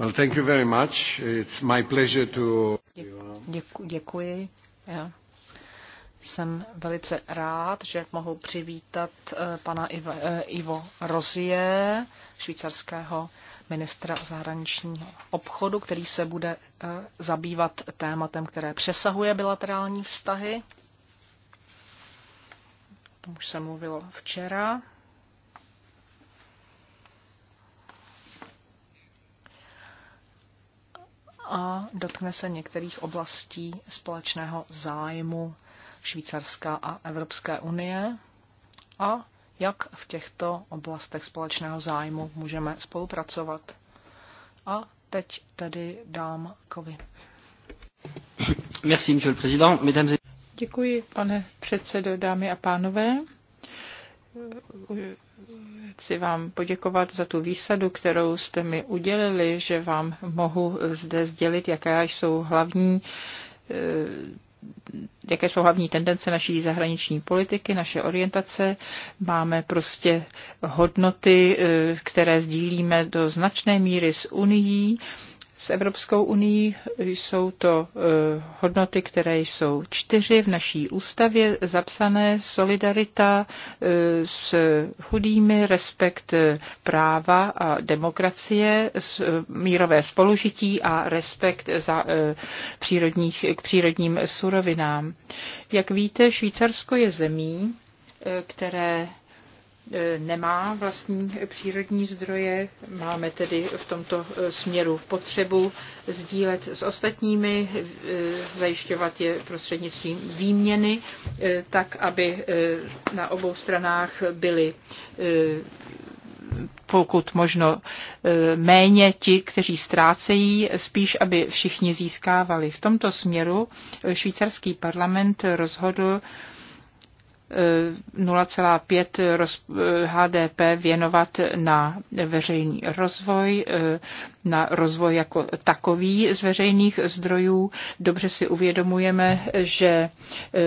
Well, thank you very much. It's my pleasure to... Děku, děkuji. Já jsem velice rád, že mohu přivítat eh, pana Ivo, eh, Ivo Rozie, švýcarského ministra zahraničního obchodu, který se bude eh, zabývat tématem, které přesahuje bilaterální vztahy. O tom už se mluvilo včera. a dotkne se některých oblastí společného zájmu Švýcarska a Evropské unie a jak v těchto oblastech společného zájmu můžeme spolupracovat. A teď tedy dám Kovi. Merci, monsieur le président. Mesdames Děkuji, pane předsedo, dámy a pánové chci vám poděkovat za tu výsadu, kterou jste mi udělili, že vám mohu zde sdělit, jaké jsou hlavní eh, jaké jsou hlavní tendence naší zahraniční politiky, naše orientace. Máme prostě hodnoty, eh, které sdílíme do značné míry s Unií s Evropskou unii. Jsou to eh, hodnoty, které jsou čtyři v naší ústavě zapsané. Solidarita eh, s chudými, respekt eh, práva a demokracie, mírové spolužití a respekt za přírodních, k přírodním surovinám. Jak víte, Švýcarsko je zemí, které E, nemá vlastní přírodní zdroje. Máme tedy v tomto e, směru potřebu sdílet s ostatními, e, zajišťovat je prostřednictvím výměny, tak aby na obou stranách byly pokud možno méně ti, kteří ztrácejí, spíš aby všichni získávali. V tomto směru švýcarský parlament rozhodl, 0,5 eh, HDP věnovat na veřejný rozvoj, eh, na rozvoj jako takový z veřejných zdrojů. Dobře si uvědomujeme, že e,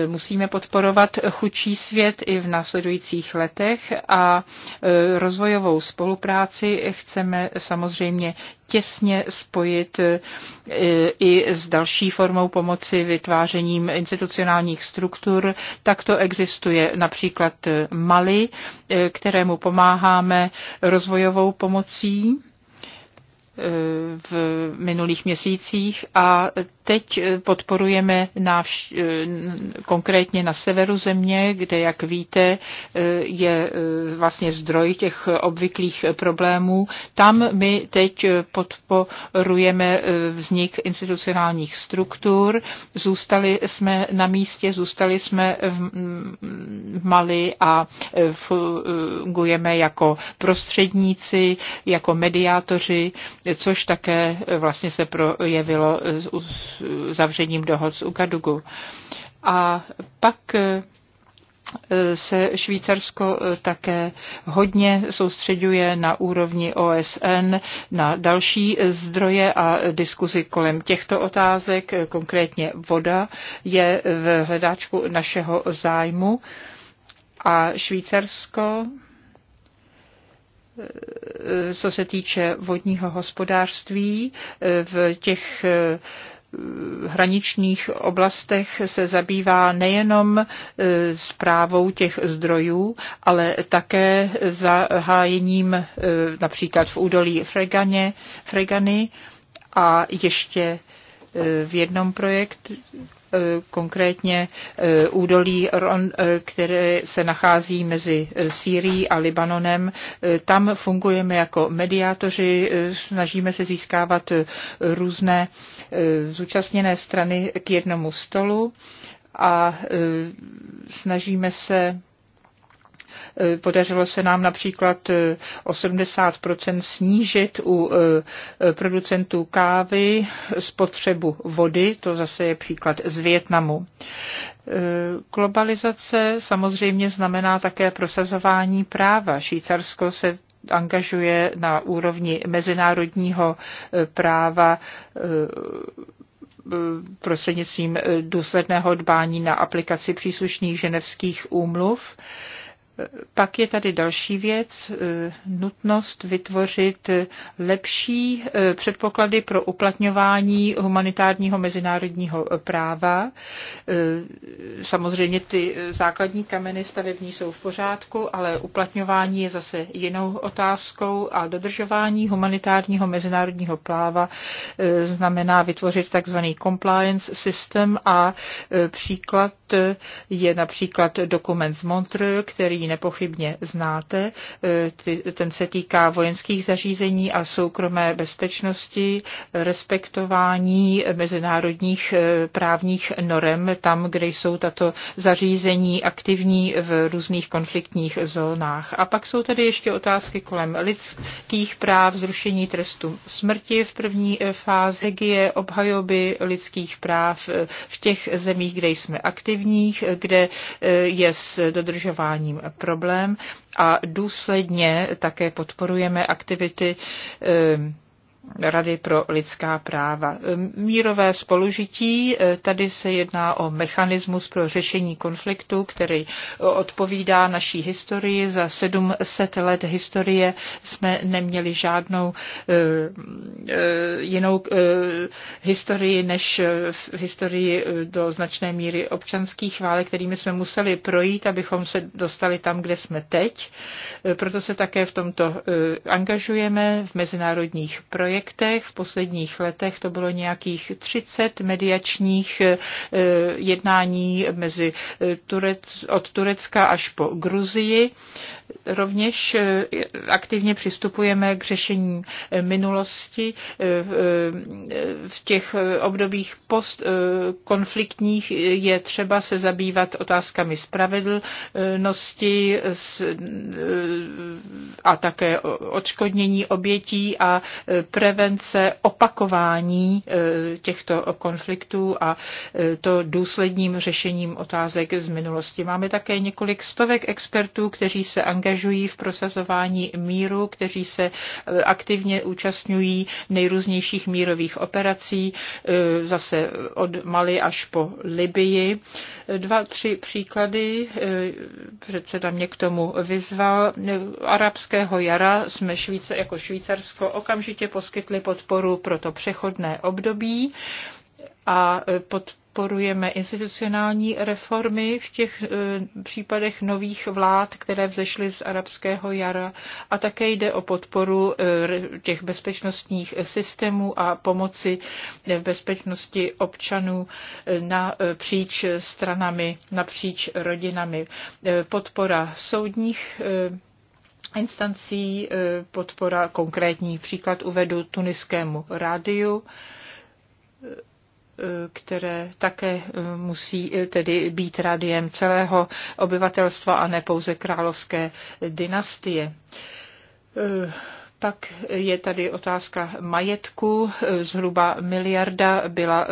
musíme podporovat chudší svět i v následujících letech a e, rozvojovou spolupráci chceme samozřejmě těsně spojit e, i s další formou pomoci vytvářením institucionálních struktur. Takto existuje například Mali, kterému pomáháme rozvojovou pomocí v minulých měsících a Teď eh, podporujeme návš- eh, konkrétně na severu země, kde, jak víte, eh, je vlastně zdroj těch obvyklých problémů. Tam my teď podporujeme vznik institucionálních struktur. Zůstali jsme na místě, zůstali jsme v, mm, Mali a fungujeme jako prostředníci, jako mediátoři, což také vlastně se projevilo z zavřením dohod z Ukadugu. A pak e, se Švýcarsko e, také hodně soustředuje na úrovni OSN, na další e, zdroje a diskuzi kolem těchto otázek, konkrétně voda je v hledáčku našeho zájmu. A Švýcarsko co se týče vodního hospodářství v těch hraničních oblastech se zabývá nejenom zprávou e, těch zdrojů, ale také zahájením e, například v údolí Fregane Fregany a ještě e, v jednom projektu, Eh, konkrétně eh, údolí, eh, které se nachází mezi Sýrií a Libanonem. Tam fungujeme jako mediátoři, snažíme se získávat různé zúčastněné strany k jednomu stolu a snažíme se Eh, podařilo se nám například 80 eh, snížit u eh, producentů kávy spotřebu vody, to zase je příklad z Větnamu. Globalizace samozřejmě znamená také prosazování práva. Švýcarsko se angažuje na úrovni mezinárodního práva prostřednictvím důsledného dbání na aplikaci příslušných ženevských úmluv pak je tady další věc, eh, nutnost vytvořit lepší eh, předpoklady pro uplatňování humanitárního mezinárodního eh, práva. Samozřejmě ty základní kameny stavební jsou v pořádku, ale uplatňování je zase jinou otázkou a dodržování humanitárního mezinárodního práva znamená vytvořit takzvaný compliance system a příklad je například dokument z Montreux, který nepochybně znáte. E, ten se týká vojenských zařízení a soukromé bezpečnosti, respektování mezinárodních e, právních norem tam, kde jsou tato zařízení aktivní v různých konfliktních zónách. A pak jsou tady ještě otázky kolem lidských práv, zrušení trestu smrti v první e, fázi, je obhajoby lidských práv v těch zemích, kde jsme aktivních, kde je s dodržováním problém a důsledně také podporujeme aktivity eh, Rady pro lidská práva. Mírové spolužití, e, tady se jedná o mechanismus pro řešení konfliktu, který odpovídá naší historii. Za 700 let historie jsme neměli žádnou e, e, jinou historii než v historii do značné míry občanských válek, kterými jsme museli projít, abychom se dostali tam, kde jsme teď. Proto se také v tomto angažujeme v mezinárodních projektech projektech. V posledních letech to bylo nějakých 30 mediačních eh, jednání mezi eh, Turec, od Turecka až po Gruzii. Rovněž eh, aktivně přistupujeme k řešení eh, minulosti eh, v těch obdobích postkonfliktních je třeba se zabývat otázkami spravedlnosti a také odškodnění obětí a prevence opakování těchto konfliktů a to důsledním řešením otázek z minulosti. Máme také několik stovek expertů, kteří se angažují v prosazování míru, kteří se e, aktivně účastňují nejrůznějších mírových operací, e, zase od Mali až po Libii. Dva, tři příklady, e, předseda mě k tomu vyzval. Arabského jara jsme Švýce, jako Švýcarsko okamžitě poskytli podporu pro to přechodné období a pod podporujeme institucionální reformy v těch e, případech nových vlád, které vzešly z arabského jara a také jde o podporu e, těch bezpečnostních systémů a pomoci v e, bezpečnosti občanů napříč stranami, napříč rodinami. Podpora soudních instancí, podpora konkrétní příklad uvedu tuniskému rádiu, které také eh, musí eh, tedy být radiem celého obyvatelstva a ne pouze královské dynastie. Eh, pak je tady otázka majetku. Zhruba miliarda byla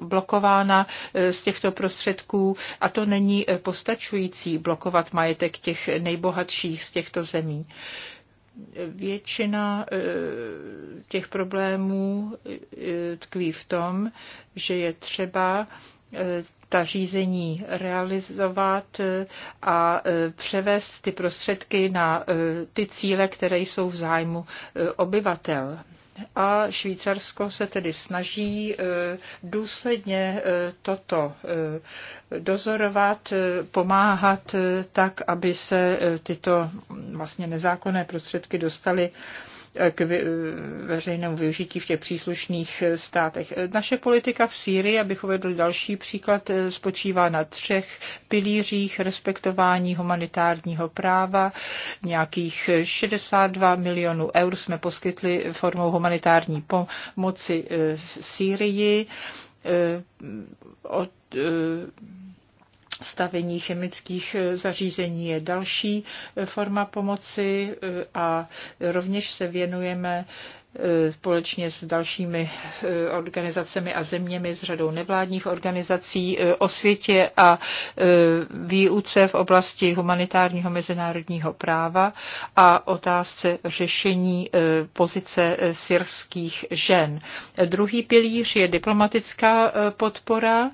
blokována z těchto prostředků a to není postačující blokovat majetek těch nejbohatších z těchto zemí. Většina e, těch problémů e, tkví v tom, že je třeba e, ta řízení realizovat a převést ty prostředky na ty cíle, které jsou v zájmu obyvatel a Švýcarsko se tedy snaží e, důsledně e, toto e, dozorovat, pomáhat tak, aby se tyto vlastně nezákonné prostředky dostaly k veřejnému využití v těch příslušných státech. Naše politika v Sýrii, abych uvedl další příklad, spočívá na třech pilířích respektování humanitárního práva. Nějakých 62 milionů eur jsme poskytli formou humanitárního humanitární pomoci eh, Sýrii, eh, od eh, stavení chemických zařízení je další forma pomoci a rovněž se věnujeme E, společně s dalšími e, organizacemi a zeměmi, s řadou nevládních organizací e, o světě a výuce v oblasti humanitárního mezinárodního práva a otázce řešení pozice syrských žen. Druhý pilíř je diplomatická podpora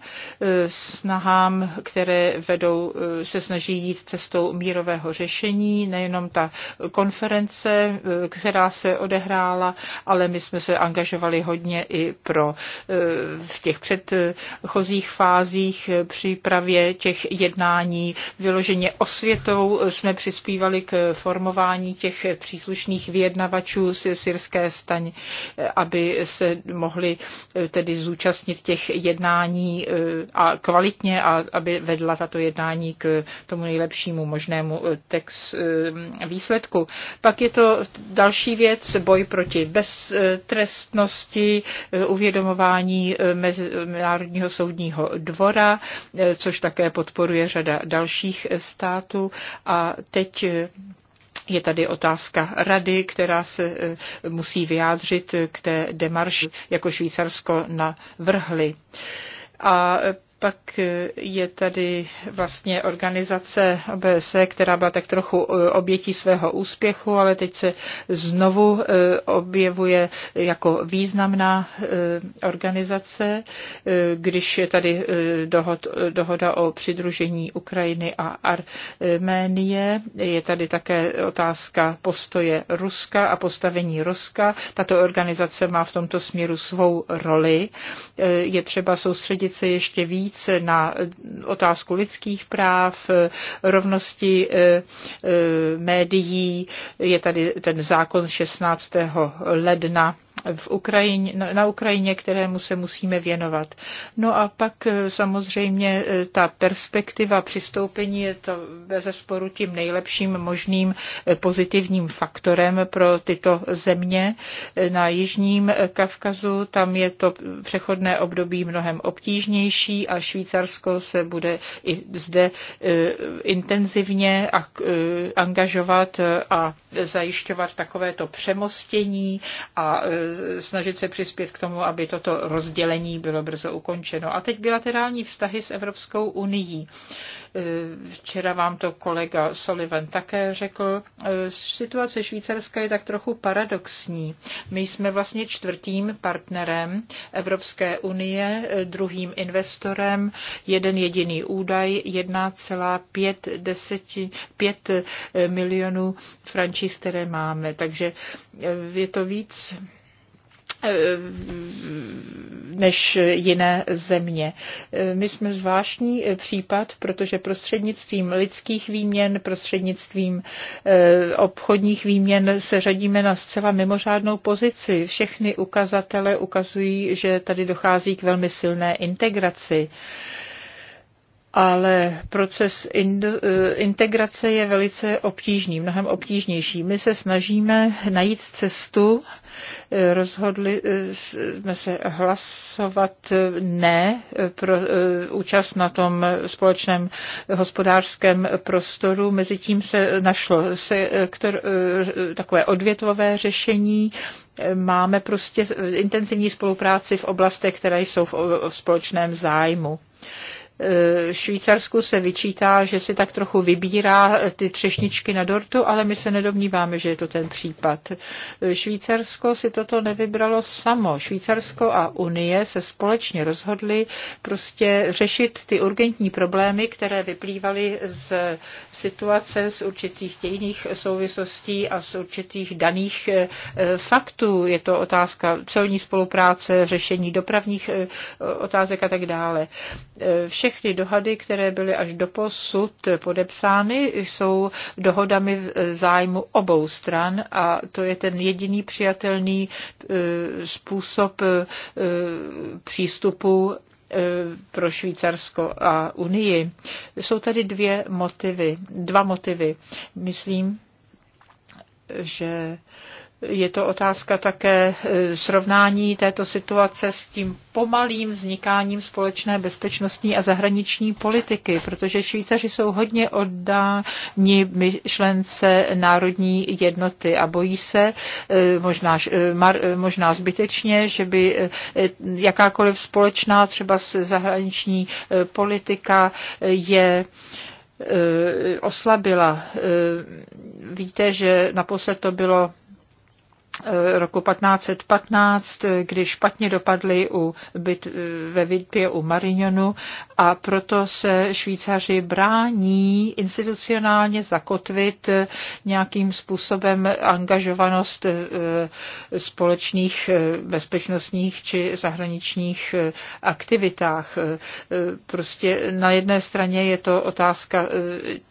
snahám, které vedou, se snaží jít cestou mírového řešení, nejenom ta konference, která se odehrála ale my jsme se angažovali hodně i pro e, v těch předchozích fázích e, přípravě těch jednání. Vyloženě osvětou jsme přispívali k formování těch příslušných vyjednavačů z syrské staň, e, aby se mohli tedy zúčastnit těch jednání a kvalitně a aby vedla tato jednání k tomu nejlepšímu možnému text výsledku. Pak je to další věc, boj proti bez beztrestnosti, eh, eh, uvědomování eh, Mezinárodního soudního dvora, což také podporuje řada dalších států. A teď je tady otázka rady, která se musí vyjádřit k té demarši, jako Švýcarsko navrhli. A pak eh, je tady vlastně organizace OBS, e, která byla tak trochu eh, obětí svého úspěchu, ale teď se znovu eh, objevuje jako významná organizace, když je tady dohod, dohoda o přidružení Ukrajiny a Arménie. Je tady také otázka postoje Ruska a postavení Ruska. Tato organizace má v tomto směru svou roli. Je třeba soustředit se ještě víc víc na otázku lidských práv, rovnosti eh, eh, médií. Je tady ten zákon 16. ledna v Ukrajině, na Ukrajině, kterému se musíme věnovat. No a pak eh, samozřejmě eh, ta perspektiva přistoupení je to bezesporu tím nejlepším možným eh, pozitivním faktorem pro tyto země. Na Jižním Kavkazu tam je to přechodné období mnohem obtížnější a Švýcarsko se bude i zde intenzivně angažovat a zajišťovat takovéto přemostění a snažit se přispět k tomu, aby toto rozdělení bylo brzo ukončeno. A teď bilaterální vztahy s Evropskou unii. Včera vám to kolega Sullivan také řekl. Situace Švýcarska je tak trochu paradoxní. My jsme vlastně čtvrtým partnerem Evropské unie, druhým investorem, jeden jediný údaj, 1,5 milionů frančíz, které máme. Takže je to víc než jiné země. My jsme zvláštní případ, protože prostřednictvím lidských výměn, prostřednictvím eh, obchodních výměn se řadíme na zcela mimořádnou pozici. Všechny ukazatele ukazují, že tady dochází k velmi silné integraci ale proces eh, integrace je velice obtížný, mnohem obtížnější. My se snažíme najít cestu, eh, rozhodli eh, jsme se hlasovat ne pro účast na tom společném hospodářském prostoru. Mezitím se našlo sektor, takové odvětvové řešení, máme prostě intenzivní spolupráci v oblastech, které jsou v společném zájmu. Eh, Švýcarsku se vyčítá, že si tak trochu vybírá eh, ty třešničky na dortu, ale my se nedomníváme, že je to ten případ. Eh, Švýcarsko si toto nevybralo samo. Švýcarsko a Unie se společně rozhodly prostě řešit ty urgentní problémy, které vyplývaly z situace, z určitých dějiných souvislostí a z určitých daných faktů. Je to otázka celní spolupráce, řešení dopravních otázek a tak dále. Všech. Všechny dohady, které byly až do posud podepsány, jsou dohodami v zájmu obou stran a to je ten jediný přijatelný e, způsob e, přístupu e, pro Švýcarsko a Unii. Jsou tady dvě motivy, dva motivy. Myslím, že je to otázka také e, srovnání této situace s tím pomalým vznikáním společné bezpečnostní a zahraniční politiky, protože Švýcaři jsou hodně oddáni myšlence národní jednoty a bojí se e, možná, e, možná zbytečně, že by jakákoliv společná třeba zahraniční politika je oslabila. Víte, že naposled to bylo Eh, roku 1515, eh, kdy špatně dopadly u byt, eh, ve Vidpě u Marignonu a proto se Švýcaři brání institucionálně zakotvit nějakým způsobem angažovanost společných bezpečnostních či zahraničních aktivitách. Prostě na jedné straně je to otázka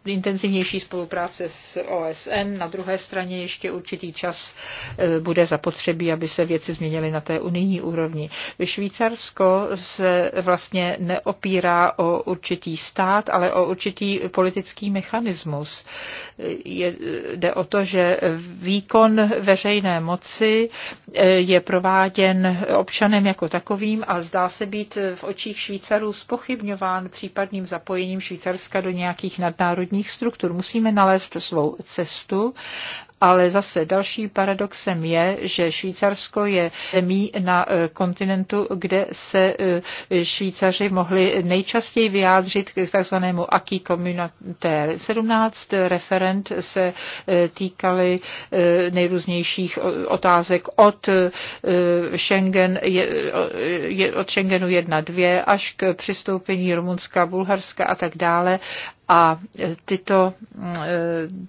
intenzivnější spolupráce s OSN, na druhé straně ještě určitý čas bude zapotřebí, aby se věci změnily na té unijní úrovni. Švýcarsko se vlastně neopírá o určitý stát, ale o určitý politický mechanismus. Je, jde o to, že výkon veřejné moci eh, je prováděn občanem jako takovým a zdá se být v očích Švýcarů spochybňován případným zapojením Švýcarska do nějakých nadnárodních struktur. Musíme nalézt svou cestu ale zase další paradoxem je, že Švýcarsko je zemí na e, kontinentu, kde se e, Švýcaři mohli nejčastěji vyjádřit k takzvanému AKI communautaire. 17 referent se e, týkaly nejrůznějších otázek od, Schengen, od Schengenu 1-2 až k přistoupení Rumunska, Bulharska a tak dále. A e, tyto,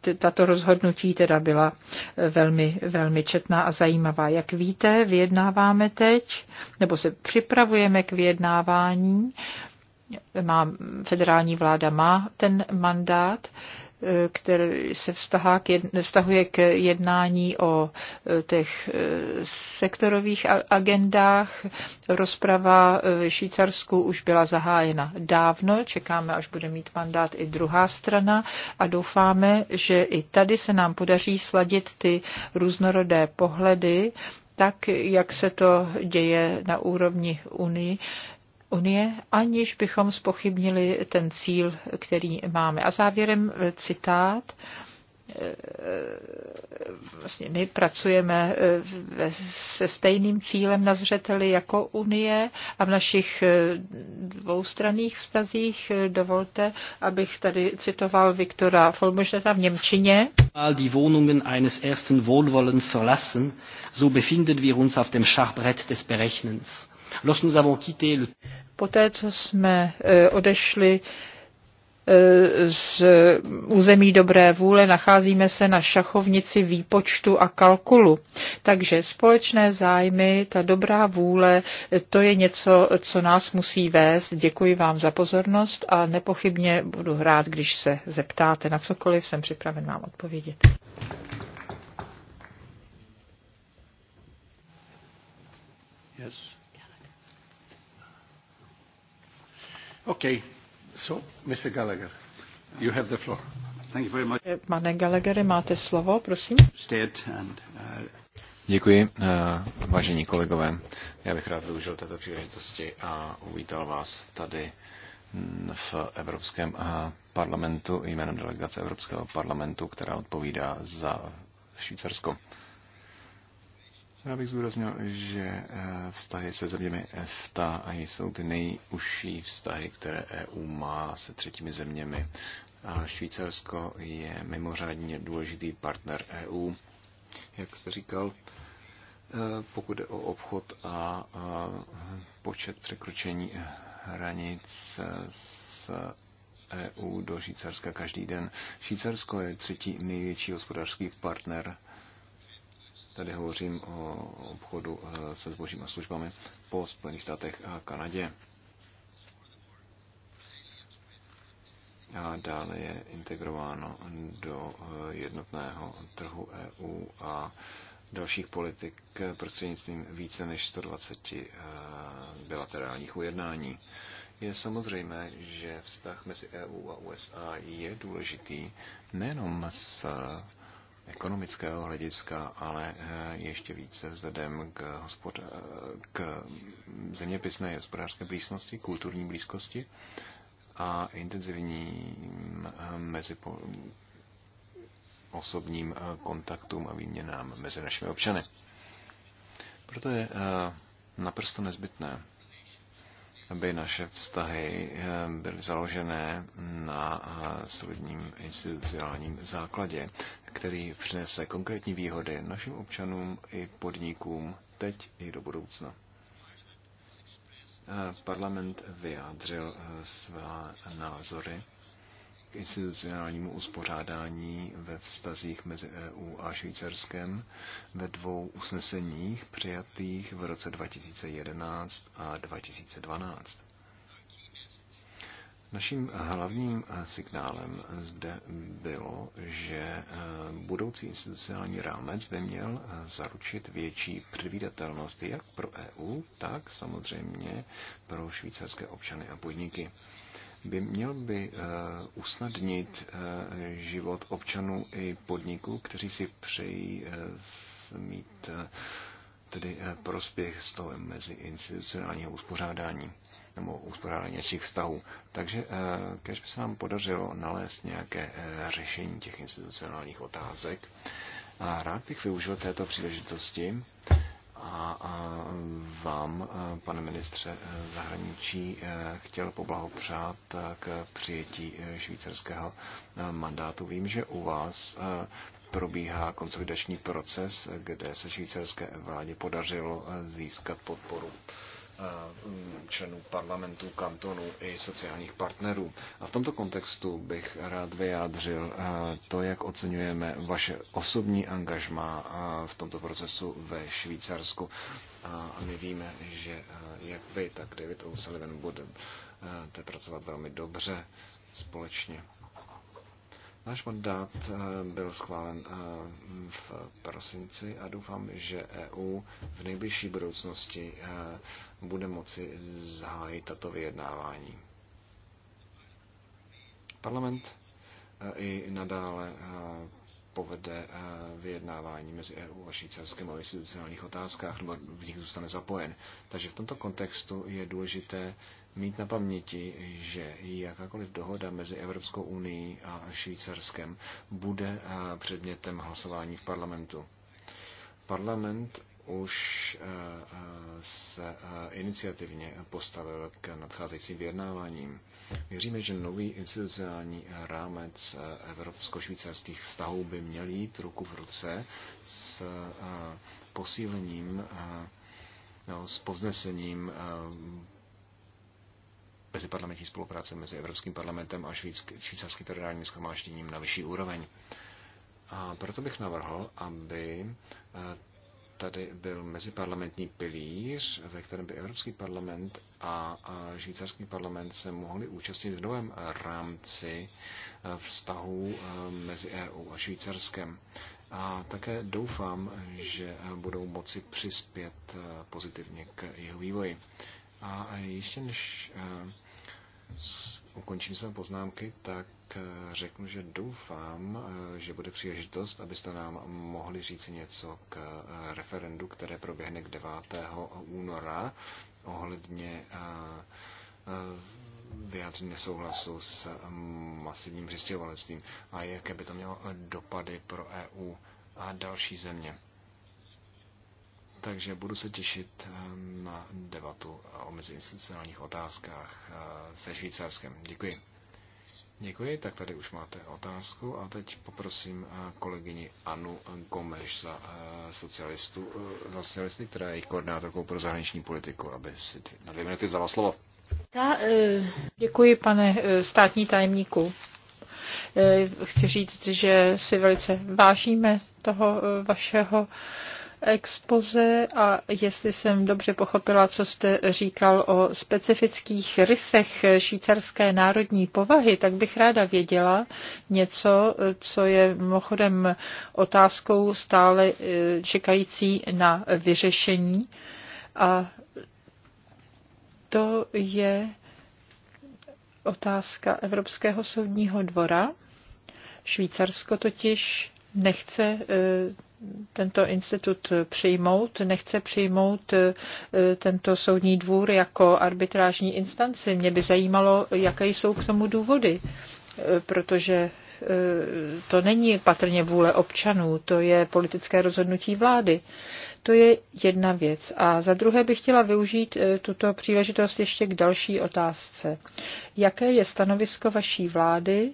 e, tato rozhodnutí teda byla e, velmi, velmi četná a zajímavá. Jak víte, vyjednáváme teď, nebo se připravujeme k vyjednávání. Má, federální vláda má ten mandát který se vztahuje k jednání o e, těch e, sektorových agendách. Rozprava v Švýcarsku už byla zahájena dávno, čekáme, až bude mít mandát i druhá strana a doufáme, že i tady se nám podaří sladit ty různorodé pohledy, tak, jak se to děje na úrovni Unii, unie, aniž bychom spochybnili ten cíl, který máme. A závěrem citát eh, vlastně my pracujeme eh, se stejným cílem na zřeteli jako Unie a v našich eh, dvoustranných vztazích dovolte, abych tady citoval Viktora Volmožneta v Němčině. Die Wohnungen eines ersten Wohlwollens verlassen, so befinden wir uns auf dem Schachbrett des Berechnens. Poté, co jsme e, odešli e, z území dobré vůle nacházíme se na šachovnici výpočtu a kalkulu. Takže společné zájmy, ta dobrá vůle, e, to je něco, co nás musí vést. Děkuji vám za pozornost a nepochybně budu rád, když se zeptáte na cokoliv, jsem připraven vám odpovědět. Yes. Okay. So, Mr. Gallagher, you have the floor. Thank you very much. Eh, pane Gallagheri, máte slovo, prosím. Uh, Děkuji, uh, vážení kolegové. Já bych rád využil této příležitosti a uvítal vás tady v Evropském eh, parlamentu jménem delegace Evropského parlamentu, která odpovídá za Švýcarsko. Já bych zúraznil, že eh, vztahy se zeměmi EFTA a jsou ty nejužší vztahy, které EU má se třetími zeměmi. A Švýcarsko je mimořádně důležitý partner EU, jak jste říkal, eh, pokud jde o obchod a počet překročení hranic eh, s EU do Švýcarska každý den. Švýcarsko je třetí největší hospodářský partner Tady hovořím o obchodu eh, se zbožím a službami po Spojených státech a Kanadě. a dále je integrováno do eh, jednotného trhu EU a dalších politik eh, prostřednictvím více než 120 bilaterálních ujednání. Je samozřejmé, že vztah mezi EU a USA je důležitý nejenom z ekonomického hlediska, ale eh, ještě více vzhledem k, hospod, eh, k zeměpisné hospodářské blízkosti, kulturní blízkosti a intenzivní eh, mezi osobním kontaktům a výměnám mezi našimi občany. Proto je naprosto nezbytné aby naše vztahy eh, byly založené na eh, solidním institucionálním základě, který přinese konkrétní výhody našim občanům i podnikům teď i do budoucna. Eh, parlament vyjádřil své názory k institucionálnímu uspořádání ve vztazích mezi EU a Švýcarskem ve dvou usneseních přijatých v roce 2011 a 2012. Naším hlavním signálem zde bylo, že e, budoucí institucionální rámec by měl e, zaručit větší předvídatelnost jak pro EU, tak samozřejmě pro švýcarské občany a podniky by měl by eh, usnadnit eh, život občanů i podniků, kteří si přejí eh, mít tedy prospěch z toho mezi institucionálního uspořádání nebo uspořádání našich vztahů. Takže kež by se nám podařilo nalézt nějaké řešení těch institucionálních otázek. A rád bych využil této příležitosti a vám, eh, pane ministře eh, zahraničí, eh, chtěl poblahopřát k přijetí švýcarského mandátu. Vím, že u vás probíhá konsolidační proces, kde se švýcarské vládě podařilo získat podporu Mm, členů parlamentů, kantonů i sociálních partnerů. A v tomto kontextu bych rád vyjádřil to, jak oceňujeme vaše osobní angažma v tomto procesu ve Švýcarsku. A my víme, že jak vy, tak David O'Sullivan budete pracovat velmi dobře společně. Náš mandát eh, byl schválen eh, v prosinci a doufám, že EU v nejbližší budoucnosti eh, bude moci zahájit tato vyjednávání. Parlament i nadále povede eh, vyjednávání mezi EU a Švýcarskem o institucionálních otázkách, nebo v nich zůstane zapojen. Takže v tomto kontextu je důležité mít na paměti, že jakákoliv dohoda mezi Evropskou unii a Švýcarskem bude eh, předmětem hlasování v parlamentu. Parlament už eh, eh, se eh, iniciativně postavil k nadcházejícím vyjednáváním. Věříme, že nový institucionální rámec evropsko-švýcarských vztahů by měl jít ruku v ruce s posílením, no, s povznesením meziparlamentní spolupráce mezi Evropským parlamentem a švýcarským federálním schromáždením na vyšší úroveň. A proto bych navrhl, aby tady byl meziparlamentní pilíř, ve kterém by Evropský parlament a švýcarský parlament se mohli účastnit v novém rámci eh, vztahů eh, mezi EU a Švýcarskem. A také doufám, že eh, budou moci přispět pozitivně k jeho vývoji. A ještě než ukončím své poznámky, tak eh, řeknu, že doufám, eh, že bude příležitost, abyste nám mohli říct něco k eh, referendu, které proběhne k 9. února ohledně vyjádření nesouhlasu s masivním přistěhovalectvím a jaké by to mělo dopady pro EU a další země. Takže budu se těšit ehm, na debatu o meziinstitucionálních otázkách eh, se Švýcarskem. Děkuji. Děkuji, tak tady už máte otázku a teď poprosím eh, kolegyni Anu Gomeš za, eh, socialistu, za socialisty, která je koordinátorkou pro zahraniční politiku, aby si na dvě minuty vzala slovo. Ta, děkuji, pane státní tajemníku. Chci říct, že si velice vážíme toho vašeho expoze a jestli jsem dobře pochopila, co jste říkal o specifických rysech švýcarské národní povahy, tak bych ráda věděla něco, co je mimochodem otázkou stále eh, čekající na vyřešení. A to je otázka Evropského soudního dvora. Švýcarsko totiž nechce eh, tento institut přijmout, nechce přijmout eh, tento soudní dvůr jako arbitrážní instanci. Mě by zajímalo, jaké jsou k tomu důvody, eh, protože eh, to není patrně vůle občanů, to je politické rozhodnutí vlády. To je jedna věc. A za druhé bych chtěla využít tuto příležitost ještě k další otázce. Jaké je stanovisko vaší vlády?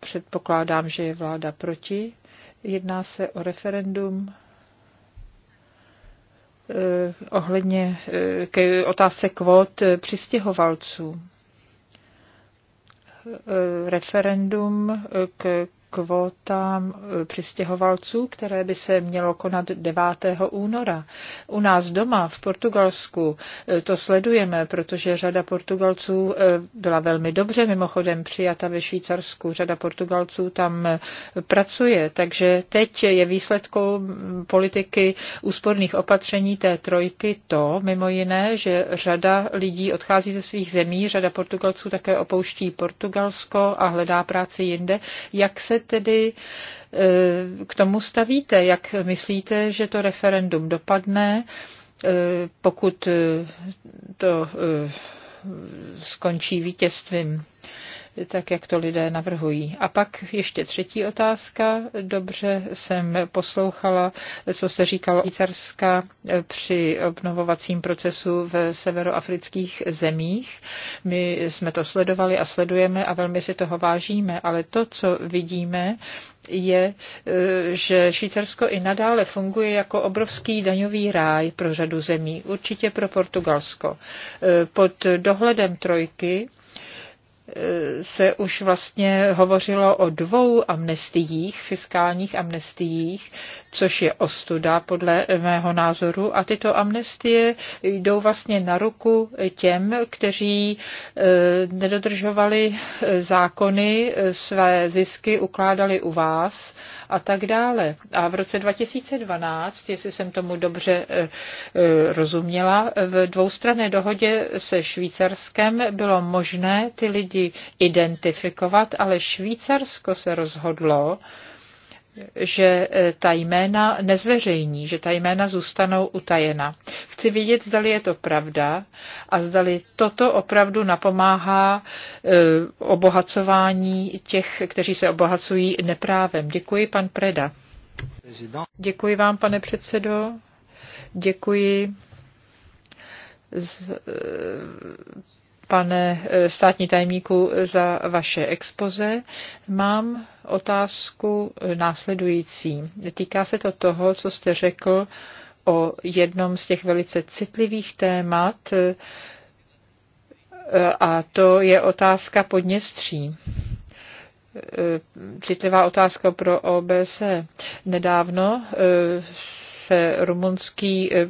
Předpokládám, že je vláda proti Jedná se o referendum eh, ohledně eh, k otázce kvót eh, přistěhovalců. Referendum k kvótám eh, přistěhovalců, které by se mělo konat 9. února. U nás doma v Portugalsku eh, to sledujeme, protože řada Portugalců eh, byla velmi dobře mimochodem přijata ve Švýcarsku. Řada Portugalců tam pracuje, takže teď je výsledkou mm, politiky úsporných opatření té trojky to, mimo jiné, že řada lidí odchází ze svých zemí, řada Portugalců také opouští Portugalsko a hledá práci jinde. Jak se tedy eh, k tomu stavíte? Jak myslíte, že to referendum dopadne, eh, pokud eh, to skončí vítězstvím? tak jak to lidé navrhují. A pak ještě třetí otázka. Dobře jsem poslouchala, co jste říkal Švýcarska při obnovovacím procesu v severoafrických zemích. My jsme to sledovali a sledujeme a velmi si toho vážíme, ale to, co vidíme, je, že Švýcarsko i nadále funguje jako obrovský daňový ráj pro řadu zemí, určitě pro Portugalsko. Pod dohledem trojky se už vlastně hovořilo o dvou amnestiích, fiskálních amnestiích, což je ostuda podle mého názoru. A tyto amnestie jdou vlastně na ruku těm, kteří eh, nedodržovali zákony, eh, své zisky ukládali u vás a tak dále. A v roce 2012, jestli jsem tomu dobře eh, eh, rozuměla, v dvoustranné dohodě se Švýcarskem bylo možné ty lidi identifikovat, ale Švýcarsko se rozhodlo, že eh, ta jména nezveřejní, že ta jména zůstanou utajena. Chci vidět, zdali je to pravda a zdali toto opravdu napomáhá eh, obohacování těch, kteří se obohacují neprávem. Děkuji, pan Preda. Děkuji vám, pane předsedo. Děkuji eh, pane eh, státní tajemníku, za vaše expoze. Mám otázku eh, následující. Týká se to toho, co jste řekl o jednom z těch velice citlivých témat, eh, a to je otázka podněstří citlivá otázka pro OBS. Nedávno se rumunský eh,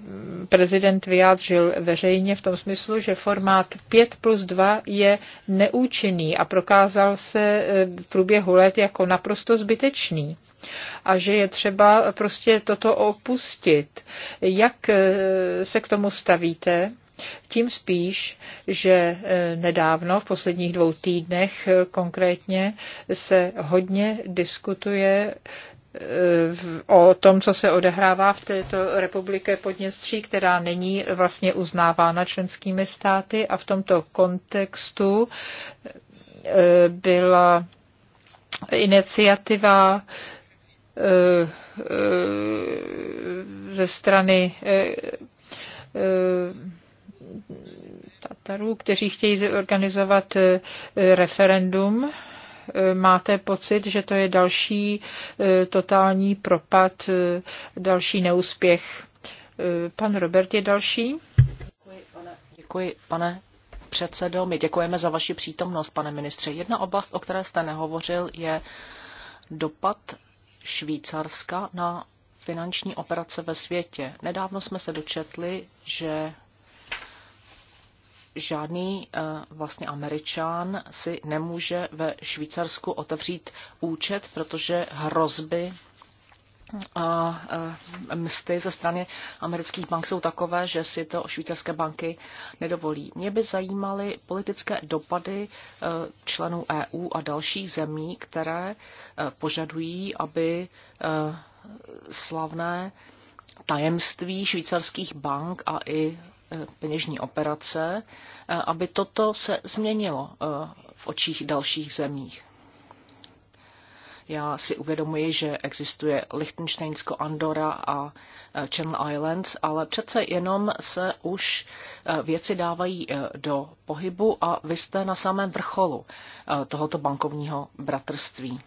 prezident vyjádřil veřejně v tom smyslu, že formát 5 plus 2 je neúčinný a prokázal se eh, v průběhu let jako naprosto zbytečný a že je třeba prostě toto opustit. Jak eh, se k tomu stavíte? Tím spíš, že nedávno, v posledních dvou týdnech konkrétně, se hodně diskutuje o tom, co se odehrává v této republice Podněstří, která není vlastně uznávána členskými státy a v tomto kontextu eh, byla iniciativa eh, eh, ze strany Tatarů, kteří chtějí zorganizovat referendum Eh, máte pocit, že to je další eh, totální propad, eh, další neúspěch. Pan Robert je další. Děkuji, pane, děkuji, pane předsedo. My děkujeme za vaši přítomnost, pane ministře. Jedna oblast, o které jste nehovořil, je dopad Švýcarska na finanční operace ve světě. Nedávno jsme se dočetli, že žádný eh, vlastně američan si nemůže ve Švýcarsku otevřít účet, protože hrozby a eh, msty ze strany amerických bank jsou takové, že si to švýcarské banky nedovolí. Mě by zajímaly politické dopady eh, členů EU a dalších zemí, které požadují, aby slavné tajemství švýcarských bank a i peněžní operace, eh, aby toto se změnilo eh, v očích dalších zemích. Já si uvědomuji, že existuje Liechtensteinsko, Andora a eh, Channel Islands, ale přece jenom se už věci dávají do pohybu a vy jste na samém vrcholu tohoto bankovního bratrství.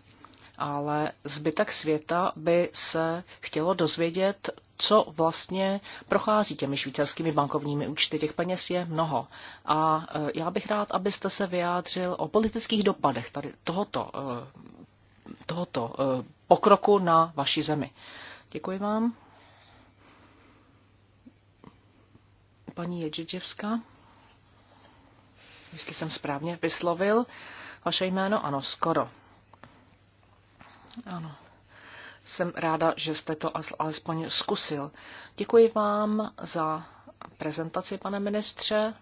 Ale zbytek světa by se chtělo dozvědět, co vlastně prochází těmi švýcarskými bankovními účty. Těch peněz je mnoho. A e, já bych rád, abyste se vyjádřil o politických dopadech tady tohoto, e, tohoto e, pokroku na vaši zemi. Děkuji vám. Paní Jedžičevská, jestli jsem správně vyslovil vaše jméno, ano, skoro. Ano. Jsem ráda, že jste to alespoň zkusil. Děkuji vám za prezentaci, pane ministře.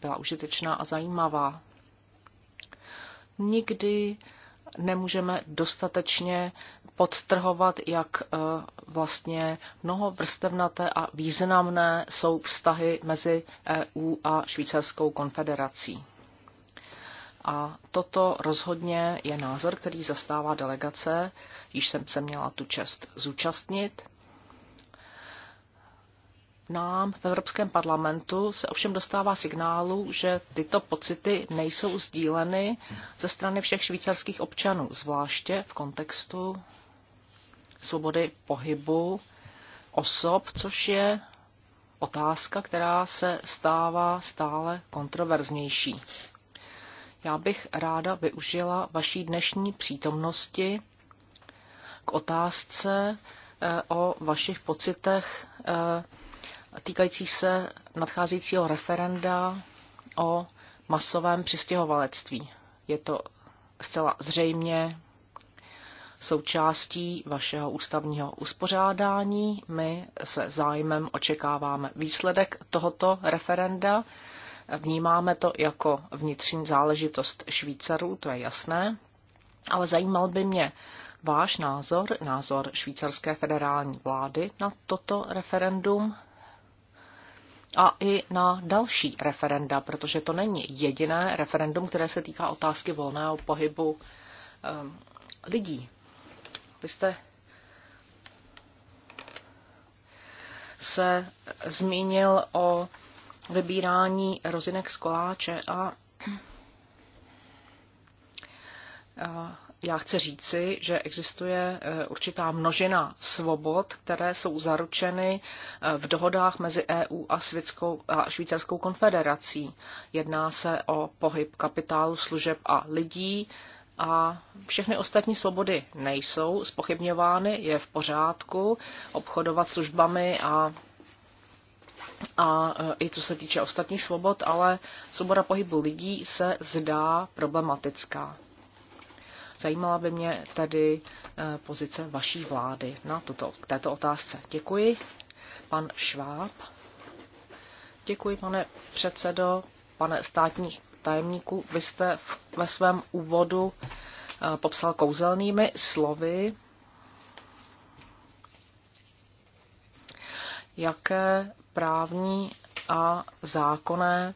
Byla užitečná a zajímavá. Nikdy nemůžeme dostatečně podtrhovat, jak eh, vlastně mnoho vrstevnaté a významné jsou vztahy mezi EU a Švýcarskou konfederací. A toto rozhodně je názor, který zastává delegace, již jsem se měla tu čest zúčastnit. Nám v Evropském parlamentu se ovšem dostává signálu, že tyto pocity nejsou sdíleny ze strany všech švýcarských občanů, zvláště v kontextu svobody pohybu osob, což je otázka, která se stává stále kontroverznější. Já bych ráda využila vaší dnešní přítomnosti k otázce eh, o vašich pocitech eh, týkajících se nadcházejícího referenda o masovém přistěhovalectví. Je to zcela zřejmě součástí vašeho ústavního uspořádání. My se zájmem očekáváme výsledek tohoto referenda. Vnímáme to jako vnitřní záležitost Švýcarů, to je jasné, ale zajímal by mě váš názor, názor švýcarské federální vlády na toto referendum a i na další referenda, protože to není jediné referendum, které se týká otázky volného pohybu um, lidí. Vy jste se zmínil o vybírání rozinek z koláče a já chci říci, že existuje e, určitá množina svobod, které jsou zaručeny e, v dohodách mezi EU a, Světskou, a Švýcarskou konfederací. Jedná se o pohyb kapitálu, služeb a lidí a všechny ostatní svobody nejsou spochybňovány, je v pořádku obchodovat službami a a e, i co se týče ostatních svobod, ale svoboda pohybu lidí se zdá problematická. Zajímala by mě tedy e, pozice vaší vlády na tuto, k této otázce. Děkuji. Pan Šváb. Děkuji, pane předsedo, pane státní tajemníku. Vy jste ve svém úvodu e, popsal kouzelnými slovy, jaké právní a zákonné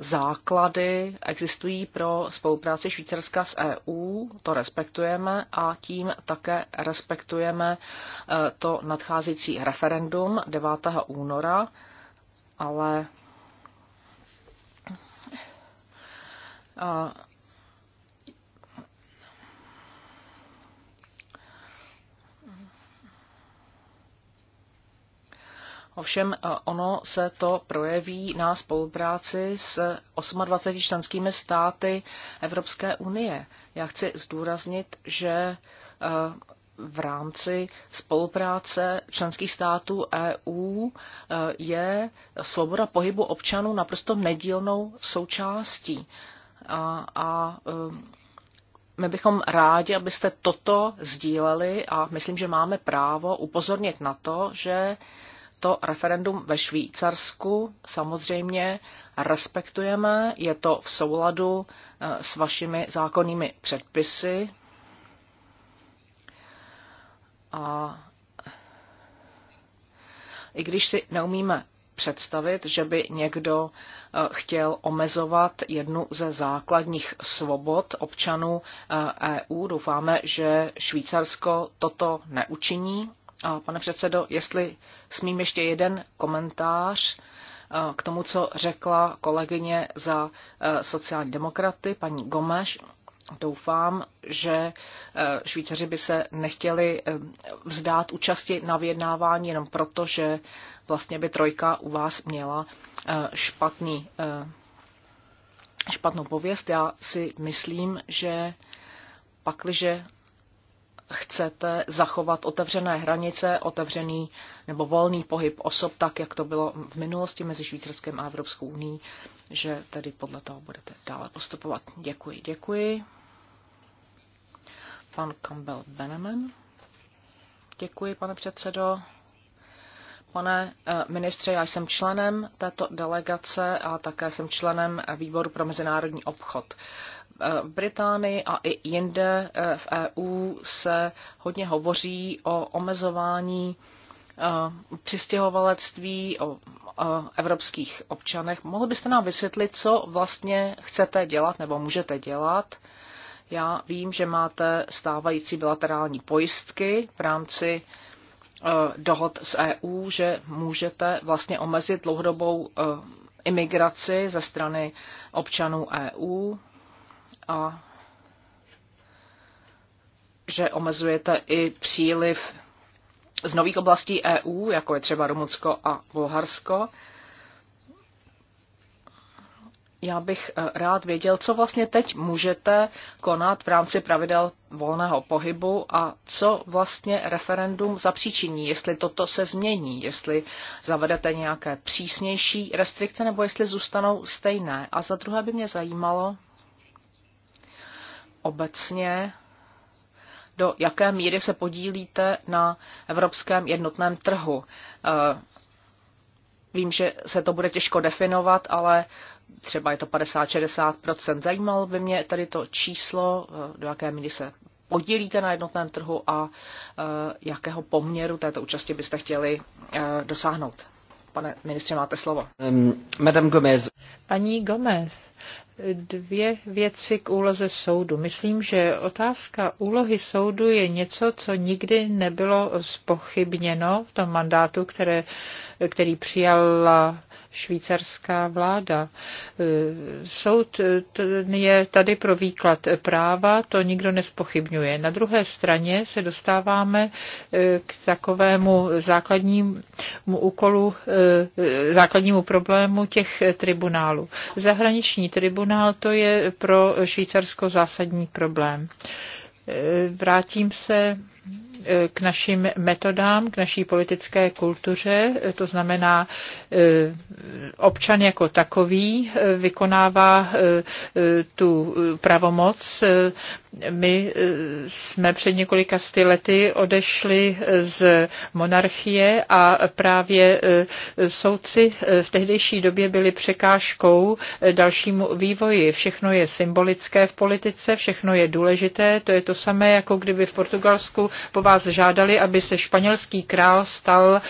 základy existují pro spolupráci Švýcarska s EU, to respektujeme a tím také respektujeme e, to nadcházející referendum 9. února, ale Ovšem eh, ono se to projeví na spolupráci s 28 členskými státy Evropské unie. Já chci zdůraznit, že eh, v rámci spolupráce členských států EU eh, je svoboda pohybu občanů naprosto nedílnou součástí. A, a my bychom rádi, abyste toto sdíleli a myslím, že máme právo upozornit na to, že uh, to referendum ve Švýcarsku samozřejmě respektujeme, je to v souladu eh, s vašimi zákonnými předpisy. A i když si neumíme představit, že by někdo eh, chtěl omezovat jednu ze základních svobod občanů EU. Eh, e doufáme, že Švýcarsko toto neučiní pane předsedo, jestli smím ještě jeden komentář eh, k tomu, co řekla kolegyně za eh, sociální demokraty, paní Gomeš. Doufám, že eh, Švýcaři by se nechtěli vzdát účasti na vyjednávání jenom proto, že vlastně by trojka u vás měla špatný, špatnou pověst. Já si myslím, že pakliže chcete zachovat otevřené hranice, otevřený nebo volný pohyb osob, tak jak to bylo v minulosti mezi Švýcarskem a Evropskou uní, že tedy podle toho budete dále postupovat. Děkuji, děkuji. Pan Campbell Benemen. Děkuji, pane předsedo. Pane eh, ministře, já jsem členem této delegace a také jsem členem výboru pro mezinárodní obchod. V Británii a i jinde eh, v EU se hodně hovoří o omezování eh, přistěhovalectví, o evropských občanech. Mohl byste nám vysvětlit, co vlastně chcete dělat nebo můžete dělat? Já vím, že máte stávající bilaterální pojistky v rámci eh, dohod s EU, že můžete vlastně omezit dlouhodobou imigraci ze strany občanů EU a že omezujete i příliv z nových oblastí EU, jako je třeba Rumunsko a Bulharsko. Já bych eh, rád věděl, co vlastně teď můžete konat v rámci pravidel volného pohybu a co vlastně referendum zapříčiní, jestli toto se změní, jestli zavedete nějaké přísnější restrikce nebo jestli zůstanou stejné. A za druhé by mě zajímalo, obecně, do jaké míry se podílíte na evropském jednotném trhu. Eh, vím, že se to bude těžko definovat, ale třeba je to 50-60%. Zajímalo by mě tady to číslo, eh, do jaké míry se podílíte na jednotném trhu a eh, jakého poměru této účasti byste chtěli dosáhnout. Pane ministře, máte slovo. Um, Madame Gomez. Paní Gomez, dvě věci k úloze soudu. Myslím, že otázka úlohy soudu je něco, co nikdy nebylo spochybněno v tom mandátu, které, který přijala švýcarská vláda. Eh, soud eh, je tady pro výklad práva, to nikdo nespochybňuje. Na druhé straně se dostáváme eh, k takovému základnímu úkolu, základnímu problému těch tribunálů. Zahraniční tribunál to je pro Švýcarsko zásadní problém. Vrátím se E, k našim metodám, k naší politické kultuře, e, to znamená e, občan jako takový vykonává tu pravomoc my eh, jsme před několika sty lety odešli eh, z monarchie a právě eh, soudci v tehdejší době byli překážkou dalšímu vývoji. Všechno je symbolické v politice, všechno je důležité. To je to samé, jako kdyby v Portugalsku po vás žádali, aby se španělský král stal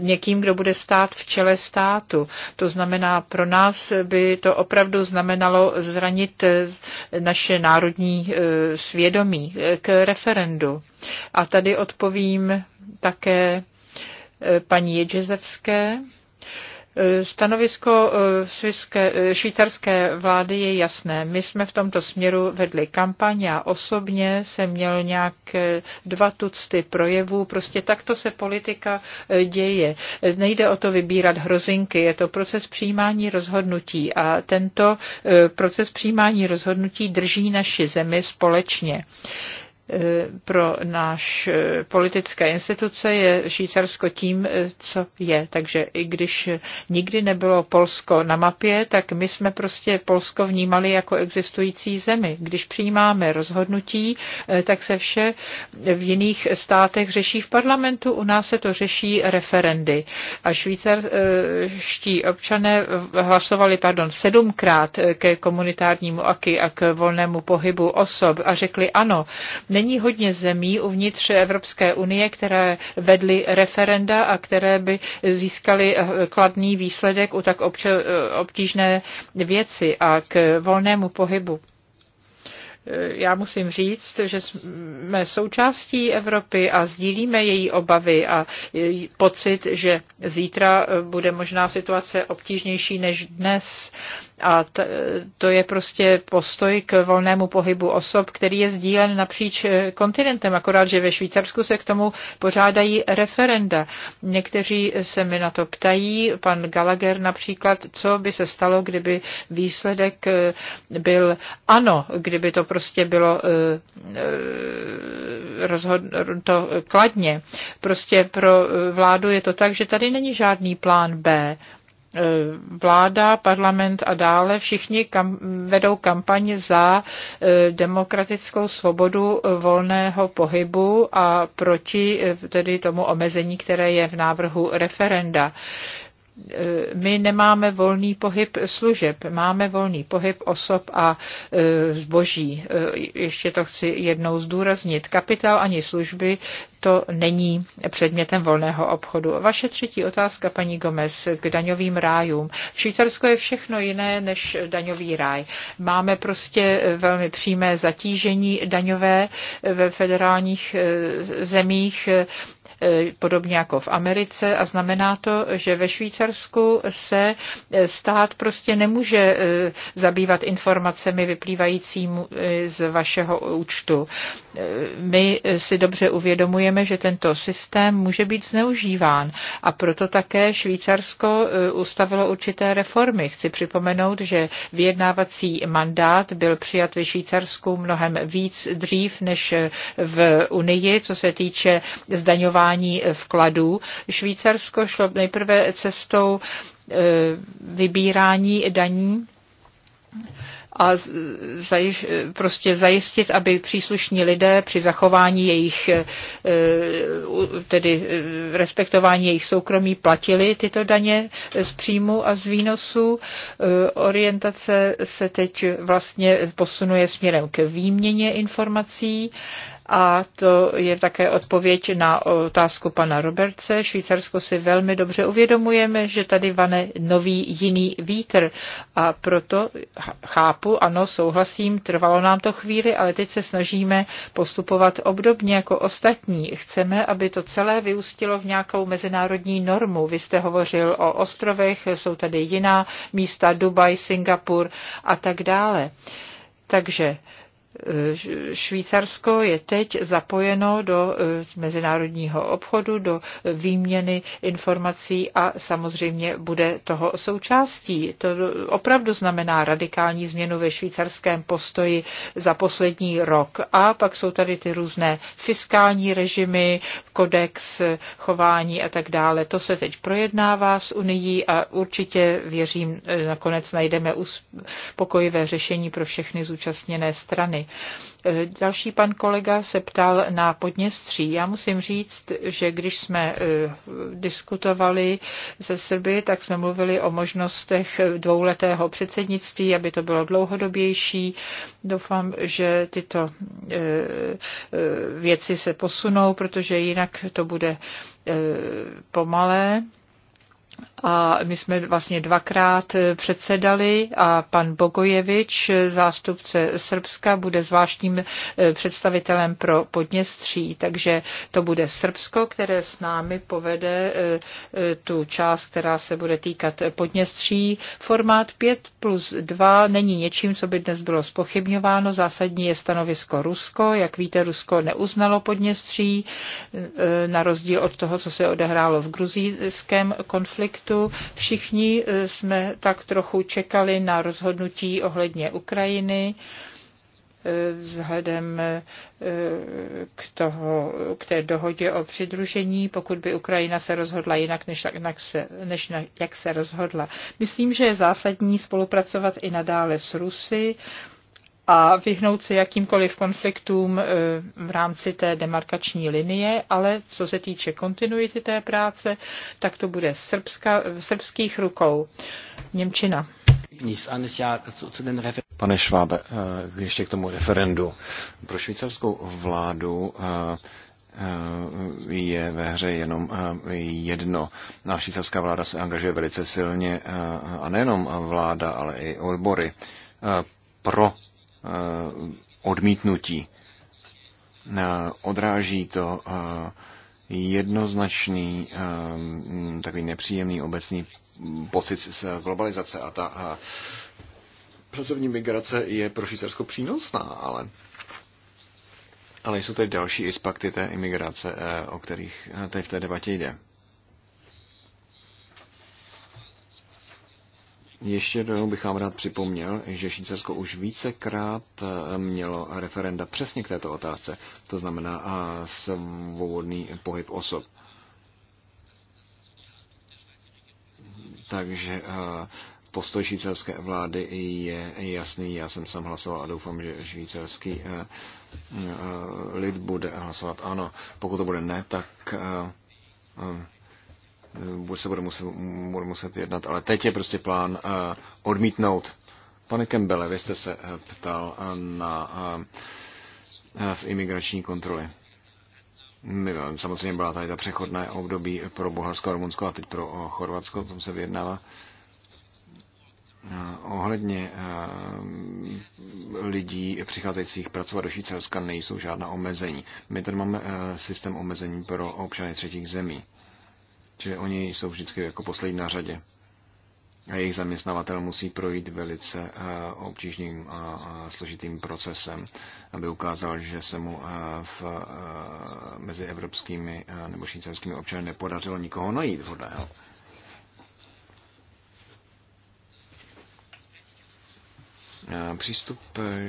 někým, kdo bude stát v čele státu. To znamená, pro nás by to opravdu znamenalo zranit naše národní Eh, svědomí eh, k referendu. A tady odpovím také eh, paní Jedžezevské. Stanovisko eh, eh, švýcarské vlády je jasné. My jsme v tomto směru vedli kampaň. a osobně jsem měl nějak dva tucty projevů. Prostě takto se politika eh, děje. Nejde o to vybírat hrozinky. Je to proces přijímání rozhodnutí a tento proces přijímání rozhodnutí drží naši zemi společně. Eh, pro náš eh, politické instituce je Švýcarsko tím, eh, co je. Takže i když nikdy nebylo Polsko na mapě, tak my jsme prostě Polsko vnímali jako existující zemi. Když přijímáme rozhodnutí, tak se vše v jiných státech řeší v parlamentu, u nás se to řeší referendy. A švýcarští občané hlasovali, pardon, sedmkrát ke komunitárnímu aky a k volnému pohybu osob a řekli ano, Není hodně zemí uvnitř Evropské unie, které vedly referenda a které by získaly eh, kladný výsledek u tak eh, obtížné věci a k volnému pohybu já musím říct, že jsme součástí Evropy a sdílíme její obavy a její pocit, že zítra bude možná situace obtížnější než dnes. A to je prostě postoj k volnému pohybu osob, který je sdílen napříč kontinentem, akorát, že ve Švýcarsku se k tomu pořádají referenda. Někteří se mi na to ptají, pan Gallagher například, co by se stalo, kdyby výsledek eh, byl ano, kdyby to prostě bylo eh, eh, rozhodnuto kladně. Prostě pro eh, vládu je to tak, že tady není žádný plán B vláda, parlament a dále všichni kam, vedou kampaně za demokratickou svobodu volného pohybu a proti tedy tomu omezení, které je v návrhu referenda. Eh, my nemáme volný pohyb služeb, máme volný pohyb osob a eh, zboží. Eh, ještě to chci jednou zdůraznit. Kapitál ani služby to není předmětem volného obchodu. Vaše třetí otázka, paní Gomez, k daňovým rájům. Švýcarsko je všechno jiné než daňový ráj. Máme prostě velmi přímé zatížení daňové ve federálních zemích. E, podobně jako v Americe a znamená to, že ve Švýcarsku se e, stát prostě nemůže e, zabývat informacemi vyplývajícími z vašeho účtu. My si dobře uvědomujeme, že tento systém může být zneužíván a proto také Švýcarsko ustavilo určité reformy. Chci připomenout, že vyjednávací mandát byl přijat ve Švýcarsku mnohem víc dřív než v Unii, co se týče zdaňování zvyšování eh, vkladů. Švýcarsko šlo nejprve cestou eh, vybírání daní a zajiš, eh, prostě zajistit, aby příslušní lidé při zachování jejich, tedy respektování jejich soukromí platili tyto daně z příjmu a z výnosu. Orientace se teď vlastně posunuje směrem k výměně informací a to je také odpověď na otázku pana Robertce. Švýcarsko si velmi dobře uvědomujeme, že tady vane nový jiný vítr. A proto chápu, ano, souhlasím, trvalo nám to chvíli, ale teď se snažíme postupovat obdobně jako ostatní. Chceme, aby to celé vyústilo v nějakou mezinárodní normu. Vy jste hovořil o ostrovech, jsou tady jiná místa, Dubaj, Singapur a tak dále. Takže Švýcarsko je teď zapojeno do e, mezinárodního obchodu, do výměny informací a samozřejmě bude toho součástí. To opravdu znamená radikální změnu ve švýcarském postoji za poslední rok. A pak jsou tady ty různé fiskální režimy, kodex chování a tak dále. To se teď projednává s Unií a určitě věřím, nakonec najdeme pokojivé řešení pro všechny zúčastněné strany. Eh, další pan kolega se ptal na Podněstří. Já musím říct, že když jsme eh, diskutovali se Srby, tak jsme mluvili o možnostech dvouletého předsednictví, aby to bylo dlouhodobější. Doufám, že tyto eh, věci se posunou, protože jinak to bude pomalé a my jsme vlastně dvakrát eh, předsedali a pan Bogojevič, eh, zástupce Srbska, bude zvláštním eh, představitelem pro Podněstří, takže to bude Srbsko, které s námi povede tu část, která se bude týkat Podněstří. Formát 5 plus 2 není něčím, co by dnes bylo spochybňováno. Zásadní je stanovisko Rusko. Jak víte, Rusko neuznalo Podněstří, na rozdíl od toho, co se odehrálo v gruzínském konfliktu konfliktu. Všichni eh, jsme tak trochu čekali na rozhodnutí ohledně Ukrajiny eh, vzhledem eh, k, toho, k té dohodě o přidružení, pokud by Ukrajina se rozhodla jinak, než, jak se, než jak se rozhodla. Myslím, že je zásadní spolupracovat i nadále s Rusy a vyhnout se jakýmkoliv konfliktům e, v rámci té demarkační linie, ale co se týče kontinuity té práce, tak to bude srbska, v srbských rukou. Němčina. Pane Švábe, e, ještě k tomu referendu. Pro švýcarskou vládu e, je ve hře jenom jedno. Naši švýcarská vláda se angažuje velice silně, a nejenom vláda, ale i odbory, pro Eh, odmítnutí. Eh, odráží to eh, jednoznačný takový nepříjemný obecný pocit z globalizace a ta pracovní migrace je pro Švýcarsko přínosná, ale ale jsou tady další aspekty té imigrace, o kterých tady v té debatě jde. Ještě jednou bych vám rád připomněl, že Švýcarsko už vícekrát eh, mělo referenda přesně k této otázce, to znamená a svobodný pohyb osob. Takže eh, postoj švýcarské vlády je jasný. Já jsem sám hlasoval a doufám, že švýcarský eh, lid bude hlasovat ano. Pokud to bude ne, tak Eh, se bude muset, bude muset jednat, ale teď je prostě plán eh, odmítnout. Pane Kembele, vy jste se eh, ptal na v imigrační kontroly. Samozřejmě byla tady ta přechodné období pro Bulharsko a Rumunsko a teď pro Chorvatsko, o tom se vyjednává. Ohledně lidí přicházejících pracovat do Švýcarska nejsou žádná omezení. My tady máme systém omezení pro občany třetích zemí že oni jsou vždycky jako poslední na řadě. A jejich zaměstnavatel musí projít velice eh, obtížným a složitým procesem, aby ukázal, že se mu eh, v, eh, mezi evropskými nebo švýcarskými občany nepodařilo nikoho najít vhodného. Přístup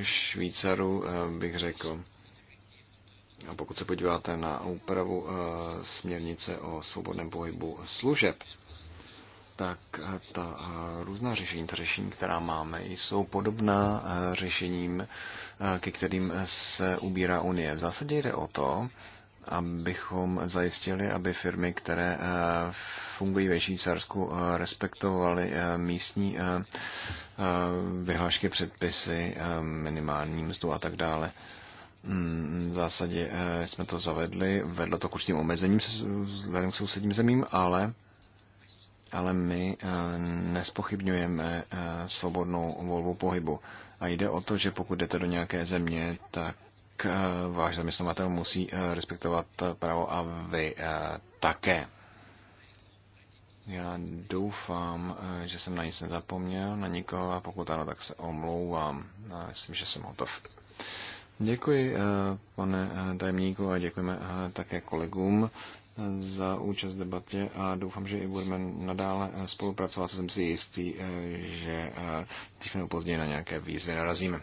Švýcarů bych řekl, a pokud se podíváte na úpravu eh, směrnice o svobodném pohybu služeb, tak eh, ta eh, různá řešení, ta řešení, která máme, jsou podobná řešením, ke kterým se ubírá Unie. V zásadě jde o to, abychom zajistili, aby firmy, které fungují ve Švýcarsku, respektovaly místní vyhlášky, předpisy, minimální mzdu a tak dále. Mm, v zásadě eh, jsme to zavedli, vedlo to k určitým omezením vzhledem k sousedním zemím, ale, ale my eh, nespochybňujeme eh, svobodnou volbu pohybu. A jde o to, že pokud jdete do nějaké země, tak váš zaměstnavatel musí respektovat právo a vy také. Já doufám, že jsem na nic nezapomněl, na nikoho, a pokud ano, tak se omlouvám. myslím, že jsem hotov. Děkuji, eh, pane eh, tajemníku, a děkujeme eh, také kolegům za účast v debatě a doufám, že i budeme nadále spolupracovat. Jsem si jistý, že dřív nebo později na nějaké výzvy narazíme.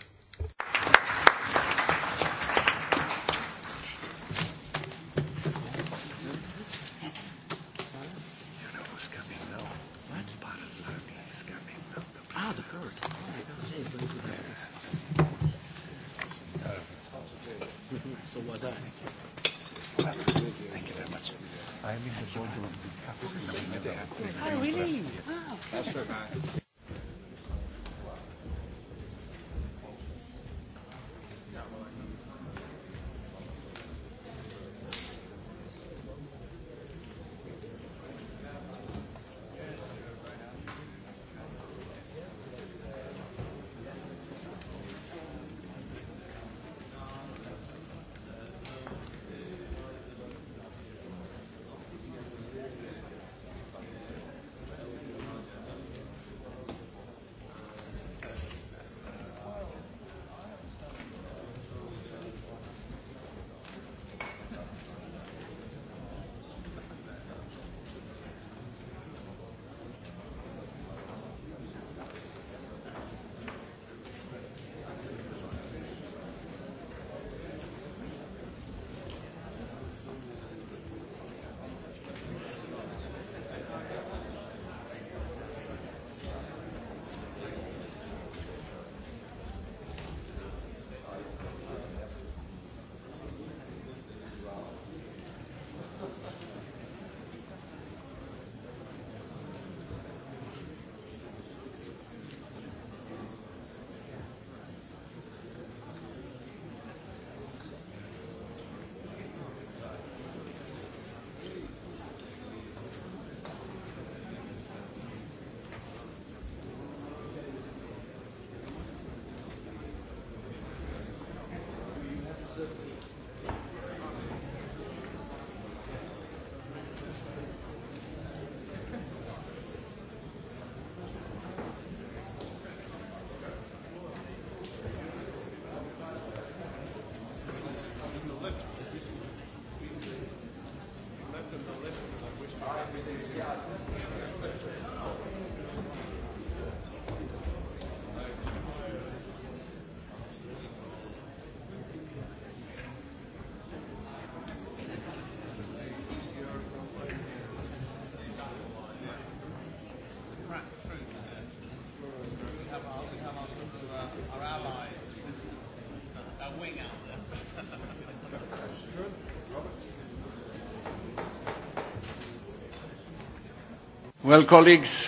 Well, colleagues,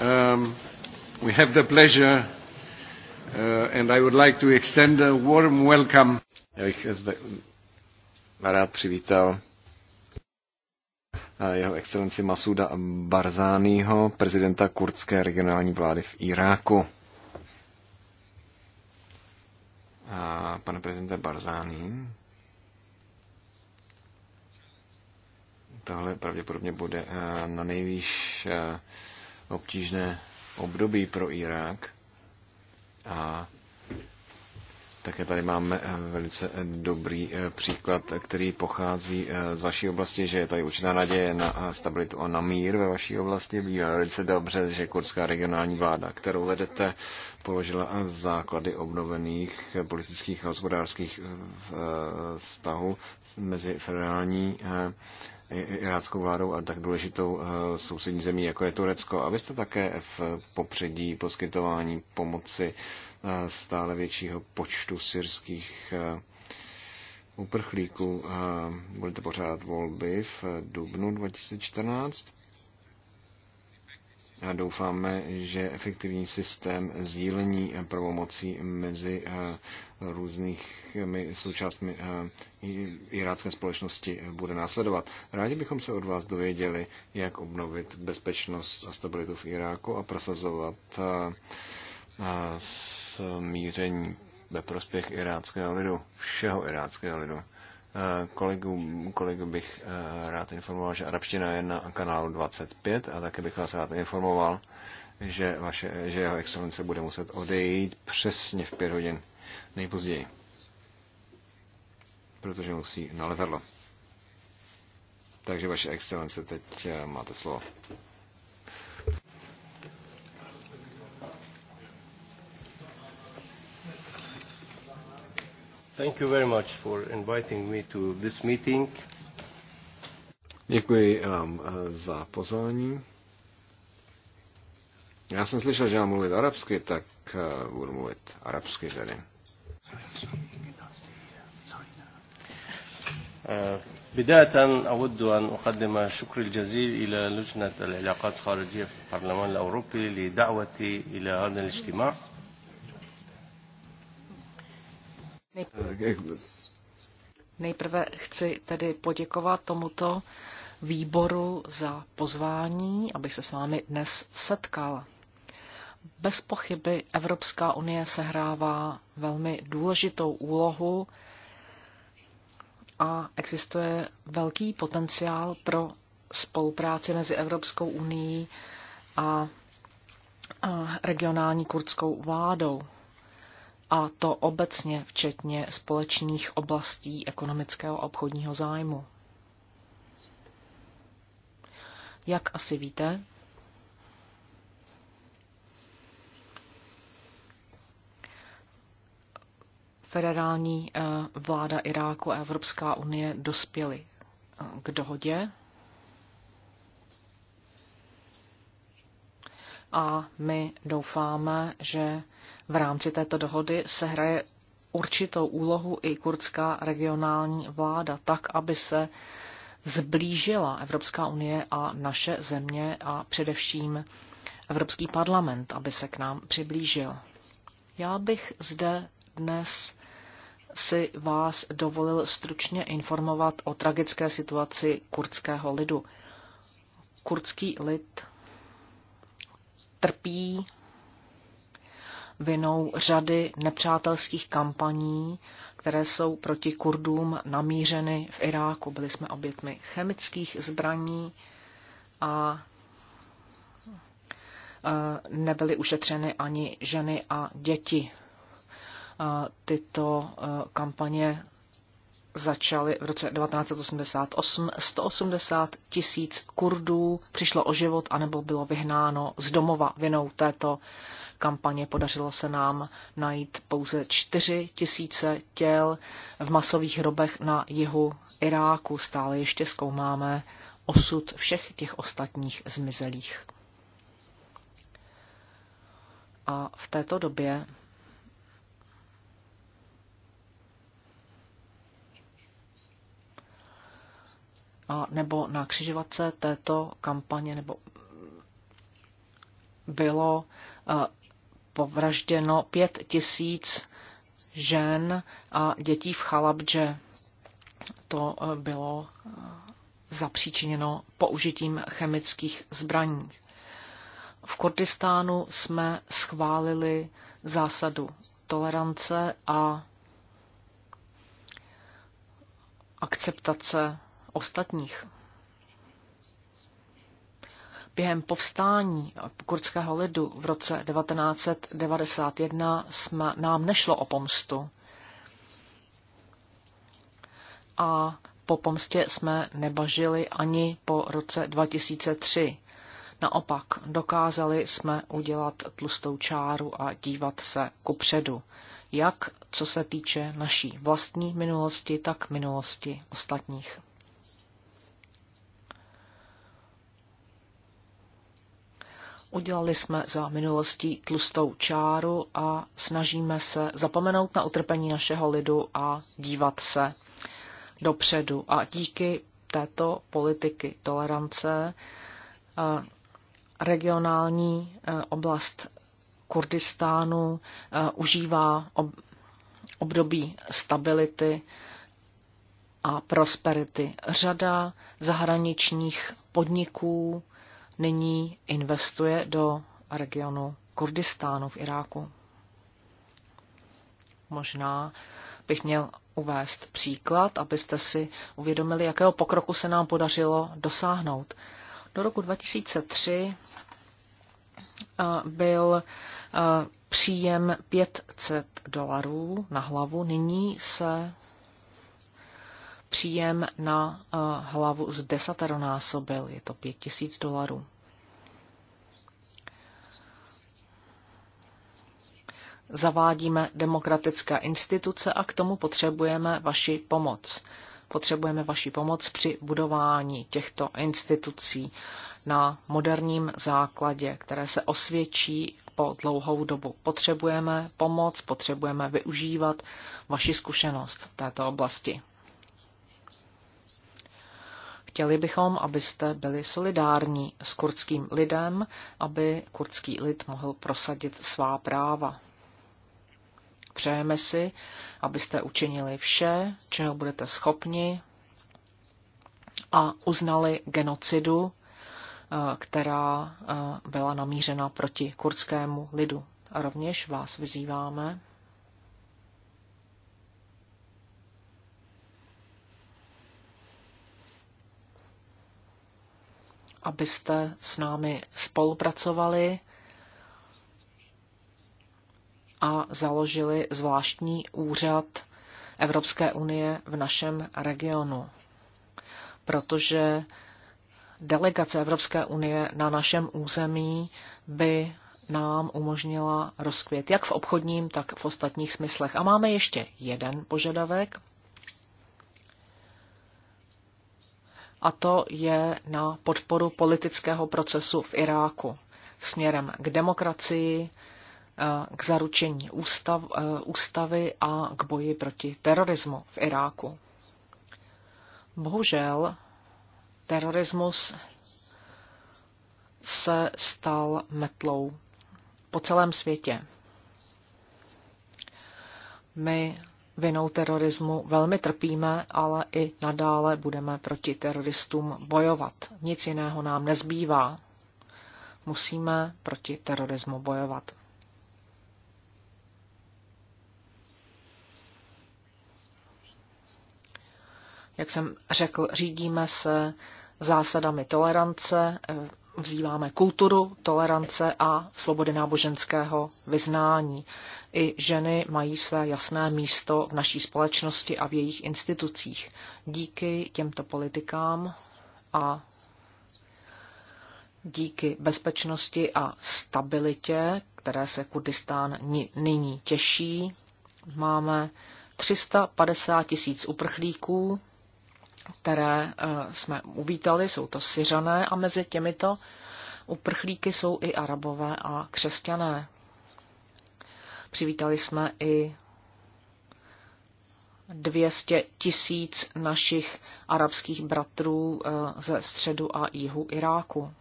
um, we have the pleasure uh, and I would like to extend a warm welcome. Já bych zde rád přivítal eh, jeho excelenci Masuda Barzányho, prezidenta kurdské regionální vlády v Iráku. A pane prezidente Barzány, pravděpodobně bude eh, na nejvýš eh, obtížné období pro Irák. A také tady máme eh, velice dobrý příklad, který pochází z vaší oblasti, že je tady určitá naděje na stabilitu a na mír ve vaší oblasti. Víme velice dobře, že kurdská regionální vláda, kterou vedete, položila základy obnovených politických a hospodářských vztahů mezi federální iráckou vládou a tak důležitou eh, sousední zemí, jako je Turecko. A vy jste také v popředí poskytování pomoci eh, stále většího počtu syrských eh, uprchlíků. Budete pořádat volby v dubnu 2014 a doufáme, že efektivní systém sdílení pravomocí mezi eh, různými součástmi eh, irácké společnosti bude následovat. Rádi bychom se od vás dověděli, jak obnovit bezpečnost a stabilitu v Iráku a prosazovat eh, smíření ve prospěch iráckého lidu, všeho iráckého lidu. Eh, kolegu, kolegu bych eh, rád informoval, že arabština je na kanálu 25 a také bych vás rád informoval, že, vaše, že jeho excelence bude muset odejít přesně v pět hodin nejpozději, protože musí na letadlo. Takže vaše excelence, teď eh, máte slovo. Thank you very much for inviting me to this meeting. Děkuji vám eh, za pozvání. Já jsem slyšel, že mám mluvit arabsky, tak eh, budu mluvit arabsky tady. بداية أود أن أقدم شكر الجزيل إلى لجنة العلاقات الخارجية في البرلمان الأوروبي لدعوتي إلى هذا الاجتماع. Nejprve chci tedy poděkovat tomuto výboru za pozvání, aby se s vámi dnes setkal. Bez pochyby Evropská unie sehrává velmi důležitou úlohu a existuje velký potenciál pro spolupráci mezi Evropskou unii a regionální kurdskou vládou a to obecně včetně společných oblastí ekonomického a obchodního zájmu. Jak asi víte, federální eh, vláda Iráku a Evropská unie dospěly eh, k dohodě a my doufáme, že v rámci této dohody se hraje určitou úlohu i kurdská regionální vláda, tak aby se zblížila Evropská unie a naše země a především Evropský parlament, aby se k nám přiblížil. Já bych zde dnes si vás dovolil stručně informovat o tragické situaci kurdského lidu. Kurdský lid trpí vinou řady nepřátelských kampaní, které jsou proti Kurdům namířeny v Iráku. Byli jsme obětmi chemických zbraní a eh, nebyly ušetřeny ani ženy a děti. Eh, tyto eh, kampaně začaly v roce 1988. 180 tisíc Kurdů přišlo o život anebo bylo vyhnáno z domova vinou této kampaně. Podařilo se nám najít pouze 4 tisíce těl v masových hrobech na jihu Iráku. Stále ještě zkoumáme osud všech těch ostatních zmizelých. A v této době a nebo na křižovatce této kampaně nebo bylo eh, povražděno pět tisíc žen a dětí v Chalabdže. To eh, bylo eh, zapříčiněno použitím chemických zbraní. V Kurdistánu jsme schválili zásadu tolerance a akceptace ostatních. Během povstání kurdského lidu v roce 1991 jsme, nám nešlo o pomstu. A po pomstě jsme nebažili ani po roce 2003. Naopak, dokázali jsme udělat tlustou čáru a dívat se kupředu, jak co se týče naší vlastní minulosti, tak minulosti ostatních. Udělali jsme za minulostí tlustou čáru a snažíme se zapomenout na utrpení našeho lidu a dívat se dopředu. A díky této politiky tolerance eh, regionální eh, oblast Kurdistánu eh, užívá období stability a prosperity. Řada zahraničních podniků nyní investuje do regionu Kurdistánu v Iráku. Možná bych měl uvést příklad, abyste si uvědomili, jakého pokroku se nám podařilo dosáhnout. Do roku 2003 eh, byl eh, příjem 500 dolarů na hlavu, nyní se příjem na eh, hlavu z desateronásobil, je to 5000 dolarů. zavádíme demokratické instituce a k tomu potřebujeme vaši pomoc. Potřebujeme vaši pomoc při budování těchto institucí na moderním základě, které se osvědčí po dlouhou dobu. Potřebujeme pomoc, potřebujeme využívat vaši zkušenost v této oblasti. Chtěli bychom, abyste byli solidární s kurdským lidem, aby kurdský lid mohl prosadit svá práva. Přejeme si, abyste učinili vše, čeho budete schopni a uznali genocidu, eh, která eh, byla namířena proti kurdskému lidu. A rovněž vás vyzýváme, abyste s námi spolupracovali a založili zvláštní úřad Evropské unie v našem regionu. Protože delegace Evropské unie na našem území by nám umožnila rozkvět jak v obchodním, tak v ostatních smyslech. A máme ještě jeden požadavek, a to je na podporu politického procesu v Iráku směrem k demokracii, Eh, k zaručení ústav, eh, ústavy a k boji proti terorismu v Iráku. Bohužel terorismus se stal metlou po celém světě. My vinou terorismu velmi trpíme, ale i nadále budeme proti teroristům bojovat. Nic jiného nám nezbývá. Musíme proti terorismu bojovat. Jak jsem řekl, řídíme se zásadami tolerance, vzýváme kulturu tolerance a svobody náboženského vyznání. I ženy mají své jasné místo v naší společnosti a v jejich institucích. Díky těmto politikám a díky bezpečnosti a stabilitě, které se Kurdistán nyní těší, máme 350 tisíc uprchlíků, které eh, jsme uvítali, jsou to Syřané a mezi těmito uprchlíky jsou i Arabové a křesťané. Přivítali jsme i 200 tisíc našich arabských bratrů eh, ze středu a jihu Iráku.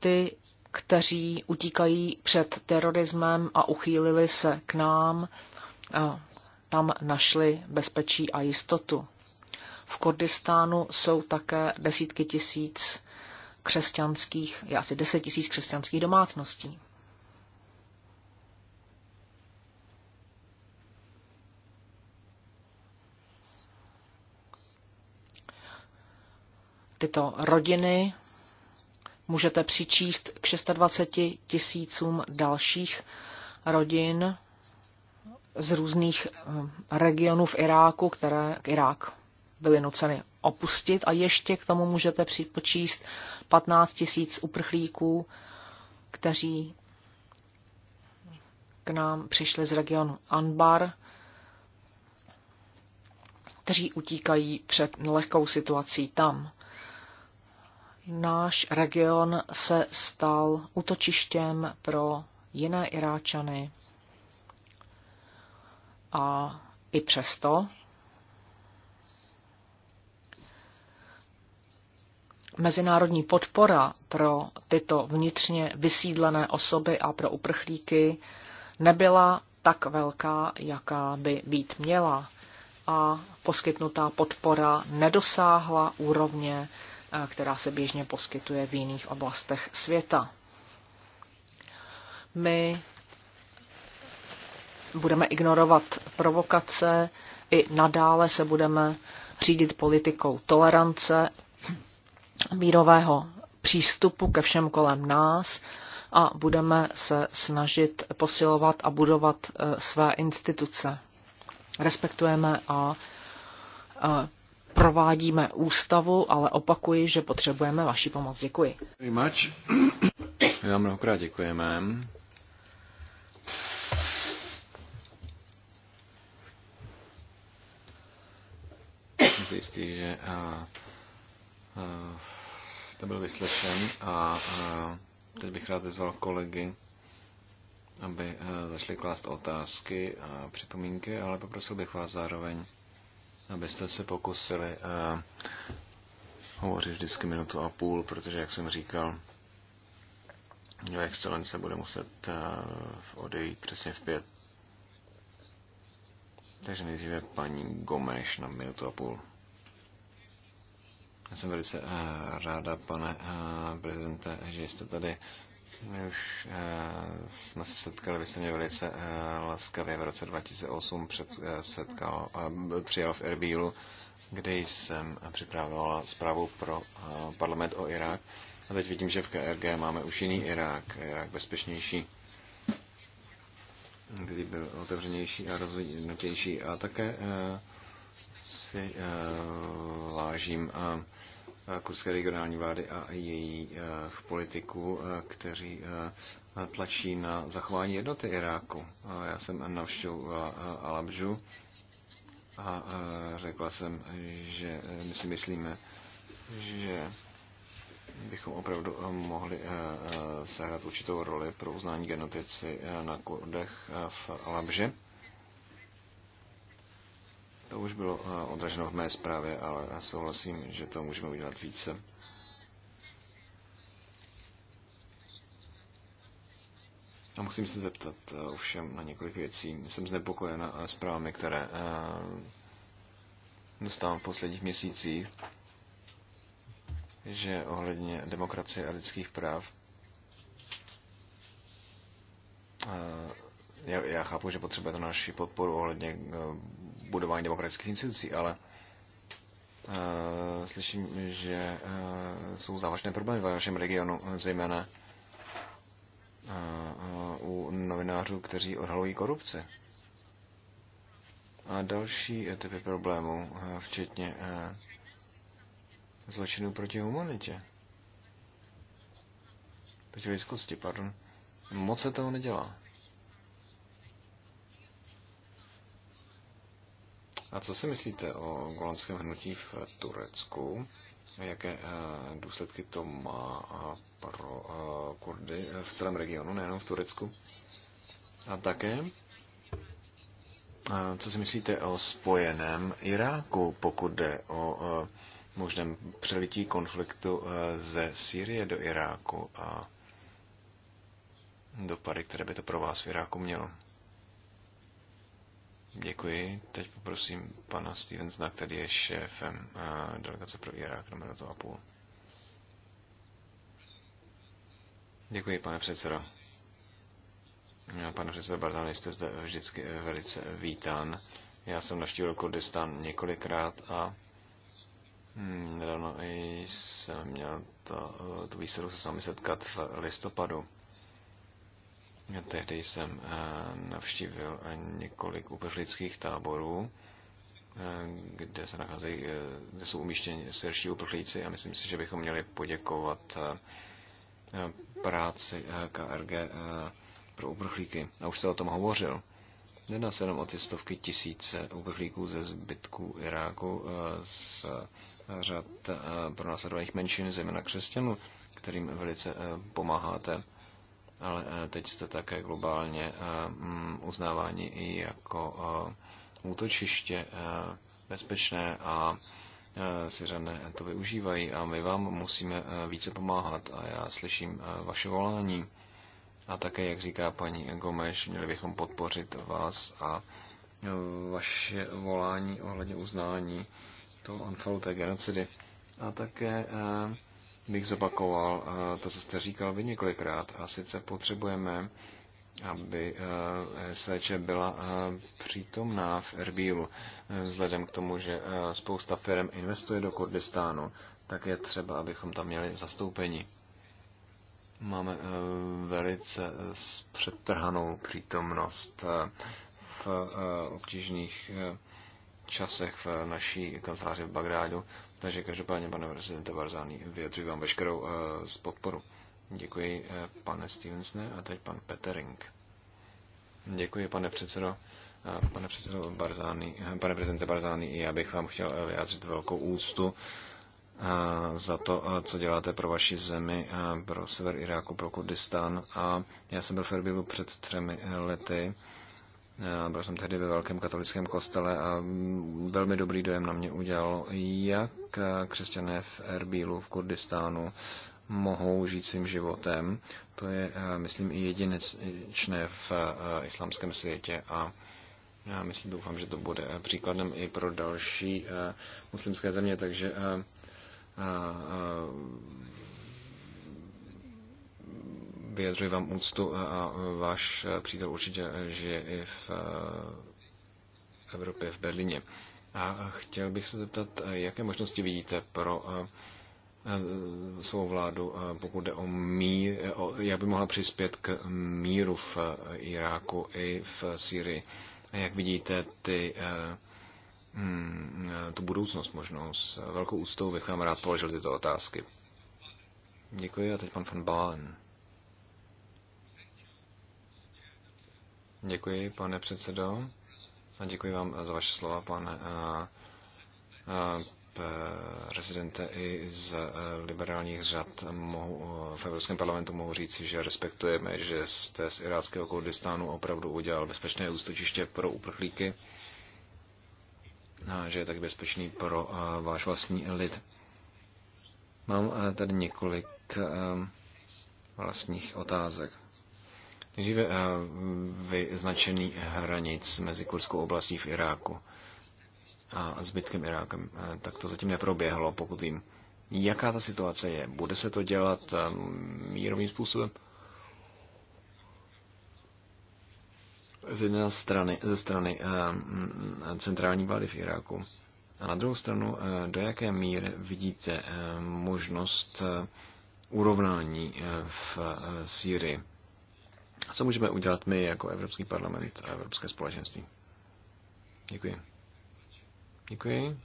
Ty, kteří utíkají před terorismem a uchýlili se k nám, eh, tam našli bezpečí a jistotu. V Kurdistánu jsou také desítky tisíc křesťanských, je asi deset tisíc křesťanských domácností. Tyto rodiny můžete přičíst k 26 tisícům dalších rodin, z různých eh, regionů v Iráku, které Irák byly nuceny opustit a ještě k tomu můžete připočíst 15 tisíc uprchlíků, kteří k nám přišli z regionu Anbar, kteří utíkají před lehkou situací tam. Náš region se stal útočištěm pro jiné Iráčany, a i přesto mezinárodní podpora pro tyto vnitřně vysídlené osoby a pro uprchlíky nebyla tak velká, jaká by být měla. A poskytnutá podpora nedosáhla úrovně, eh, která se běžně poskytuje v jiných oblastech světa. My budeme ignorovat provokace, i nadále se budeme řídit politikou tolerance, mírového přístupu ke všem kolem nás a budeme se snažit posilovat a budovat e, své instituce. Respektujeme a e, provádíme ústavu, ale opakuji, že potřebujeme vaši pomoc. Děkuji. Já mnohokrát děkujeme. si jistý, že jste eh, eh, byl vyslyšen a eh, teď bych rád vyzval kolegy, aby zašli klást otázky a připomínky, ale poprosil bych vás zároveň, abyste se pokusili hovořit vždycky minutu a půl, protože, jak jsem říkal, jeho excelence bude muset odejít přesně v pět. Takže nejdříve paní Gomeš na minutu a půl. Já jsem velice eh, ráda, pane eh, prezidente, že jste tady. My už eh, jsme se setkali, vy jste mě velice laskavě v roce 2008 před, setkal, přijal v Erbílu, kde jsem připravovala zprávu pro parlament o Irák. A teď vidím, že v KRG máme už jiný Irák, Irák bezpečnější, kdy byl otevřenější a rozvinutější. A také si eh, vážím eh, kurské regionální vlády a její eh, politiků, kteří tlačí na zachování jednoty Iráku. Já jsem navštěvoval Alabžu a řekla jsem, že my si myslíme, že bychom opravdu mohli sehrát určitou roli pro uznání genotici na Kurdech v Alabži. To už bylo eh, odraženo v mé zprávě, ale já souhlasím, že to můžeme udělat více. A musím se zeptat eh, ovšem na několik věcí. Jsem znepokojena eh, zprávami, které dostávám v posledních měsících, že ohledně demokracie a lidských práv já, já chápu, že potřebuje to naši podporu ohledně eh, budování demokratických institucí, ale uh, slyším, že uh, jsou závažné problémy ve vašem regionu, zejména uh, u novinářů, kteří odhalují korupce A další typy problémů, včetně zločinů proti humanitě. Proti lidskosti, pardon. Moc se toho nedělá. A co si myslíte o golandském hnutí v Turecku? Jaké eh, důsledky to má eh, pro eh, Kurdy v celém regionu, nejenom v Turecku? A také, co si myslíte o spojeném Iráku, pokud jde o možném přelití konfliktu ze Sýrie do Iráku a dopady, které by to pro vás v Iráku mělo? Děkuji. Teď poprosím pana Stevensna, který je šéfem eh, delegace pro Irák na minutu a půl. Děkuji, pane předsedo. Pane předsedo Bartán, jste zde vždycky eh, velice vítán. Já jsem navštívil Kurdistan několikrát a hm, nedávno jsem měl to, eh, tu výsadu se sami setkat v listopadu. Tehdy jsem eh, navštívil eh, několik uprchlických táborů, eh, kde se nacházejí, kde jsou umístěni syrští uprchlíci a myslím si, že bychom měli poděkovat práci KRG pro uprchlíky. A už se o tom hovořil. Nedá se jenom o ty stovky tisíce uprchlíků ze zbytků Iráku z řad pronásledovaných menšin, zejména křesťanů, kterým velice pomáháte ale eh, teď jste také globálně eh, mm, uznáváni i jako eh, útočiště bezpečné a Syřané to využívají a my vám musíme více pomáhat a já slyším vaše volání a také, jak říká paní Gomeš, měli bychom podpořit vás a vaše volání ohledně uznání toho Anfalu té genocidy a také bych zopakoval eh, to, co jste říkal vy několikrát. A sice potřebujeme, aby eh, SVČ byla eh, přítomná v Erbílu. Vzhledem k tomu, že spousta firm investuje do Kurdistánu, tak je třeba, abychom tam měli zastoupení. Máme velice přetrhanou přítomnost v obtížných časech v naší kanceláři v Bagrádu. Takže každopádně, pane prezidente Barzány, vyjadřuji vám veškerou uh, podporu. Děkuji, uh, pane Stevensne, a teď pan Petering. Děkuji, pane předsedo. Eh, pane předsedo Barzány, pane prezidente Barzány, já bych vám chtěl vyjádřit velkou úctu za to, co děláte pro vaši zemi, pro sever Iráku, pro Kurdistán. A já jsem byl v Erbilu před třemi lety byl jsem tehdy ve velkém katolickém kostele a velmi dobrý dojem na mě udělal, jak křesťané v Erbílu v Kurdistánu mohou žít svým životem. To je, eh, myslím, i jedinečné v eh, islámském světě a já myslím, doufám, že to bude eh, příkladem i pro další muslimské země, takže vyjadřuji vám úctu a váš přítel určitě žije i v eh, Evropě, v Berlíně. A chtěl bych se zeptat, eh, jaké možnosti vidíte pro eh, svou vládu, pokud jde o mír, jak by mohla přispět k míru v Iráku i v Syrii. A jak vidíte ty, hmm, tu budoucnost možnou? S velkou úctou bych vám rád položil tyto otázky. Děkuji a teď pan van Balen. Děkuji, pane předsedo. A děkuji vám za vaše slova, pane eh, eh, prezidente i z eh, liberálních řad mohu, v Evropském parlamentu mohu říci, že respektujeme, že jste z iráckého Kurdistánu opravdu udělal bezpečné ústočiště pro uprchlíky a že je tak bezpečný pro váš vlastní lid. Mám tady několik vlastních otázek dříve eh, vyznačený hranic mezi kurskou oblastí v Iráku a zbytkem Irákem. Eh, tak to zatím neproběhlo, pokud vím. Jaká ta situace je? Bude se to dělat eh, mírovým způsobem? Z jedné strany, ze strany mm, centrální vlády v Iráku. A na druhou stranu, do jaké míry vidíte možnost urovnání v Sýrii? Co můžeme udělat my jako Evropský parlament a Evropské společenství? Děkuji. Děkuji.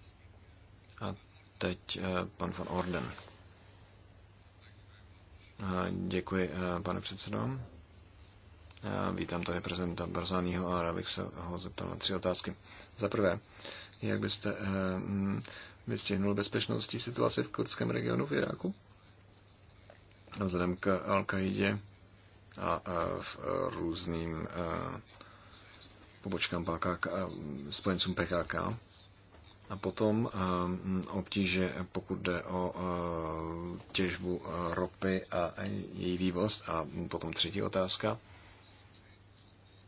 A teď eh, pan von Orden. Eh, děkuji, eh, pane předsedo. Vítám tady prezidenta Barzáního a rád bych se ho zeptal na tři otázky. Za prvé, jak byste mm, vystihnul bezpečnostní situaci v kurdském regionu v Iráku? vzhledem k al qaidě a v e, různým e, pobočkám PKK, e, spojencům PKK. A potom obtíže, pokud jde o těžbu ropy a její vývoz. A potom třetí otázka,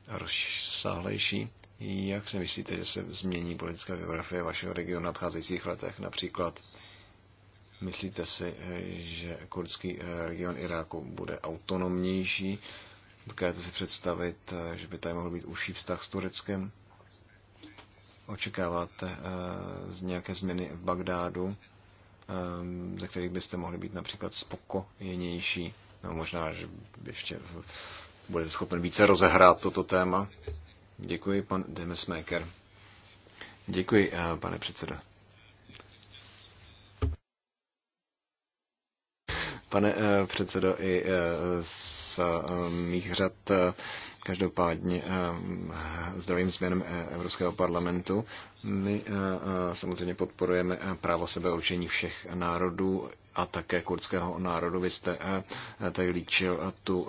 rozsáhlejší. Jak si myslíte, že se změní politická geografie vašeho regionu v nadcházejících letech? Například Myslíte si, eh, že kurdský eh, region Iráku bude autonomnější? Dokážete si představit, eh, že by tady mohl být užší vztah s Tureckem? Očekáváte z nějaké změny v Bagdádu, ehm, ze kterých byste mohli být například spokojenější? Nebo možná, že ještě budete schopen více rozehrát toto téma? Děkuji, pan Demesmaker. Děkuji, pane předsedo. pane eh, předsedo, i eh, z eh, mých řad. Každopádně zdravím změnem Evropského parlamentu. My samozřejmě podporujeme právo sebeurčení všech národů a také kurdského národu. Vy jste tady líčil tu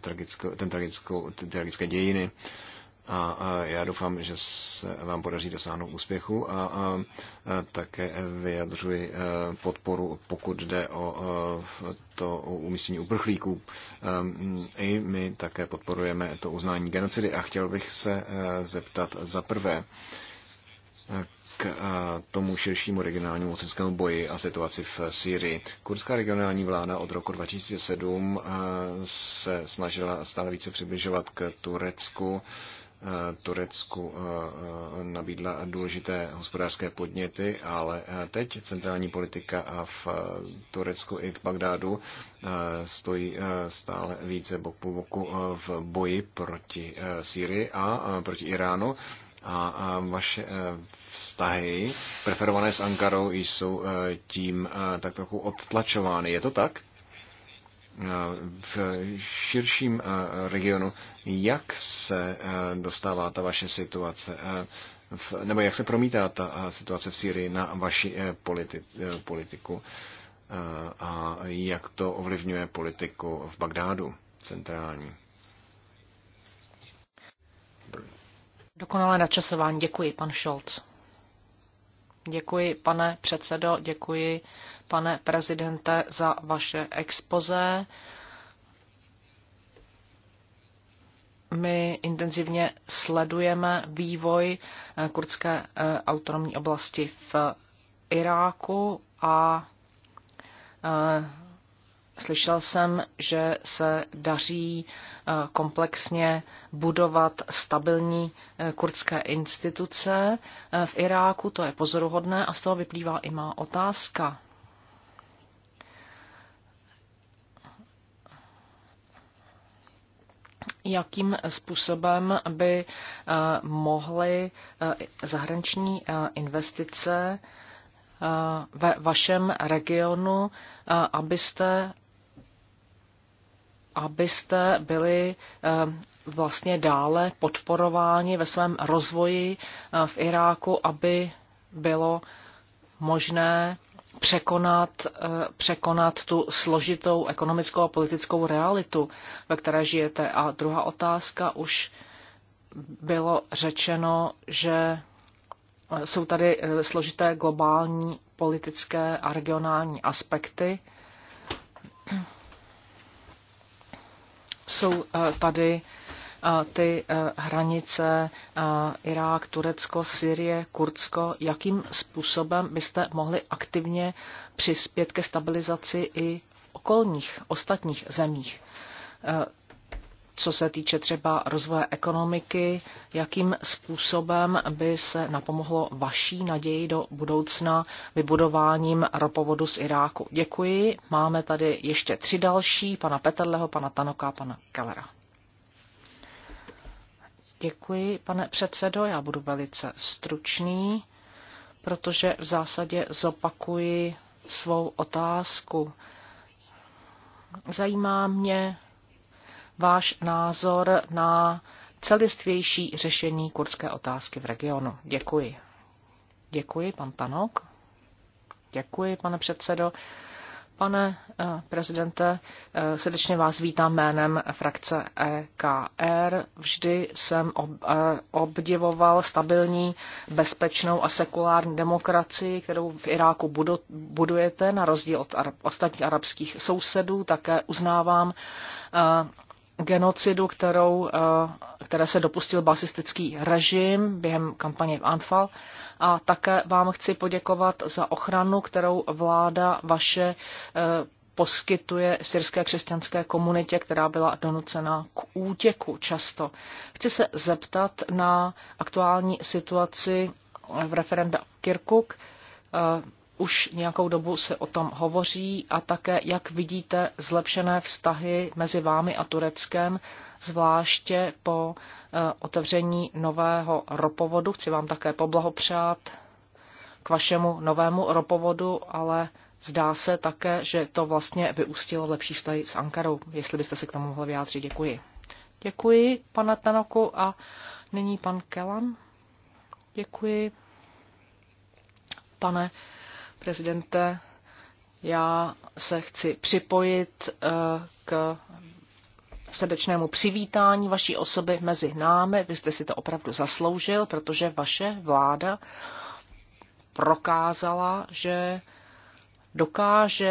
tragickou, ten tragickou, ty tragické dějiny a já doufám, že se vám podaří dosáhnout úspěchu a, také vyjadřuji e, podporu, pokud jde o e, to umístění uprchlíků. E, I my také podporujeme to uznání genocidy a chtěl bych se zeptat za prvé k tomu širšímu regionálnímu mocenskému boji a situaci v Syrii. Kurská regionální vláda od roku 2007 se snažila stále více přibližovat k Turecku Eh, Turecku eh, eh, nabídla důležité hospodářské podněty, ale teď centrální politika v Turecku i v Bagdádu stojí stále více bok po boku v boji proti Sýrii a proti Iránu a vaše vztahy preferované s Ankarou jsou tím tak trochu odtlačovány. Je to tak? v širším eh, regionu, jak se eh, dostává ta vaše situace, eh, nebo jak se promítá ta situace v Sýrii na vaši politiku a jak to ovlivňuje politiku v Bagdádu centrální. Dokonalé načasování. Děkuji, pan Scholz. Děkuji, pane předsedo, děkuji, pane prezidente, za vaše expoze. My intenzivně sledujeme vývoj eh, kurdské eh, autonomní oblasti v Iráku a eh, Slyšel jsem, že se daří eh, komplexně budovat stabilní eh, kurdské instituce eh, v Iráku. To je pozoruhodné a z toho vyplývá i má otázka. jakým způsobem by mohly zahraniční investice ve vašem regionu, abyste abyste byli eh, vlastně dále podporováni ve svém rozvoji eh, v Iráku, aby bylo možné překonat, eh, překonat tu složitou ekonomickou a politickou realitu, ve které žijete. A druhá otázka už bylo řečeno, že jsou tady složité globální politické a regionální aspekty jsou eh, tady eh, ty eh, hranice Irák, Turecko, Syrie, Kurdsko, jakým způsobem byste mohli aktivně přispět ke stabilizaci i okolních ostatních zemích co se týče třeba rozvoje ekonomiky, jakým způsobem by se napomohlo vaší naději do budoucna vybudováním ropovodu z Iráku. Děkuji. Máme tady ještě tři další, pana Petrleho, pana Tanoka a pana Kellera. Děkuji, pane předsedo. Já budu velice stručný, protože v zásadě zopakuji svou otázku. Zajímá mě, váš názor na celistvější řešení kurdské otázky v regionu. Děkuji. Děkuji, pan Tanok. Děkuji, pane předsedo. Pane eh, prezidente, eh, srdečně vás vítám jménem frakce EKR. Vždy jsem eh, obdivoval stabilní, bezpečnou a sekulární demokracii, kterou v Iráku budujete, na rozdíl od ostatních arabských sousedů. Také uznávám genocidu, kterou, eh, které se dopustil basistický režim během kampaně v Anfal. A také vám chci poděkovat za ochranu, kterou vláda vaše eh, poskytuje syrské křesťanské komunitě, která byla donucena k útěku často. Chci se zeptat na aktuální situaci v referenda Kirkuk eh, už nějakou dobu se o tom hovoří a také, jak vidíte, zlepšené vztahy mezi vámi a Tureckem, zvláště po eh, otevření nového ropovodu. Chci vám také poblahopřát k vašemu novému ropovodu, ale zdá se také, že to vlastně vyústilo lepší vztahy s Ankarou. Jestli byste se k tomu mohli vyjádřit, děkuji. Děkuji, pana Tanoku, a nyní pan Kelan. Děkuji, pane prezidente. Já se chci připojit eh, k srdečnému přivítání vaší osoby mezi námi. Vy jste si to opravdu zasloužil, protože vaše vláda prokázala, že dokáže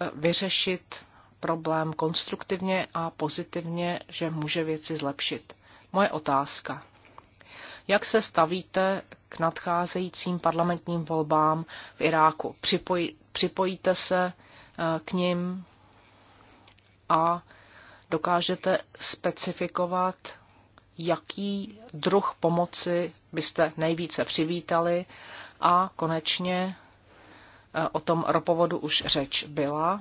eh, vyřešit problém konstruktivně a pozitivně, že může věci zlepšit. Moje otázka. Jak se stavíte k nadcházejícím parlamentním volbám v Iráku. Připoj, připojíte se eh, k ním a dokážete specifikovat, jaký druh pomoci byste nejvíce přivítali a konečně eh, o tom ropovodu už řeč byla.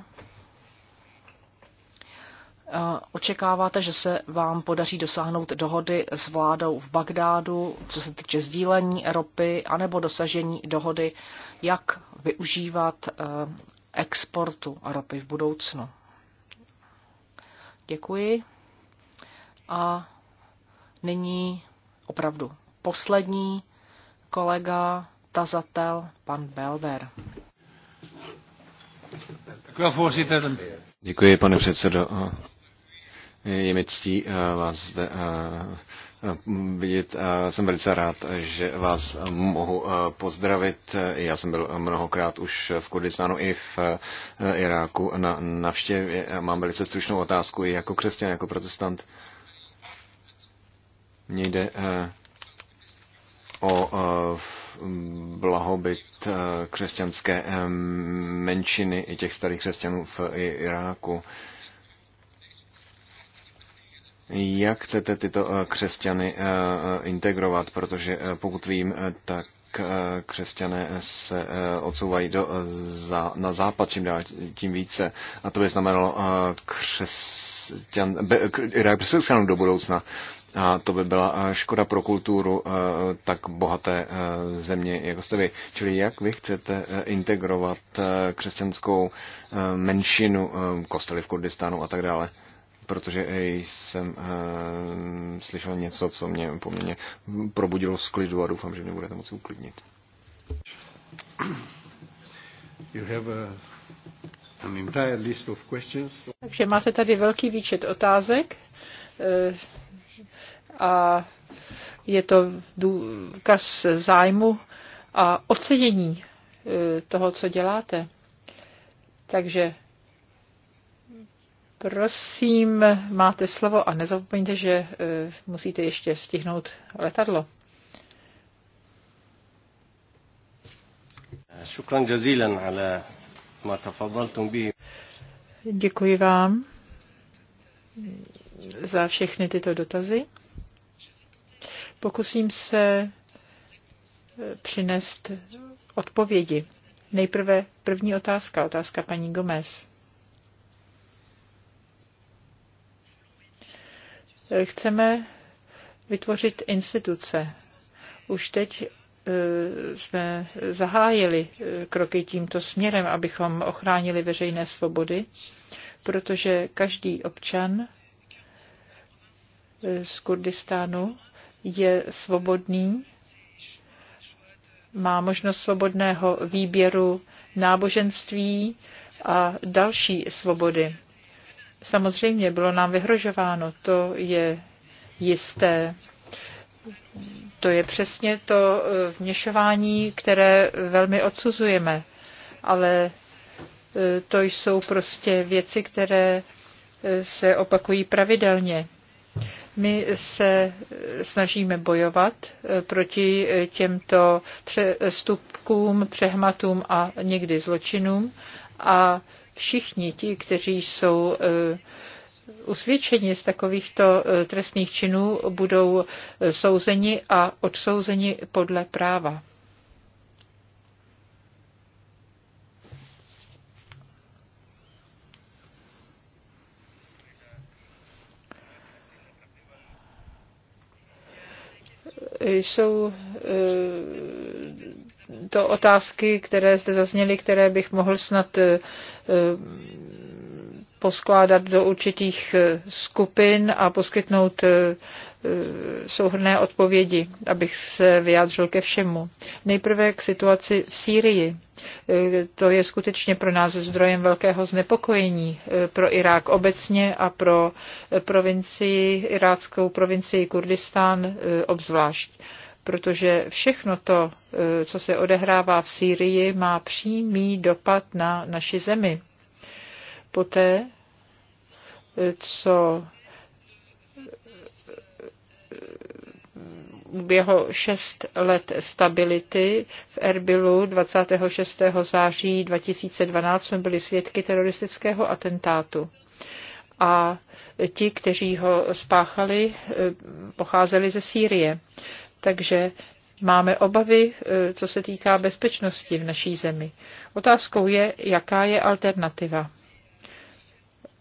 Očekáváte, že se vám podaří dosáhnout dohody s vládou v Bagdádu, co se týče sdílení ropy, anebo dosažení dohody, jak využívat eh, exportu ropy v budoucnu. Děkuji. A nyní opravdu poslední kolega, tazatel, pan Belder. Děkuji, pane předsedo. Je mi ctí eh, vás zde eh, eh, vidět. Jsem velice rád, že vás mohu pozdravit. Já jsem byl mnohokrát už v Kurdistánu i v Iráku na navštěvě. Mám velice stručnou otázku i jako křesťan, jako protestant. Mně jde o blahobyt křesťanské menšiny i těch starých křesťanů v Iráku. Jak chcete tyto eh, křesťany eh, eh, integrovat, protože pokud vím, tak křesťané se odsouvají do, za, na západ čím dál tím více. A to by znamenalo křesťan, křesťanů do budoucna. A to by byla škoda pro kulturu tak bohaté země, jako jste vy. Čili jak vy chcete integrovat křesťanskou menšinu, kostely v Kurdistánu a tak dále? protože eh, jsem eh, slyšel něco, co mě poměrně probudilo z klidu a doufám, že mě budete moci uklidnit. You have a, eh, an entire list of questions. Takže máte tady velký výčet otázek a je to důkaz zájmu a ocenění toho, co děláte. Takže Prosím, máte slovo a nezapomeňte, že e, musíte ještě stihnout letadlo. Děkuji vám za všechny tyto dotazy. Pokusím se e, přinést odpovědi. Nejprve první otázka, otázka paní Gomez. Eh, chceme vytvořit instituce. Už teď eh, jsme zahájili eh, kroky tímto směrem, abychom ochránili veřejné svobody, protože každý občan z Kurdistánu je svobodný, má možnost svobodného výběru náboženství a další svobody. Samozřejmě bylo nám vyhrožováno, to je jisté. To je přesně to eh, vněšování, které velmi odsuzujeme, ale eh, to jsou prostě věci, které eh, se opakují pravidelně. My se snažíme bojovat proti těmto přestupkům, přehmatům a někdy zločinům a všichni ti, kteří jsou eh, usvědčeni z takovýchto eh, trestných činů, budou souzeni a odsouzeni podle práva. Jsou eh, to otázky, které zde zazněly, které bych mohl snad eh, poskládat do určitých eh, skupin a poskytnout eh, souhrné odpovědi, abych se vyjádřil ke všemu. Nejprve k situaci v Sýrii. To je skutečně pro nás zdrojem velkého znepokojení pro Irák obecně a pro provincii, iráckou provincii Kurdistán obzvlášť protože všechno to, e, co se odehrává v Sýrii, má přímý dopad na naši zemi. Poté, e, co e, uběhlo šest let stability. V Erbilu 26. září 2012 jsme byli svědky teroristického atentátu. A ti, kteří ho spáchali, pocházeli ze Sýrie. Takže máme obavy, e, co se týká bezpečnosti v naší zemi. Otázkou je, jaká je alternativa.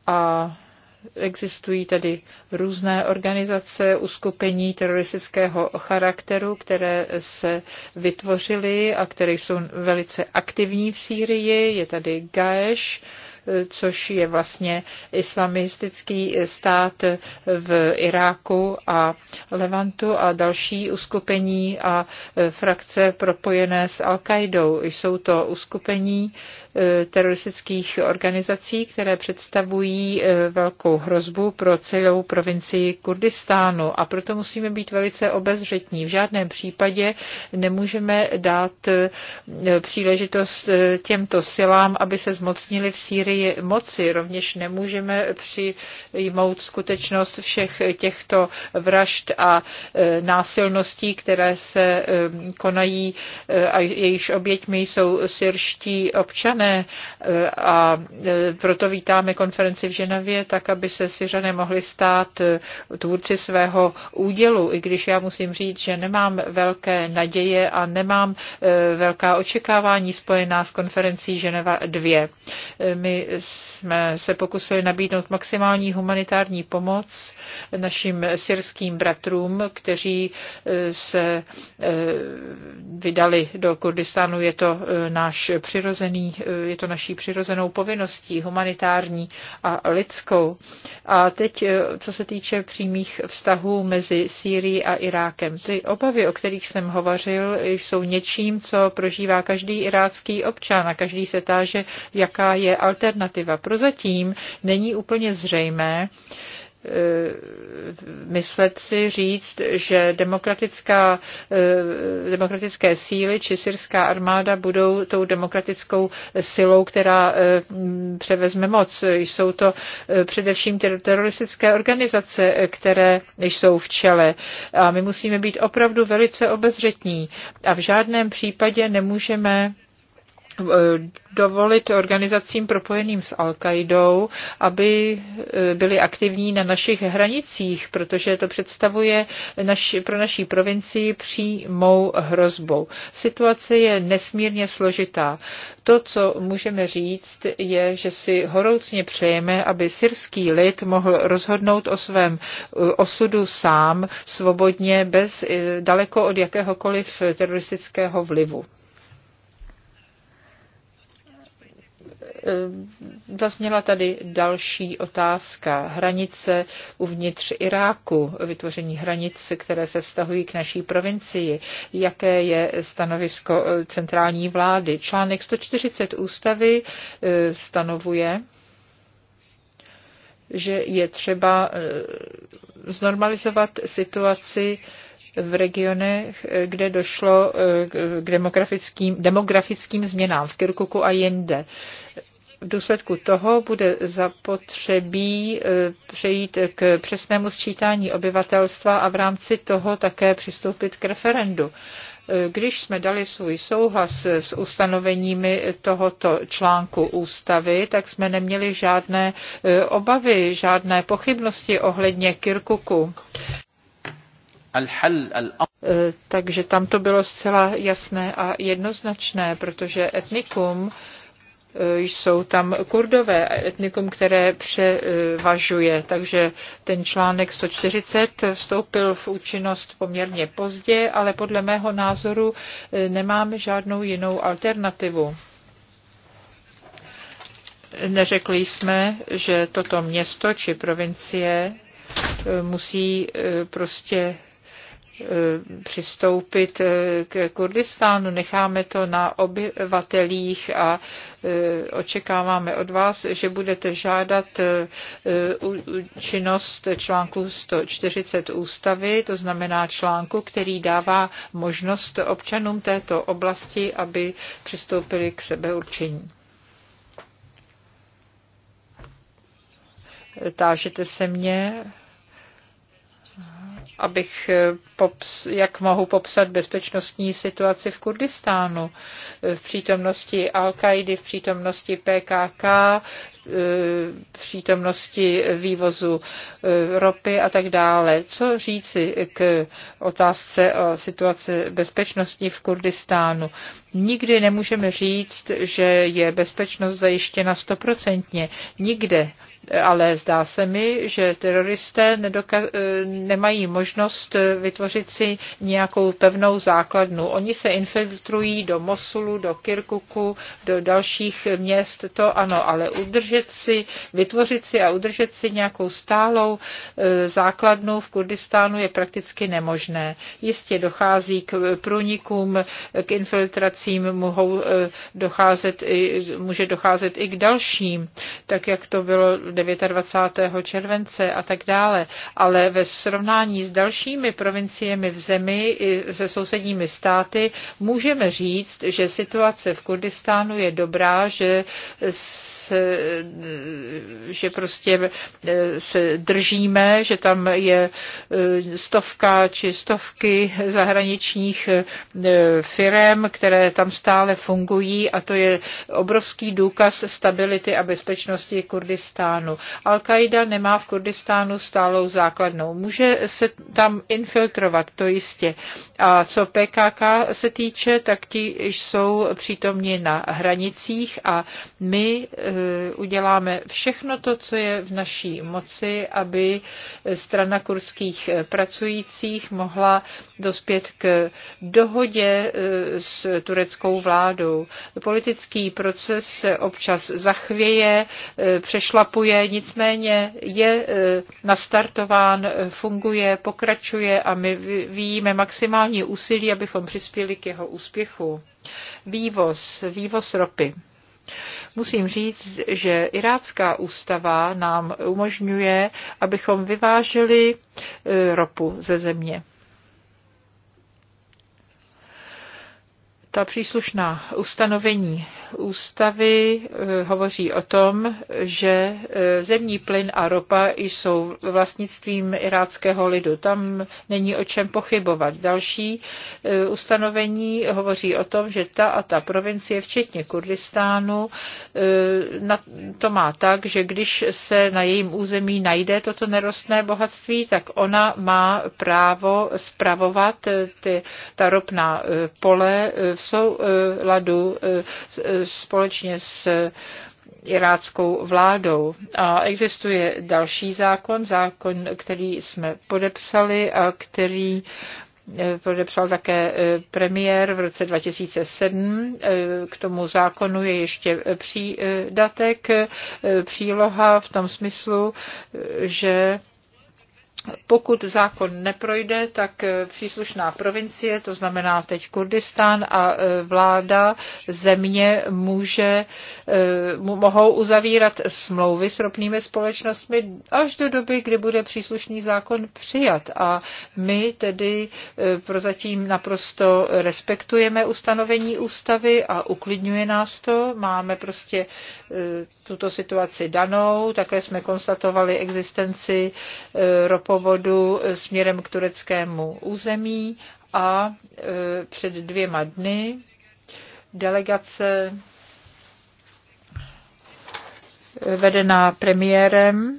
A existují tedy různé organizace, uskupení teroristického charakteru, které se vytvořily a které jsou velice aktivní v Sýrii. Je tady Gaesh, což je vlastně islamistický stát v Iráku a Levantu a další uskupení a frakce propojené s Al-Kaidou. Jsou to uskupení, Eh, teroristických organizací, které představují eh, velkou hrozbu pro celou provincii Kurdistánu. A proto musíme být velice obezřetní. V žádném případě nemůžeme dát eh, příležitost těmto silám, aby se zmocnili v Sýrii moci. Rovněž nemůžeme přijmout skutečnost všech těchto vražd a násilností, které se konají a jejichž oběťmi jsou syrští občané možné eh, a eh, proto vítáme konferenci v Ženavě, tak aby se Syřané mohli stát eh, tvůrci svého údělu, i když já musím říct, že nemám velké naděje a nemám velká očekávání spojená s konferencí Ženeva 2. My jsme se pokusili nabídnout maximální humanitární pomoc našim syrským bratrům, kteří se vydali do Kurdistánu. Je to náš přirozený je to naší přirozenou povinností, humanitární a lidskou. A teď, eh, co se týče přímých vztahů mezi Sýrií a Irákem. Ty obavy, o kterých jsem hovořil, jsou něčím, co prožívá každý irácký občan a každý se táže, jaká je alternativa. Prozatím není úplně zřejmé, Eh, myslet si, říct, že demokratická, eh, demokratické síly či syrská armáda budou tou demokratickou silou, která eh, převezme moc. Jsou to především teroristické organizace, které jsou v čele. A my musíme být opravdu velice obezřetní a v žádném případě nemůžeme Eh, dovolit organizacím propojeným s al kaidou aby eh, byly aktivní na našich hranicích, protože to představuje naš, pro naší provincii přímou hrozbou. Situace je nesmírně složitá. To, co můžeme říct, je, že si horoucně přejeme, aby syrský lid mohl rozhodnout o svém eh, osudu sám, svobodně, bez daleko od jakéhokoliv teroristického vlivu. Eh, zazněla tady další otázka. Hranice uvnitř Iráku, vytvoření hranic, které se vztahují k naší provincii. Jaké je stanovisko eh, centrální vlády? Článek 140 ústavy eh, stanovuje, že je třeba znormalizovat situaci v regionech, eh, kde došlo eh, k demografickým, demografickým změnám v Kirkuku a jinde. V důsledku toho bude zapotřebí eh, přejít k přesnému sčítání obyvatelstva a v rámci toho také přistoupit k referendu když jsme dali svůj souhlas s ustanoveními tohoto článku ústavy, tak jsme neměli žádné obavy, žádné pochybnosti ohledně Kirkuku. Eh, takže tam to bylo zcela jasné a jednoznačné, protože etnikum eh, jsou tam kurdové, etnikum, které převažuje. Takže ten článek 140 vstoupil v účinnost poměrně pozdě, ale podle mého názoru eh, nemáme žádnou jinou alternativu. Neřekli jsme, že toto město či provincie musí prostě Eh, přistoupit eh, k Kurdistánu. Necháme to na obyvatelích a eh, očekáváme od vás, že budete žádat činnost článku 140 ústavy, to znamená článku, který dává možnost občanům této oblasti, aby přistoupili k sebeurčení. Tážete se mě? abych, eh, pops, jak mohu popsat bezpečnostní situaci v Kurdistánu eh, v přítomnosti Al-Kaidy, v přítomnosti PKK, eh, v přítomnosti vývozu ropy a tak dále. Co říci k otázce o situaci bezpečnostní v Kurdistánu? Nikdy nemůžeme říct, že je bezpečnost zajištěna stoprocentně. Nikde. Ale zdá se mi, že teroristé nedoka- nemají možnost eh, vytvořit si nějakou pevnou základnu. Oni se infiltrují do Mosulu, do Kirkuku, do dalších měst, to ano, ale udržet si, vytvořit si a udržet si nějakou stálou eh, základnu v Kurdistánu je prakticky nemožné. Jistě dochází k průnikům, k infiltracím, mohou eh, docházet, může docházet i k dalším, tak jak to bylo 29. července a tak dále. Ale ve srovnání s dalšími provinciemi v zemi i se sousedními státy můžeme říct, že situace v Kurdistánu je dobrá, že, se, že prostě e, se držíme, že tam je e, stovka či stovky zahraničních e, firem, které tam stále fungují a to je obrovský důkaz stability a bezpečnosti Kurdistánu. Al-Qaida nemá v Kurdistánu stálou základnou. Může se tam infiltrovat, to jistě. A co PKK se týče, tak ti jsou přítomni na hranicích a my e, uděláme všechno to, co je v naší moci, aby strana kurdských e, pracujících mohla dospět k dohodě e, s tureckou vládou. Politický proces se občas zachvěje, přešlapuje, nicméně je nastartován, funguje, pokračuje a my vyvíjíme maximální úsilí, abychom přispěli k jeho úspěchu. Vývoz, vývoz ropy. Musím říct, že irácká ústava nám umožňuje, abychom vyváželi e, ropu ze země. ta příslušná ustanovení ústavy eh, hovoří o tom, že eh, zemní plyn a ropa jsou vlastnictvím iráckého lidu. Tam není o čem pochybovat. Další eh, ustanovení hovoří o tom, že ta a ta provincie, včetně Kurdistánu, to má tak, že když se na jejím území najde toto nerostné bohatství, tak ona má právo spravovat ty, ta ropná pole v souladu eh, eh, společně s eh, iráckou vládou. A existuje další zákon, zákon, který jsme podepsali a který podepsal také premiér v roce 2007. K tomu zákonu je ještě přídatek, příloha v tom smyslu, že pokud zákon neprojde, tak eh, příslušná provincie, to znamená teď Kurdistán a eh, vláda země může, eh, mohou uzavírat smlouvy s ropnými společnostmi až do doby, kdy bude příslušný zákon přijat. A my tedy prozatím naprosto respektujeme ustanovení ústavy a uklidňuje nás to. Máme prostě tuto situaci danou, také jsme konstatovali existenci ropou plynovodu směrem k tureckému území a e, před dvěma dny delegace e, vedená premiérem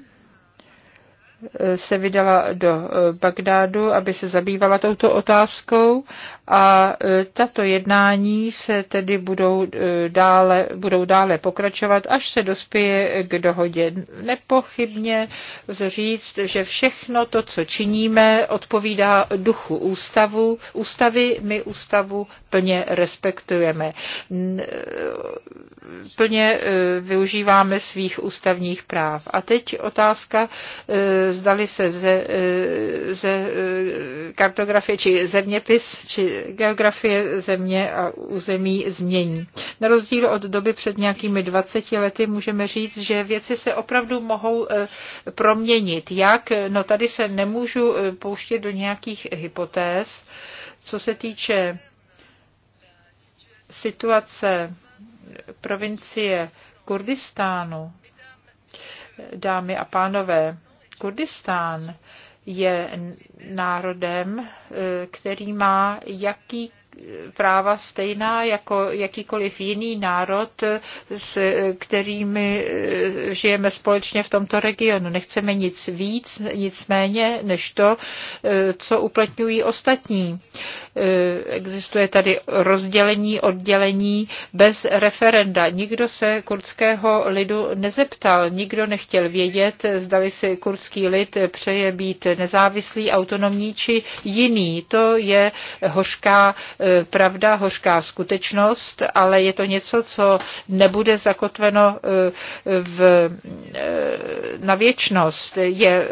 se vydala do eh, Bagdádu, aby se zabývala touto otázkou a eh, tato jednání se tedy budou eh, dále, budou dále pokračovat, až se dospěje k dohodě. Nepochybně říct, že všechno to, co činíme, odpovídá duchu ústavu. Ústavy my ústavu plně respektujeme. Plně využíváme svých ústavních práv. A teď otázka zdali se ze, ze kartografie či zeměpis či geografie země a území změní. Na rozdíl od doby před nějakými 20 lety můžeme říct, že věci se opravdu mohou eh, proměnit. Jak? No tady se nemůžu eh, pouštět do nějakých hypotéz. Co se týče situace provincie Kurdistánu, dámy a pánové, Kurdistán je národem, eh, který má jaký eh, práva stejná jako jakýkoliv jiný národ, eh, s kterými žijeme společně v tomto regionu. Nechceme nic víc, nic méně, než to, co uplatňují ostatní. Eh, existuje tady rozdělení, oddělení bez referenda. Nikdo se kurdského lidu nezeptal, nikdo nechtěl vědět, zdali si kurdský lid přeje být nezávislý, autonomní či jiný. To je hořká eh, pravda, hořká skutečnost, ale je to něco, co nebude zakotveno eh, v, na věčnost. Je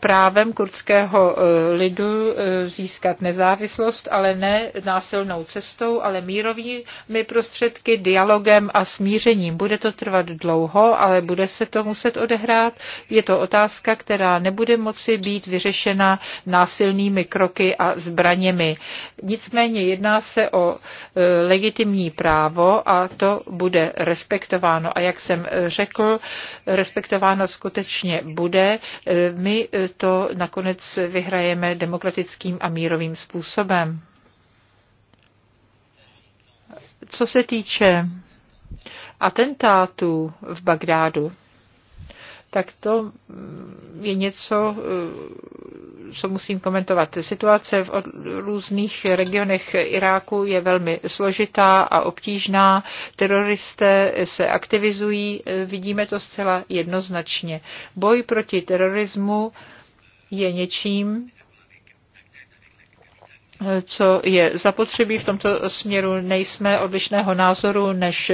právem kurdského lidu získat nezávislost, ale ale ne násilnou cestou, ale mírovými prostředky, dialogem a smířením. Bude to trvat dlouho, ale bude se to muset odehrát. Je to otázka, která nebude moci být vyřešena násilnými kroky a zbraněmi. Nicméně jedná se o e, legitimní právo a to bude respektováno. A jak jsem řekl, respektováno skutečně bude. E, my to nakonec vyhrajeme demokratickým a mírovým způsobem. Co se týče atentátu v Bagdádu, tak to je něco, eh, co musím komentovat. Situace v různých regionech Iráku je velmi složitá a obtížná. Teroristé se aktivizují, eh, vidíme to zcela jednoznačně. Boj proti terorismu je něčím, co je zapotřebí. V tomto směru nejsme odlišného názoru než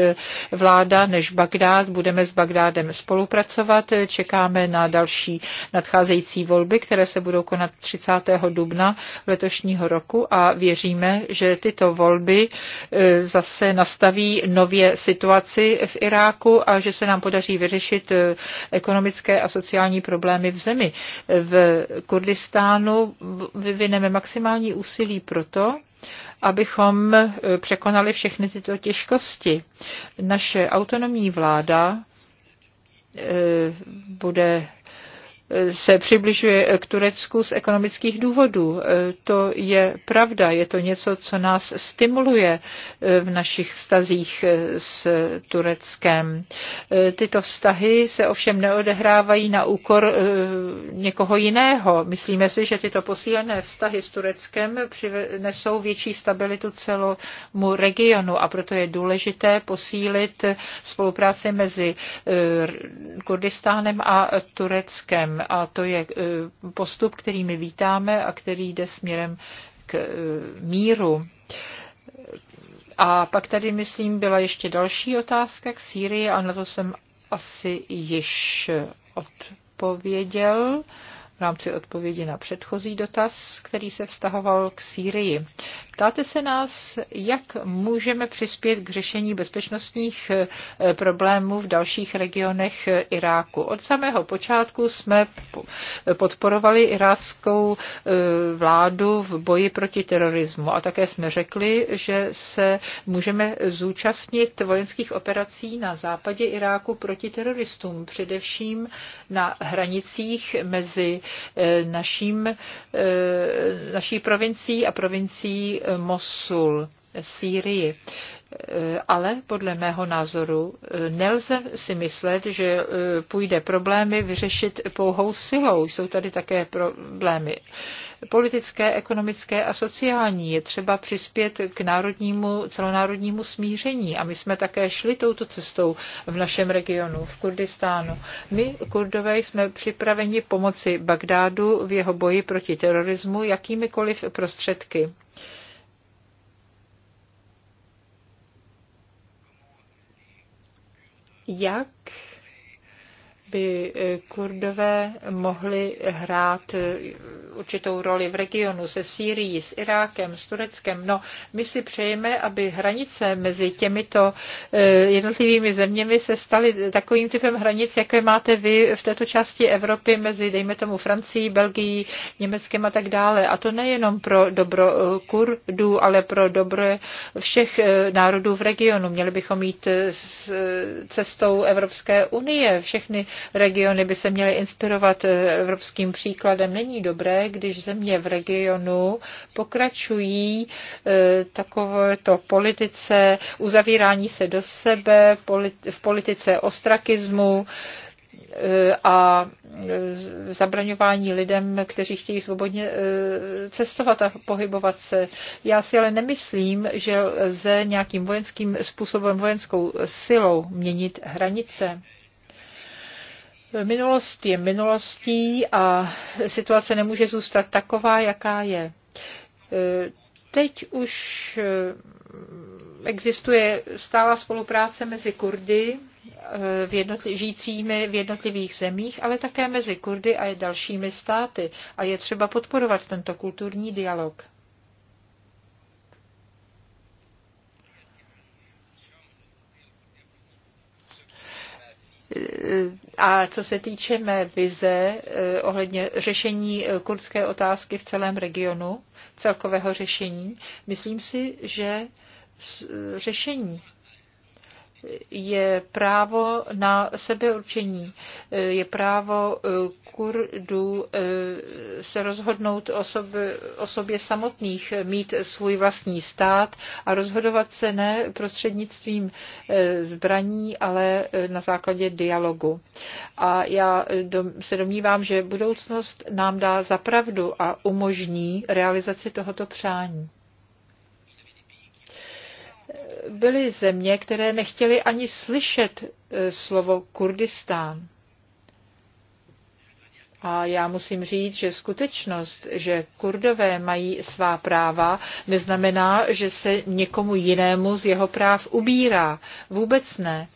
vláda, než Bagdád. Budeme s Bagdádem spolupracovat. Čekáme na další nadcházející volby, které se budou konat 30. dubna letošního roku a věříme, že tyto volby e, zase nastaví nově situaci v Iráku a že se nám podaří vyřešit e, ekonomické a sociální problémy v zemi. V Kurdistánu vyvineme maximální úsilí zapotřebí proto, abychom e, překonali všechny tyto těžkosti. Naše autonomní vláda e, bude se přibližuje k Turecku z ekonomických důvodů. E, to je pravda, je to něco, co nás stimuluje e, v našich vztazích e, s Tureckem. Tyto vztahy se ovšem neodehrávají na úkor někoho jiného. Myslíme si, že tyto posílené vztahy s Tureckem přinesou větší stabilitu celomu regionu a proto je důležité posílit spolupráci mezi Kurdistánem a Tureckem. Hm, a to je eh, postup, který my vítáme a který jde směrem k eh, míru. A pak tady, myslím, byla ještě další otázka k Sýrii, a na to jsem asi již odpověděl v rámci odpovědi na předchozí dotaz, který se vztahoval k Sýrii. Ptáte se nás, jak můžeme přispět k řešení bezpečnostních eh, problémů v dalších regionech eh, Iráku. Od samého počátku jsme eh, podporovali iráckou vládu v boji proti terorismu a také jsme řekli, že se můžeme zúčastnit vojenských operací na západě Iráku proti teroristům, především na hranicích mezi naším, naší provincií a provincií Mosul, Sýrii. Ale podle mého názoru eh, nelze si myslet, že eh, půjde problémy vyřešit pouhou silou. Jsou tady také problémy politické, ekonomické a sociální. Je třeba přispět k národnímu, celonárodnímu smíření. A my jsme také šli touto cestou v našem regionu, v Kurdistánu. My, Kurdové, jsme připraveni pomoci Bagdádu v jeho boji proti terorismu jakýmikoliv prostředky. jak by eh, kurdové mohli hrát eh, určitou roli v regionu se Sýrií, s Irákem, s Tureckem. No, my si přejeme, aby hranice mezi těmito eh, jednotlivými zeměmi se staly takovým typem hranic, jaké máte vy v této části Evropy mezi, dejme tomu, Francií, Belgií, Německem a tak dále. A to nejenom pro dobro eh, Kurdů, ale pro dobro všech eh, národů v regionu. Měli bychom jít s cestou Evropské unie. Všechny regiony by se měly inspirovat evropským příkladem. Není dobré, když země v regionu pokračují eh, takovéto politice uzavírání se do sebe, v politice ostrakismu, eh, a eh, zabraňování lidem, kteří chtějí svobodně cestovat a pohybovat se. Já si ale nemyslím, že lze nějakým vojenským způsobem, vojenskou silou měnit hranice. Minulost je minulostí a situace nemůže zůstat taková, jaká je. E, teď už e, existuje stála spolupráce mezi Kurdy e, v jednotli, žijícími v jednotlivých zemích, ale také mezi Kurdy a dalšími státy. A je třeba podporovat tento kulturní dialog. A co se týče mé vize eh, ohledně řešení eh, kurdské otázky v celém regionu, celkového řešení, myslím si, že eh, řešení je právo na sebeurčení, je právo eh, Kurdů eh, se rozhodnout o sobě, o sobě samotných, eh, mít svůj vlastní stát a rozhodovat se ne prostřednictvím zbraní, ale na základě dialogu. A já se domnívám, že budoucnost nám dá zapravdu a umožní realizaci tohoto přání byly země, které nechtěly ani slyšet e, slovo Kurdistán. A já musím říct, že skutečnost, že kurdové mají svá práva, neznamená, že se někomu jinému z jeho práv ubírá. Vůbec ne.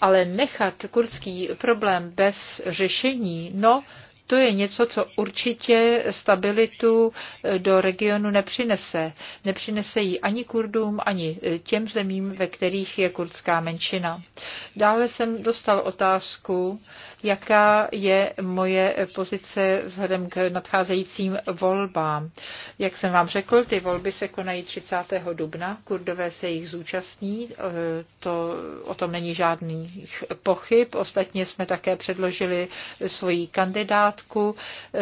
Ale nechat kurdský problém bez řešení, no, to je něco, co určitě stabilitu eh, do regionu nepřinese. Nepřinese ji ani Kurdům, ani eh, těm zemím, ve kterých je kurdská menšina. Dále jsem dostal otázku, jaká je moje eh, pozice vzhledem k nadcházejícím volbám. Jak jsem vám řekl, ty volby se konají 30. dubna, kurdové se jich zúčastní, to, o tom není žádný pochyb. Ostatně jsme také předložili svoji kandidát pořádku eh,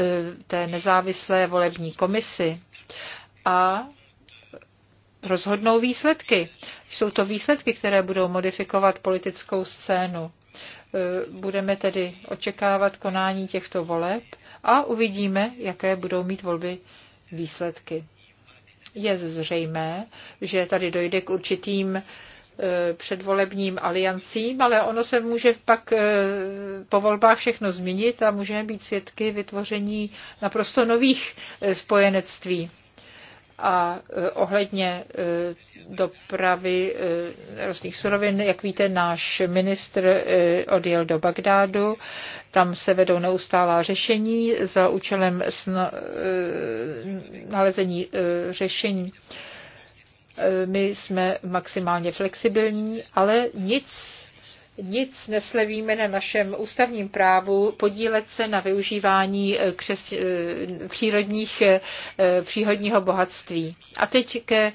té nezávislé volební komisy a rozhodnou výsledky. Jsou to výsledky, které budou modifikovat politickou scénu. Eh, budeme tedy očekávat konání těchto voleb a uvidíme, jaké budou mít volby výsledky. Je zřejmé, že tady dojde k určitým Eh, předvolebním aliancím, ale ono se může pak eh, po volbách všechno změnit a můžeme být svědky vytvoření naprosto nových eh, spojenectví. A ohledně dopravy různých surovin, jak víte, náš ministr odjel do Bagdádu. Tam se vedou neustálá řešení za účelem nalezení řešení Eh, my jsme maximálně flexibilní, ale nic nic neslevíme na našem ústavním právu podílet se na využívání eh, křes, eh, přírodních, přírodního bohatství. A teď ke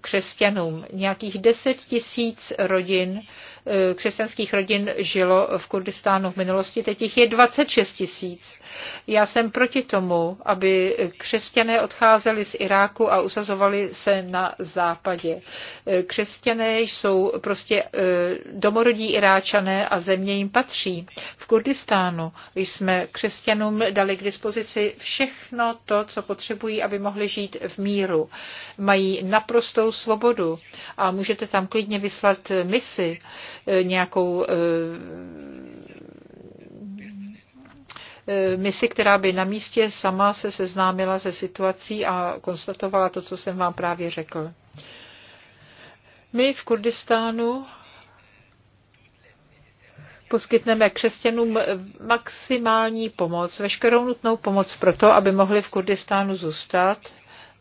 křesťanům. Nějakých 10 tisíc rodin Eh, křesťanských rodin žilo v Kurdistánu v minulosti, teď jich je 26 tisíc. Já jsem proti tomu, aby křesťané odcházeli z Iráku a usazovali se na západě. Eh, křesťané jsou prostě eh, domorodí Iráčané a země jim patří. V Kurdistánu jsme křesťanům dali k dispozici všechno to, co potřebují, aby mohli žít v míru. Mají naprostou svobodu a můžete tam klidně vyslat misi. Eh, nějakou eh, eh, misi, která by na místě sama se seznámila se situací a konstatovala to, co jsem vám právě řekl. My v Kurdistánu poskytneme křesťanům maximální pomoc, veškerou nutnou pomoc pro to, aby mohli v Kurdistánu zůstat,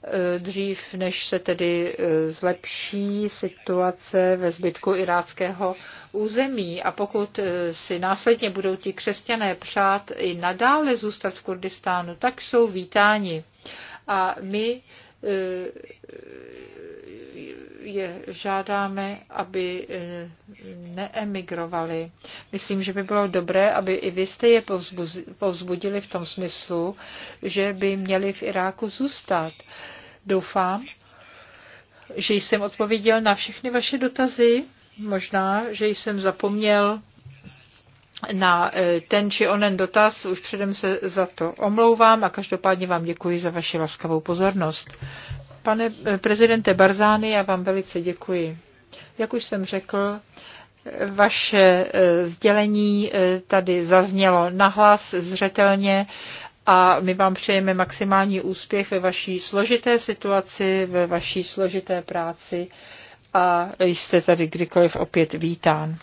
Eh, dřív než se tedy eh, zlepší situace ve zbytku iráckého území. A pokud eh, si následně budou ti křesťané přát i nadále zůstat v Kurdistánu, tak jsou vítáni. A my je žádáme, aby eh, neemigrovali. Myslím, že by bylo dobré, aby i vy jste je povzbudili v tom smyslu, že by měli v Iráku zůstat. Doufám, že jsem odpověděl na všechny vaše dotazy. Možná, že jsem zapomněl na eh, ten či onen dotaz. Už předem se za to omlouvám a každopádně vám děkuji za vaši laskavou pozornost. Pane eh, prezidente Barzány, já vám velice děkuji. Jak už jsem řekl, eh, vaše sdělení tady zaznělo nahlas, zřetelně a my vám přejeme maximální úspěch ve vaší složité situaci, ve vaší složité práci a jste tady kdykoliv opět vítán.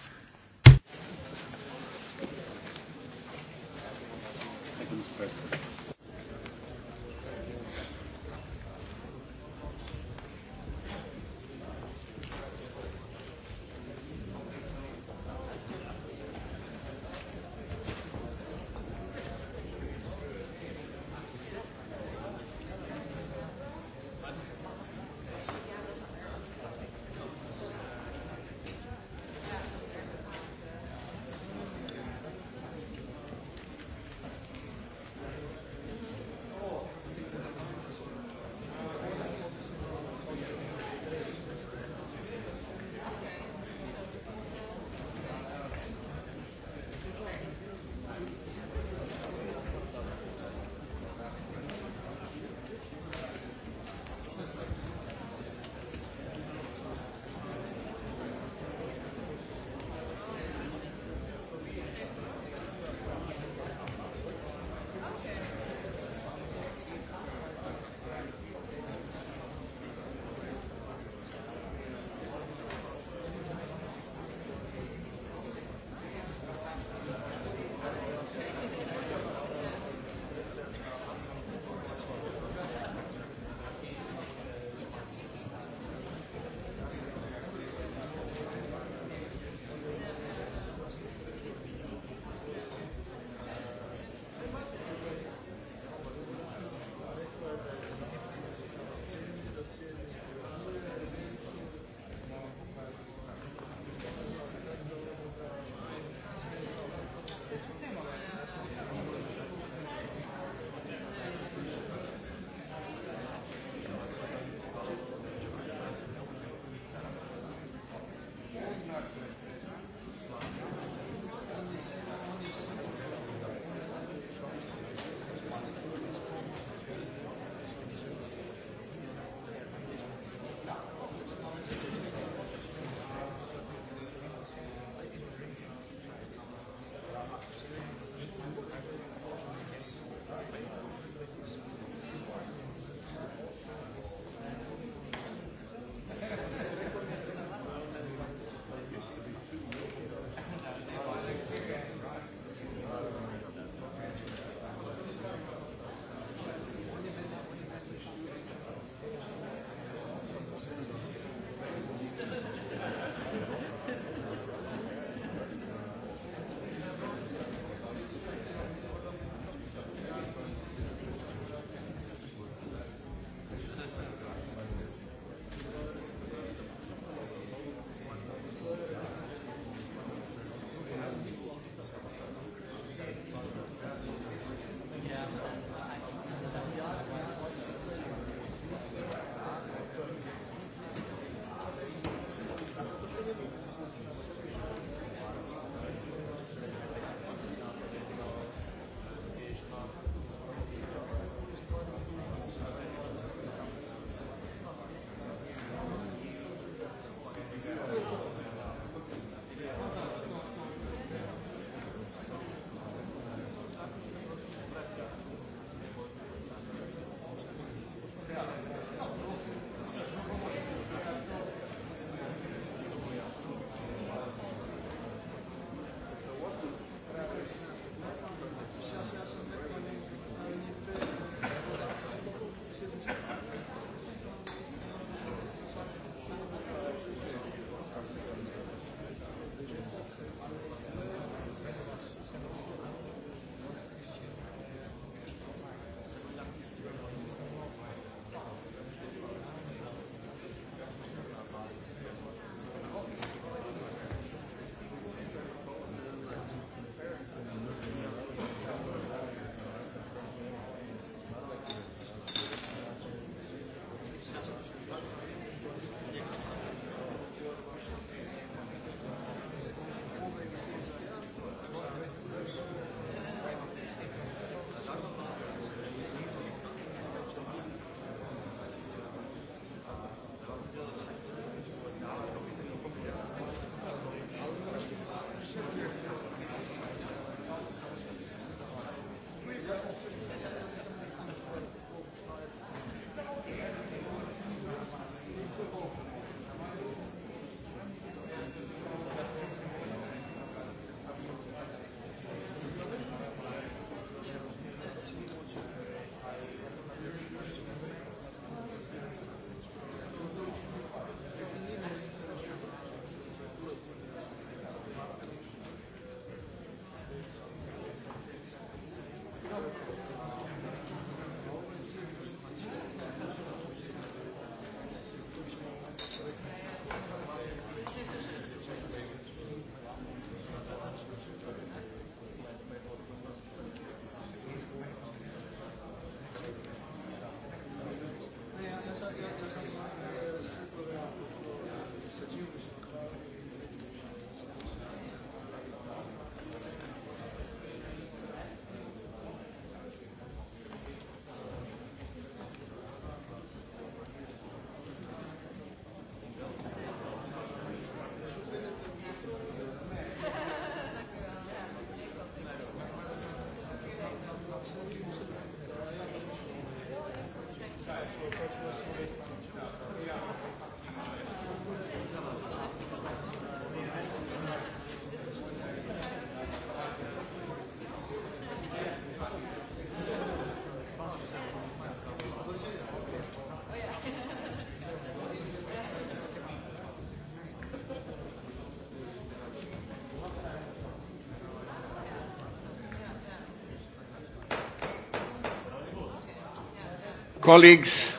colleagues,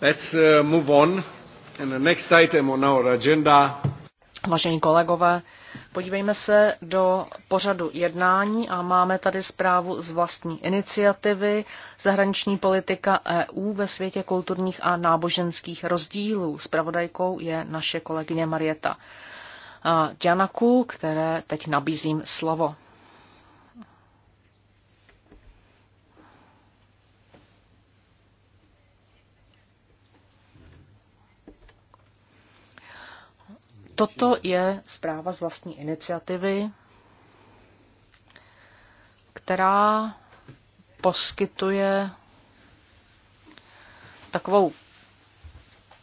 let's uh, move on. And the next item on our agenda. Vážení kolegové, podívejme se do pořadu jednání a máme tady zprávu z vlastní iniciativy Zahraniční politika EU ve světě kulturních a náboženských rozdílů. Spravodajkou je naše kolegyně Marieta uh, Janaku, které teď nabízím slovo. Toto je zpráva z vlastní iniciativy, která poskytuje takovou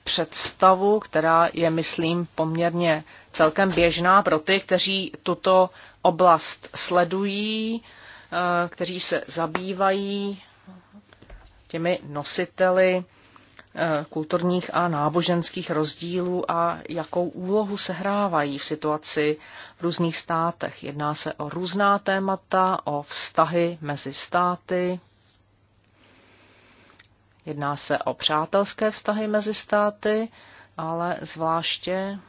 představu, která je, myslím, poměrně celkem běžná pro ty, kteří tuto oblast sledují, eh, kteří se zabývají těmi nositeli Eh, kulturních a náboženských rozdílů a jakou úlohu sehrávají v situaci v různých státech. Jedná se o různá témata, o vztahy mezi státy, jedná se o přátelské vztahy mezi státy, ale zvláště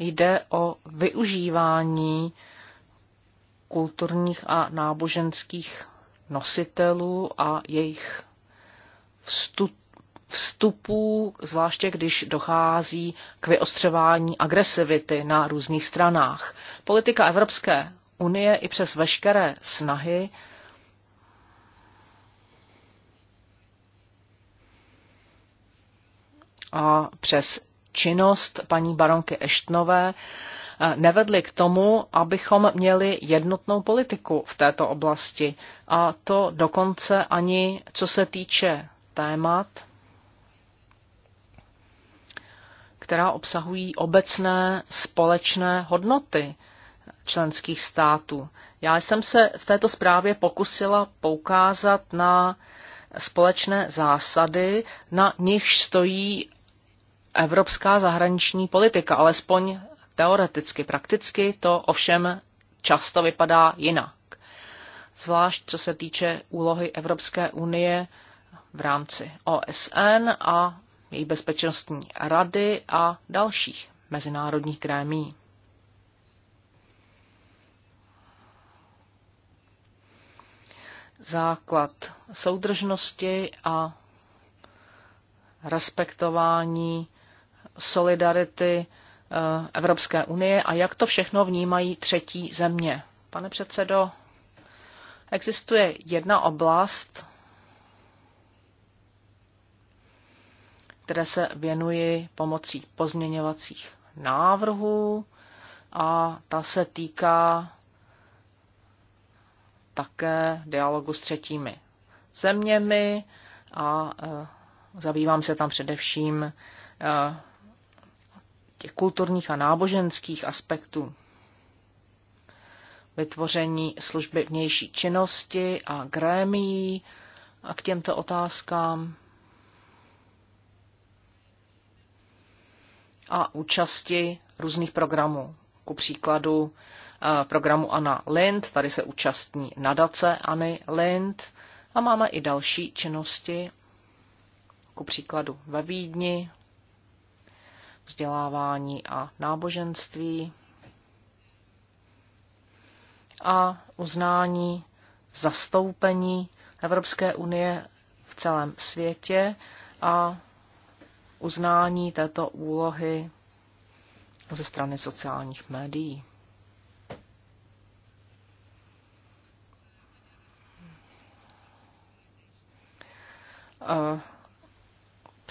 jde o využívání kulturních a náboženských nositelů a jejich vstup, vstupů, zvláště když dochází k vyostřování agresivity na různých stranách. Politika Evropské unie i přes veškeré snahy a přes činnost paní baronky Eštnové nevedly k tomu, abychom měli jednotnou politiku v této oblasti. A to dokonce ani co se týče témat, která obsahují obecné společné hodnoty členských států. Já jsem se v této zprávě pokusila poukázat na společné zásady, na nich stojí evropská zahraniční politika, alespoň teoreticky, prakticky to ovšem často vypadá jinak. Zvlášť co se týče úlohy Evropské unie v rámci OSN a její bezpečnostní rady a dalších mezinárodních krémí. Základ soudržnosti a respektování solidarity Eh, Evropské unie a jak to všechno vnímají třetí země. Pane předsedo, existuje jedna oblast, které se věnuji pomocí pozměňovacích návrhů a ta se týká také dialogu s třetími zeměmi a eh, zabývám se tam především eh, těch kulturních a náboženských aspektů. Vytvoření služby vnější činnosti a grémií a k těmto otázkám. A účasti různých programů. Ku příkladu eh, programu Anna Lind, tady se účastní nadace Anny Lind a máme i další činnosti, ku příkladu ve Vídni, vzdělávání a náboženství a uznání zastoupení Evropské unie v celém světě a uznání této úlohy ze strany sociálních médií. Eh,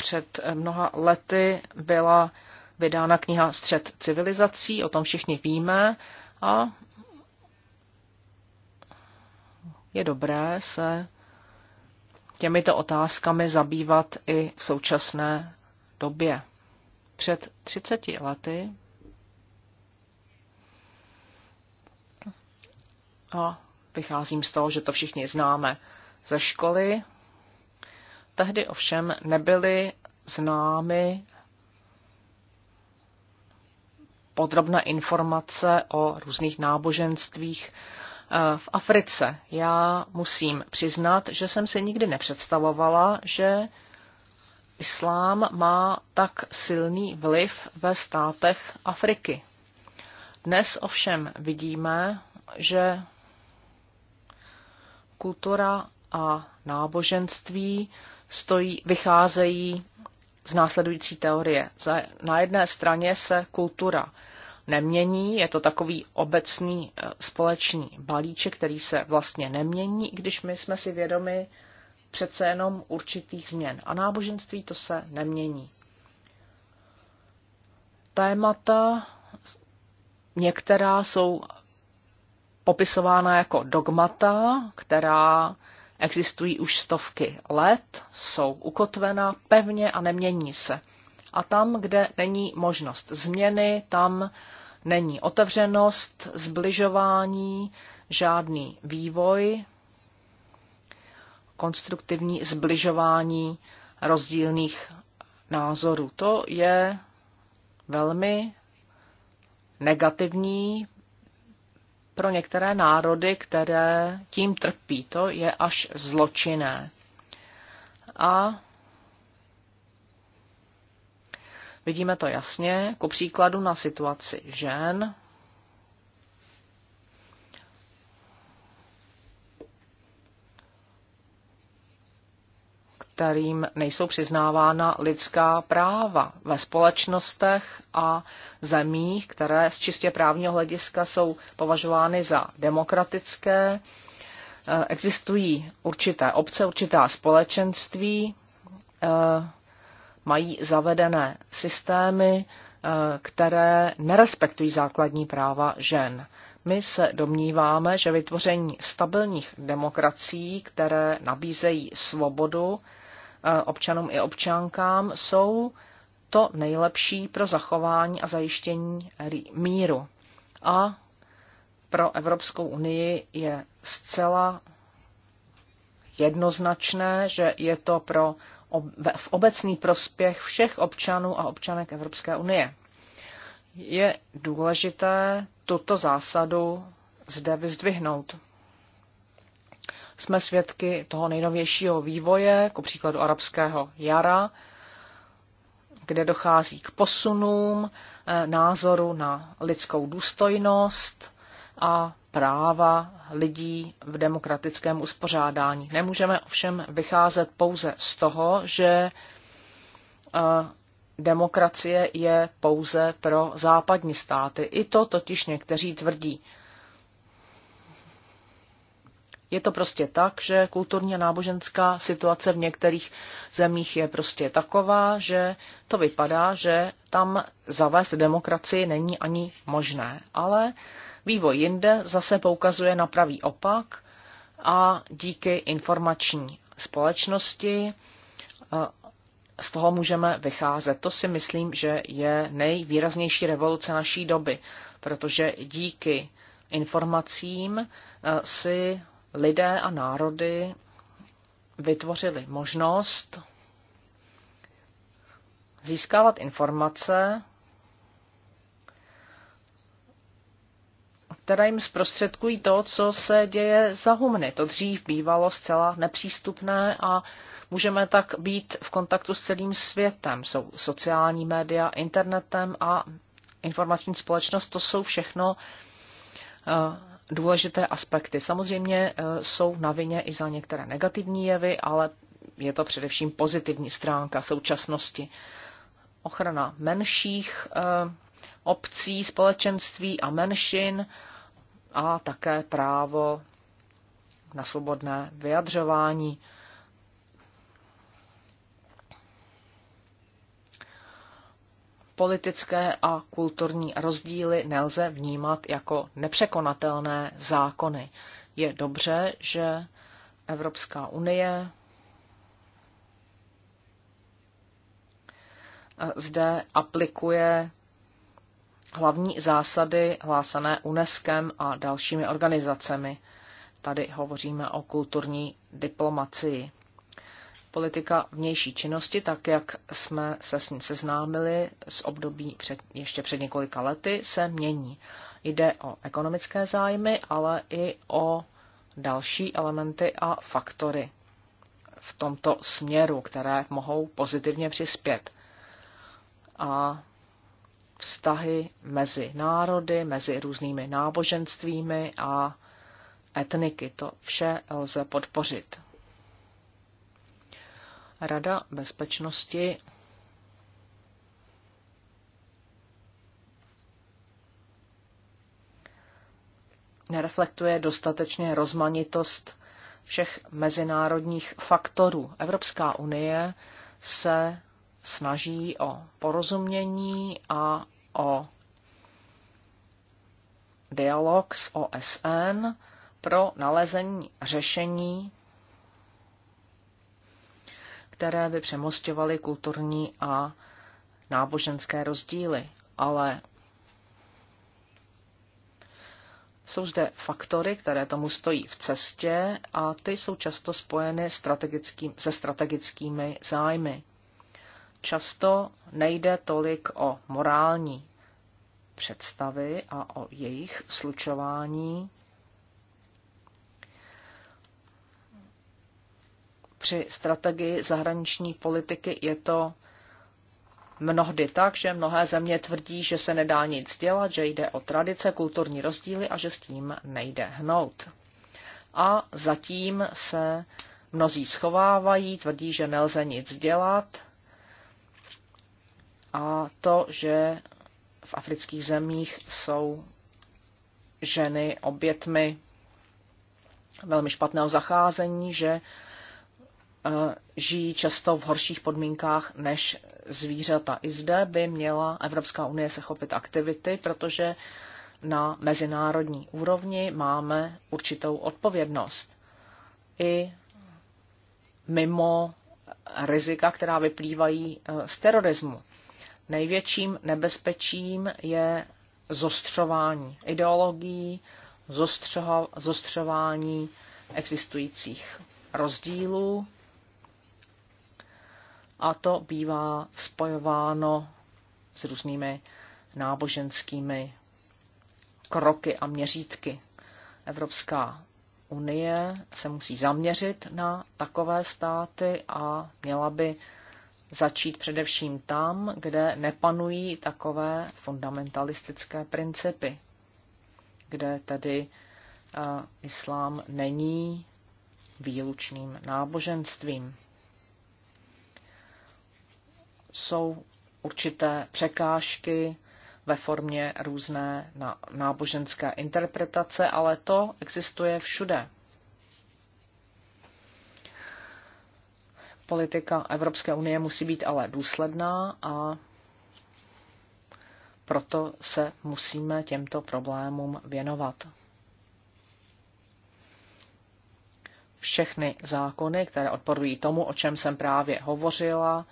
před mnoha lety byla vydána kniha Střed civilizací, o tom všichni víme a je dobré se těmito otázkami zabývat i v současné době. Před 30 lety a vycházím z toho, že to všichni známe ze školy, Tehdy ovšem nebyly známy podrobné informace o různých náboženstvích eh, v Africe. Já musím přiznat, že jsem si nikdy nepředstavovala, že islám má tak silný vliv ve státech Afriky. Dnes ovšem vidíme, že kultura a náboženství stojí, vycházejí z následující teorie. Na jedné straně se kultura nemění, je to takový obecný eh, společný balíček, který se vlastně nemění, i když my jsme si vědomi přece jenom určitých změn. A náboženství to se nemění. Témata některá jsou popisována jako dogmata, která existují už stovky let, jsou ukotvená pevně a nemění se. A tam, kde není možnost změny, tam není otevřenost, zbližování, žádný vývoj, konstruktivní zbližování rozdílných názorů. To je velmi negativní pro některé národy, které tím trpí. To je až zločinné. A vidíme to jasně, ku příkladu na situaci žen, kterým nejsou přiznávána lidská práva ve společnostech a zemích, které z čistě právního hlediska jsou považovány za demokratické. Eh, existují určité obce, určitá společenství, eh, mají zavedené systémy, eh, které nerespektují základní práva žen. My se domníváme, že vytvoření stabilních demokracií, které nabízejí svobodu, Eh, občanům i občankám, jsou to nejlepší pro zachování a zajištění míru. A pro Evropskou unii je zcela jednoznačné, že je to pro v obecný prospěch všech občanů a občanek Evropské unie. Je důležité tuto zásadu zde vyzdvihnout jsme svědky toho nejnovějšího vývoje, jako příkladu arabského jara, kde dochází k posunům eh, názoru na lidskou důstojnost a práva lidí v demokratickém uspořádání. Nemůžeme ovšem vycházet pouze z toho, že eh, demokracie je pouze pro západní státy. I to totiž někteří tvrdí. Je to prostě tak, že kulturně náboženská situace v některých zemích je prostě taková, že to vypadá, že tam zavést demokracii není ani možné. Ale vývoj jinde zase poukazuje na pravý opak a díky informační společnosti eh, z toho můžeme vycházet. To si myslím, že je nejvýraznější revoluce naší doby, protože díky informacím eh, si lidé a národy vytvořili možnost získávat informace, které jim zprostředkují to, co se děje za humny. To dřív bývalo zcela nepřístupné a můžeme tak být v kontaktu s celým světem. Jsou sociální média, internetem a informační společnost, to jsou všechno eh, důležité aspekty. Samozřejmě eh, jsou na vině i za některé negativní jevy, ale je to především pozitivní stránka současnosti. Ochrana menších eh, obcí, společenství a menšin a také právo na svobodné vyjadřování politické a kulturní rozdíly nelze vnímat jako nepřekonatelné zákony. Je dobře, že Evropská unie zde aplikuje hlavní zásady hlásané UNESCO a dalšími organizacemi. Tady hovoříme o kulturní diplomacii politika vnější činnosti, tak jak jsme se s ní seznámili z období před, ještě před několika lety, se mění. Jde o ekonomické zájmy, ale i o další elementy a faktory v tomto směru, které mohou pozitivně přispět. A vztahy mezi národy, mezi různými náboženstvími a etniky. To vše lze podpořit. Rada bezpečnosti nereflektuje dostatečně rozmanitost všech mezinárodních faktorů. Evropská unie se snaží o porozumění a o dialog s OSN pro nalezení řešení které by přemostovaly kulturní a náboženské rozdíly. Ale jsou zde faktory, které tomu stojí v cestě a ty jsou často spojeny strategický, se strategickými zájmy. Často nejde tolik o morální představy a o jejich slučování, při strategii zahraniční politiky je to mnohdy tak, že mnohé země tvrdí, že se nedá nic dělat, že jde o tradice, kulturní rozdíly a že s tím nejde hnout. A zatím se mnozí schovávají, tvrdí, že nelze nic dělat a to, že v afrických zemích jsou ženy obětmi velmi špatného zacházení, že Eh, žijí často v horších podmínkách než zvířata. I zde by měla Evropská unie se chopit aktivity, protože na mezinárodní úrovni máme určitou odpovědnost. I mimo rizika, která vyplývají eh, z terorismu. Největším nebezpečím je zostřování ideologií, zostřování existujících rozdílů a to bývá spojováno s různými náboženskými kroky a měřítky. Evropská unie se musí zaměřit na takové státy a měla by začít především tam, kde nepanují takové fundamentalistické principy, kde tedy uh, islám není výlučným náboženstvím jsou určité překážky ve formě různé náboženské interpretace, ale to existuje všude. Politika Evropské unie musí být ale důsledná a proto se musíme těmto problémům věnovat. Všechny zákony, které odporují tomu, o čem jsem právě hovořila,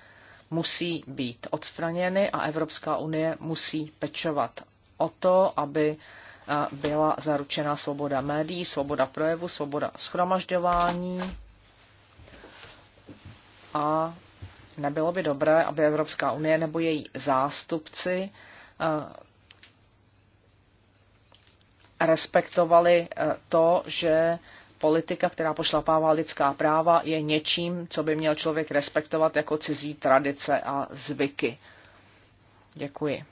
musí být odstraněny a Evropská unie musí pečovat o to, aby eh, byla zaručena svoboda médií, svoboda projevu, svoboda schromažďování a nebylo by dobré, aby Evropská unie nebo její zástupci eh, respektovali eh, to, že politika, která pošlapává lidská práva, je něčím, co by měl člověk respektovat jako cizí tradice a zvyky. Děkuji.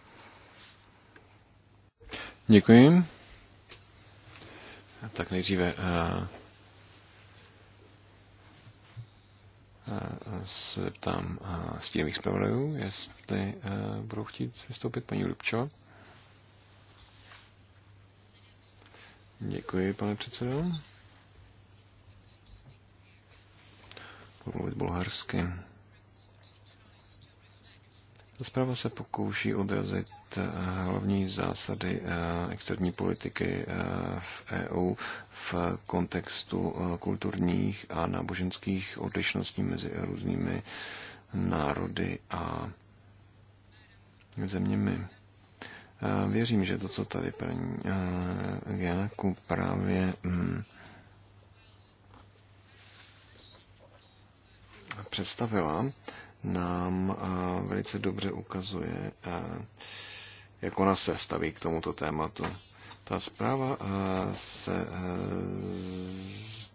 Děkuji. Tak nejdříve uh, uh, se zeptám uh, eh, stínových zpravodajů, jestli uh, budou chtít vystoupit paní Lubčo. Děkuji, pane předsedo. budu mluvit bulharsky. Zpráva se pokouší odrazit eh, hlavní zásady eh, externí politiky eh, v EU v kontextu kulturních a náboženských odlišností mezi různými národy a zeměmi. Věřím, že to, co tady paní Janaku právě mm, představila, nám eh, velice dobře ukazuje, eh, jak ona se staví k tomuto tématu. Ta zpráva eh, se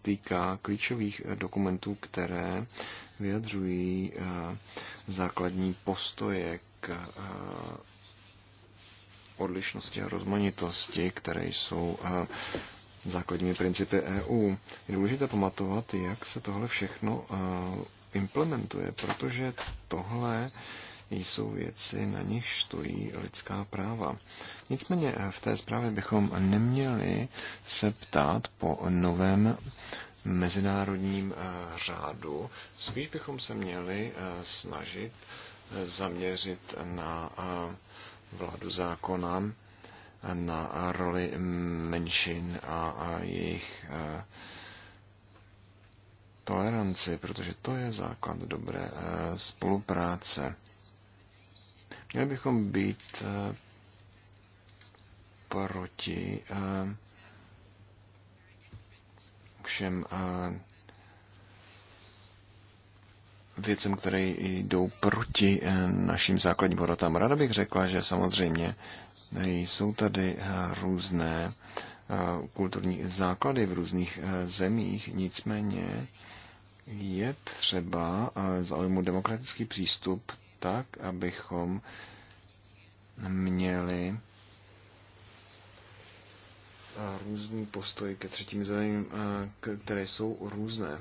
týká klíčových dokumentů, které vyjadřují základní postoje k odlišnosti a rozmanitosti, které jsou základními principy EU. Je důležité pamatovat, jak se tohle všechno implementuje, protože tohle jsou věci, na nich stojí lidská práva. Nicméně eh, v té zprávě bychom neměli se ptát po novém mezinárodním eh, řádu. Spíš bychom se měli eh, snažit zaměřit na vládu zákona, na roli menšin a jejich toleranci, protože to je základ dobré eh, spolupráce. Měli bychom být eh, proti eh, všem věcem, které jdou proti našim základním hodnotám. Ráda bych řekla, že samozřejmě jsou tady různé kulturní základy v různých e, zemích, nicméně je třeba e, zaujmout demokratický přístup tak, abychom měli e, různý postoj ke třetím zemím, které jsou různé.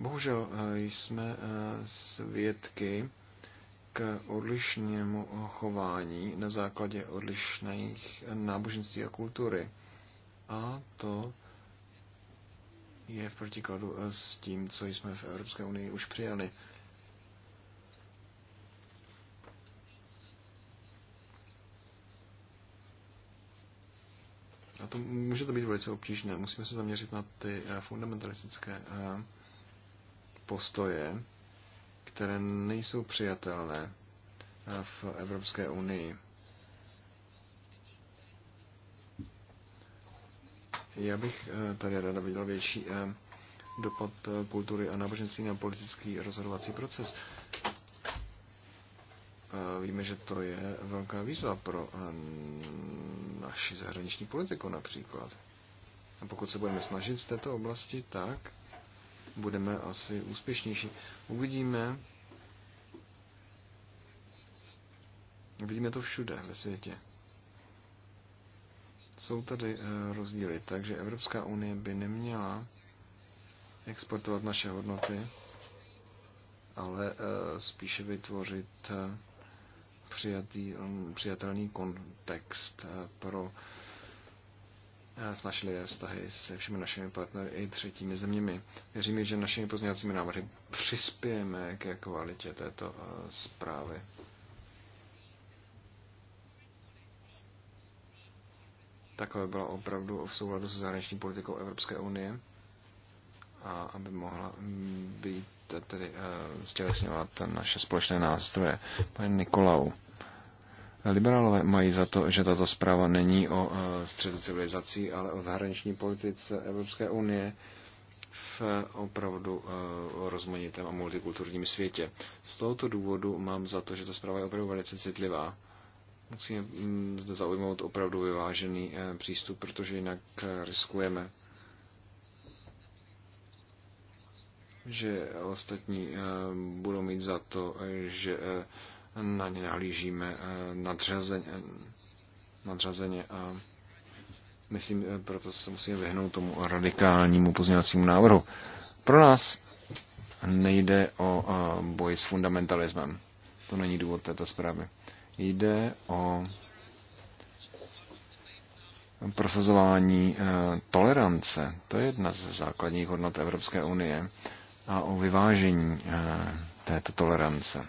Bohužel jsme svědky k odlišnému chování na základě odlišných náboženství a kultury a to je v protikladu eh, s tím, co jsme v Evropské unii už přijali. A to může to být velice obtížné. Musíme se zaměřit na ty eh, fundamentalistické eh, postoje, které nejsou přijatelné v Evropské unii. Já bych eh, tady ráda viděl větší eh, dopad eh, kultury a náboženství na politický rozhodovací proces. Víme, že to je velká výzva pro naši zahraniční politiku například. A pokud se budeme snažit v této oblasti, tak budeme asi úspěšnější. Uvidíme, Vidíme to všude ve světě. Jsou tady eh, rozdíly, takže Evropská unie by neměla exportovat naše hodnoty, ale eh, spíše vytvořit eh, přijatý, mm, přijatelný kontext pro snažili vztahy se všemi našimi partnery i třetími zeměmi. Věříme, že našimi pozměňovacími návrhy přispějeme ke kvalitě této zprávy. takové byla opravdu v souladu se zahraniční politikou Evropské unie a aby mohla mm, být tedy uh, stělesňovat naše společné nástroje. Pane Nikolau, liberálové mají za to, že tato zpráva není o uh, středu civilizací, ale o zahraniční politice Evropské unie v eh, opravdu rozmanitém a multikulturním světě. Z tohoto důvodu mám za to, že ta zpráva je opravdu velice citlivá Musíme mm, zde zaujmout opravdu vyvážený eh, přístup, protože jinak eh, riskujeme, že ostatní eh, budou mít za to, že na ně nahlížíme nadřazeně, nadřazeně a myslím, proto se musíme vyhnout tomu radikálnímu pozměňovacímu návrhu. Pro nás nejde o boj s fundamentalismem. To není důvod této zprávy. Jde o prosazování eh, tolerance. To je jedna ze základních hodnot Evropské unie a o vyvážení eh, této tolerance.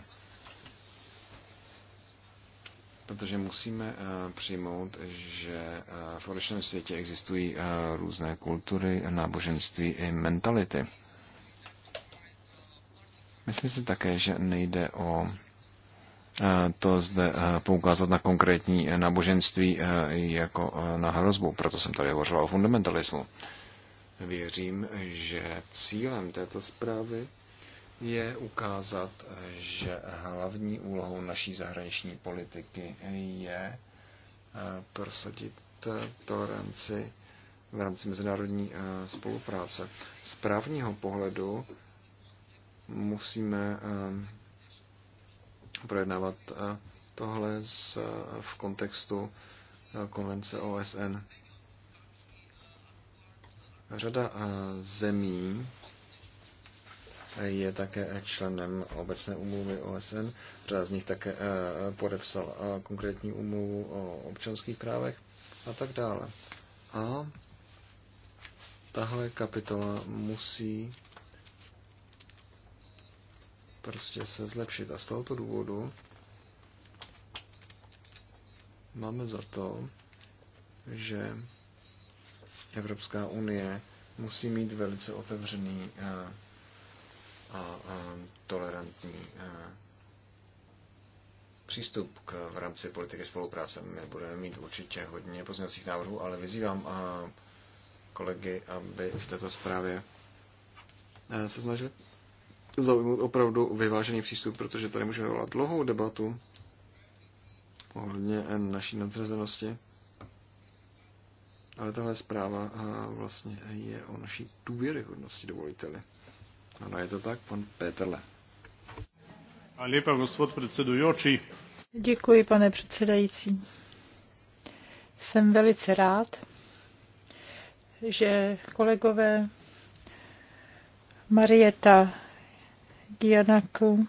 Protože musíme eh, přijmout, že v odlišném světě existují různé kultury, náboženství i mentality. Myslím si také, že nejde o to zde poukázat na konkrétní e, náboženství e, jako e, na hrozbu. Proto jsem tady hovořil o fundamentalismu. Věřím, že cílem této zprávy je ukázat, že hlavní úlohou naší zahraniční politiky je prosadit toleranci v rámci mezinárodní spolupráce. Z právního pohledu musíme projednávat eh, tohle z, eh, v kontextu eh, konvence OSN. Řada zemí je také členem obecné úmluvy OSN. Řada z nich také podepsal konkrétní úmluvu o občanských právech a tak dále. A tahle kapitola musí prostě se zlepšit. A z tohoto důvodu máme za to, že Evropská unie musí mít velice otevřený a, eh, a, a tolerantní a, eh, přístup k, v rámci politiky spolupráce. My budeme mít určitě hodně pozměňovacích návrhů, ale vyzývám a, eh, kolegy, aby v této zprávě se snažili zaujmout opravdu vyvážený přístup, protože tady můžeme volat dlouhou debatu ohledně naší nadřazenosti. Ale tahle zpráva eh, vlastně je o naší důvěryhodnosti, dovoliteli. Ano, je to tak, pan Petrle. A lepa, gospod předsedující. Děkuji, pane předsedající. Jsem velice rád, že kolegové Marieta Gianaku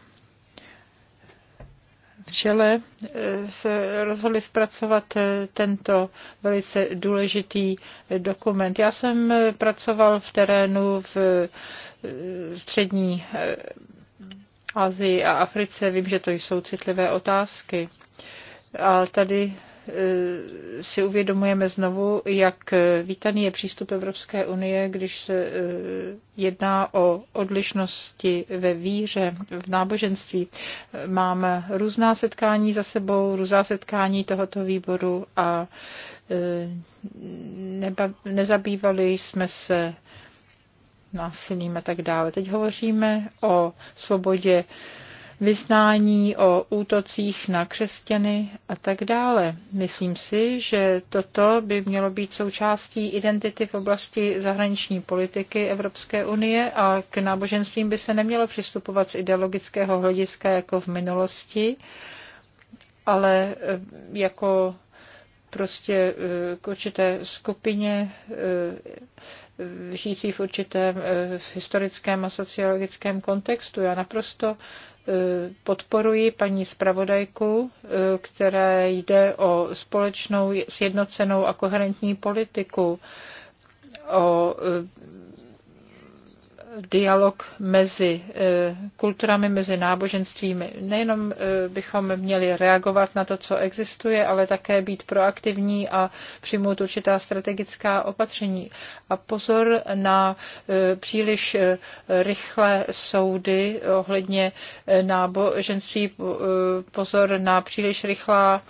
v čele eh, se rozhodli zpracovat eh, tento velice důležitý eh, dokument. Já jsem pracoval v terénu v střední Azii a Africe. Vím, že to jsou citlivé otázky. A tady si uvědomujeme znovu, jak vítaný je přístup Evropské unie, když se eh, jedná o odlišnosti ve víře, v náboženství. Máme různá setkání za sebou, různá setkání tohoto výboru a eh, neba, nezabývali jsme se násilím a tak dále. Teď hovoříme o svobodě vyznání, o útocích na křesťany a tak dále. Myslím si, že toto by mělo být součástí identity v oblasti zahraniční politiky Evropské unie a k náboženstvím by se nemělo přistupovat z ideologického hlediska jako v minulosti, ale eh, jako prostě eh, k určité skupině eh, žijící v určitém eh, v historickém a sociologickém kontextu. Já naprosto podporuji paní zpravodajku, která jde o společnou, sjednocenou a koherentní politiku, o dialog mezi eh, kulturami, mezi náboženstvími. Nejenom eh, bychom měli reagovat na to, co existuje, ale také být proaktivní a přijmout určitá strategická opatření. A pozor na eh, příliš rychlé soudy ohledně náboženství, pozor na příliš rychlá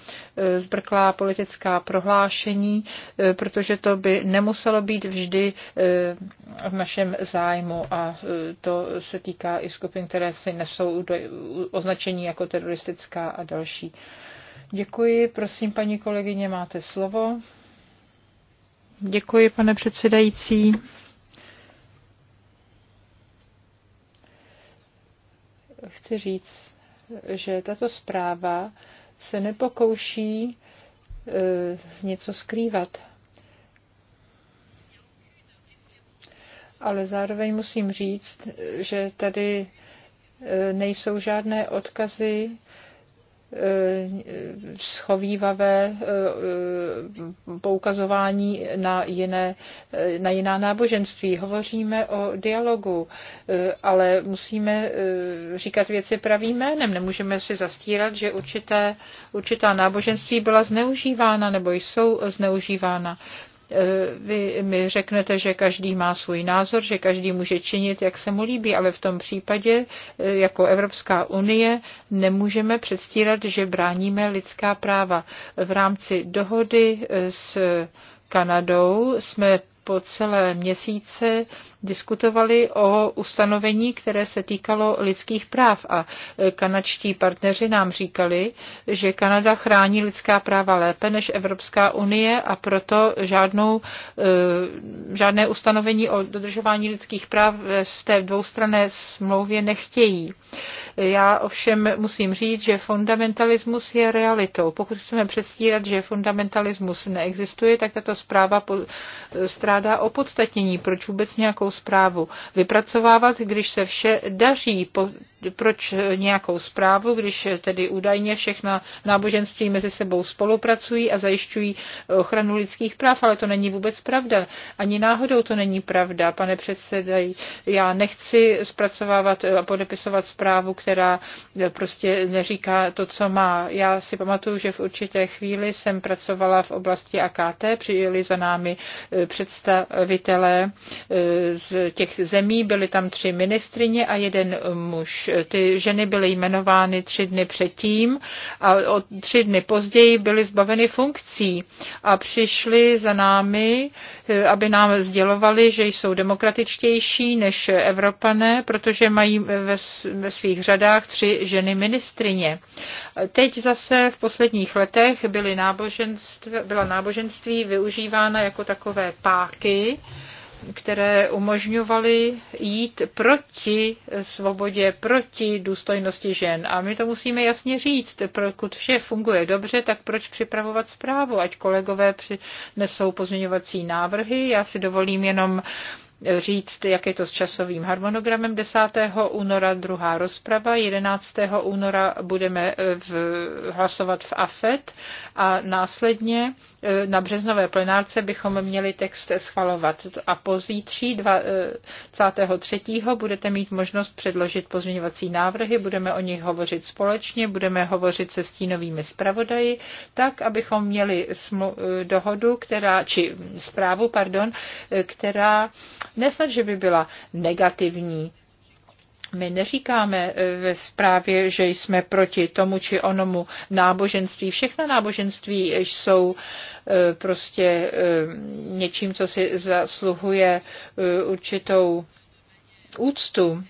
zbrklá politická prohlášení, protože to by nemuselo být vždy v našem zájmu a e, to se týká i skupin, které si nesou označení jako teroristická a další. Děkuji, prosím, paní kolegyně, máte slovo. Děkuji, pane předsedající. Chci říct, že tato zpráva se nepokouší e, něco skrývat ale zároveň musím říct, že tady e, nejsou žádné odkazy e, schovývavé e, poukazování na, jiné, na jiná náboženství. Hovoříme o dialogu, ale musíme říkat věci pravým jménem. Nemůžeme si zastírat, že určité, určitá náboženství byla zneužívána nebo jsou zneužívána. Eh, vy mi řeknete, že každý má svůj názor, že každý může činit, jak se mu líbí, ale v tom případě eh, jako Evropská unie nemůžeme předstírat, že bráníme lidská práva. V rámci dohody eh, s Kanadou jsme po celé měsíce diskutovali o ustanovení, které se týkalo lidských práv a e, kanadští partneři nám říkali, že Kanada chrání lidská práva lépe než Evropská unie a proto žádnou, e, žádné ustanovení o dodržování lidských práv v té dvoustrané smlouvě nechtějí. Já ovšem musím říct, že fundamentalismus je realitou. Pokud chceme předstírat, že fundamentalismus neexistuje, tak tato zpráva strádá opodstatnění, proč vůbec nějakou zprávu vypracovávat, když se vše daří, proč nějakou zprávu, když tedy údajně všechna náboženství mezi sebou spolupracují a zajišťují ochranu lidských práv, ale to není vůbec pravda. Ani náhodou to není pravda, pane předsedají. Já nechci zpracovávat a podepisovat zprávu, která prostě neříká to, co má. Já si pamatuju, že v určité chvíli jsem pracovala v oblasti AKT, přijeli za námi eh, představitelé eh, z těch zemí, byli tam tři ministrině a jeden muž. Ty ženy byly jmenovány tři dny předtím a o tři dny později byly zbaveny funkcí a přišly za námi, eh, aby nám sdělovali, že jsou demokratičtější než Evropané, protože mají ve, ve svých řadách tři ženy ministrině. Teď zase v posledních letech byly náboženství, byla náboženství využívána jako takové páky, které umožňovaly jít proti svobodě, proti důstojnosti žen. A my to musíme jasně říct. Pokud vše funguje dobře, tak proč připravovat zprávu? Ať kolegové přinesou pozměňovací návrhy. Já si dovolím jenom říct, jak je to s časovým harmonogramem. 10. února druhá rozprava, 11. února budeme eh, v, hlasovat v AFET a následně eh, na březnové plenárce bychom měli text schvalovat. A pozítří 23. Eh, budete mít možnost předložit pozměňovací návrhy, budeme o nich hovořit společně, budeme hovořit se stínovými zpravodaji, tak, abychom měli dohodu, která, či zprávu, pardon, která Nesnad, že by byla negativní. My neříkáme eh, ve zprávě, že jsme proti tomu či onomu náboženství. Všechna náboženství jsou eh, prostě eh, něčím, co si zasluhuje určitou úctu.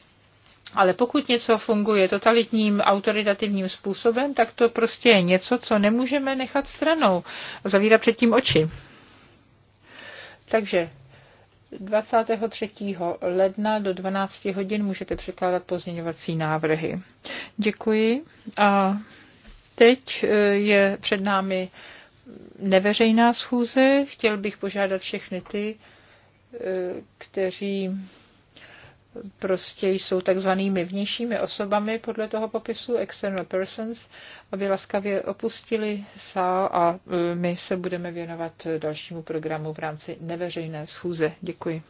Ale pokud něco funguje totalitním, autoritativním způsobem, tak to prostě je něco, co nemůžeme nechat stranou. Zavírat předtím oči. Takže 23. ledna do 12 hodin můžete překládat pozměňovací návrhy. Děkuji. A teď e, je před námi neveřejná schůze. Chtěl bych požádat všechny ty, e, kteří prostě jsou takzvanými vnějšími osobami podle toho popisu, external persons, aby laskavě opustili sál a e, my se budeme věnovat dalšímu programu v rámci neveřejné schůze. Děkuji.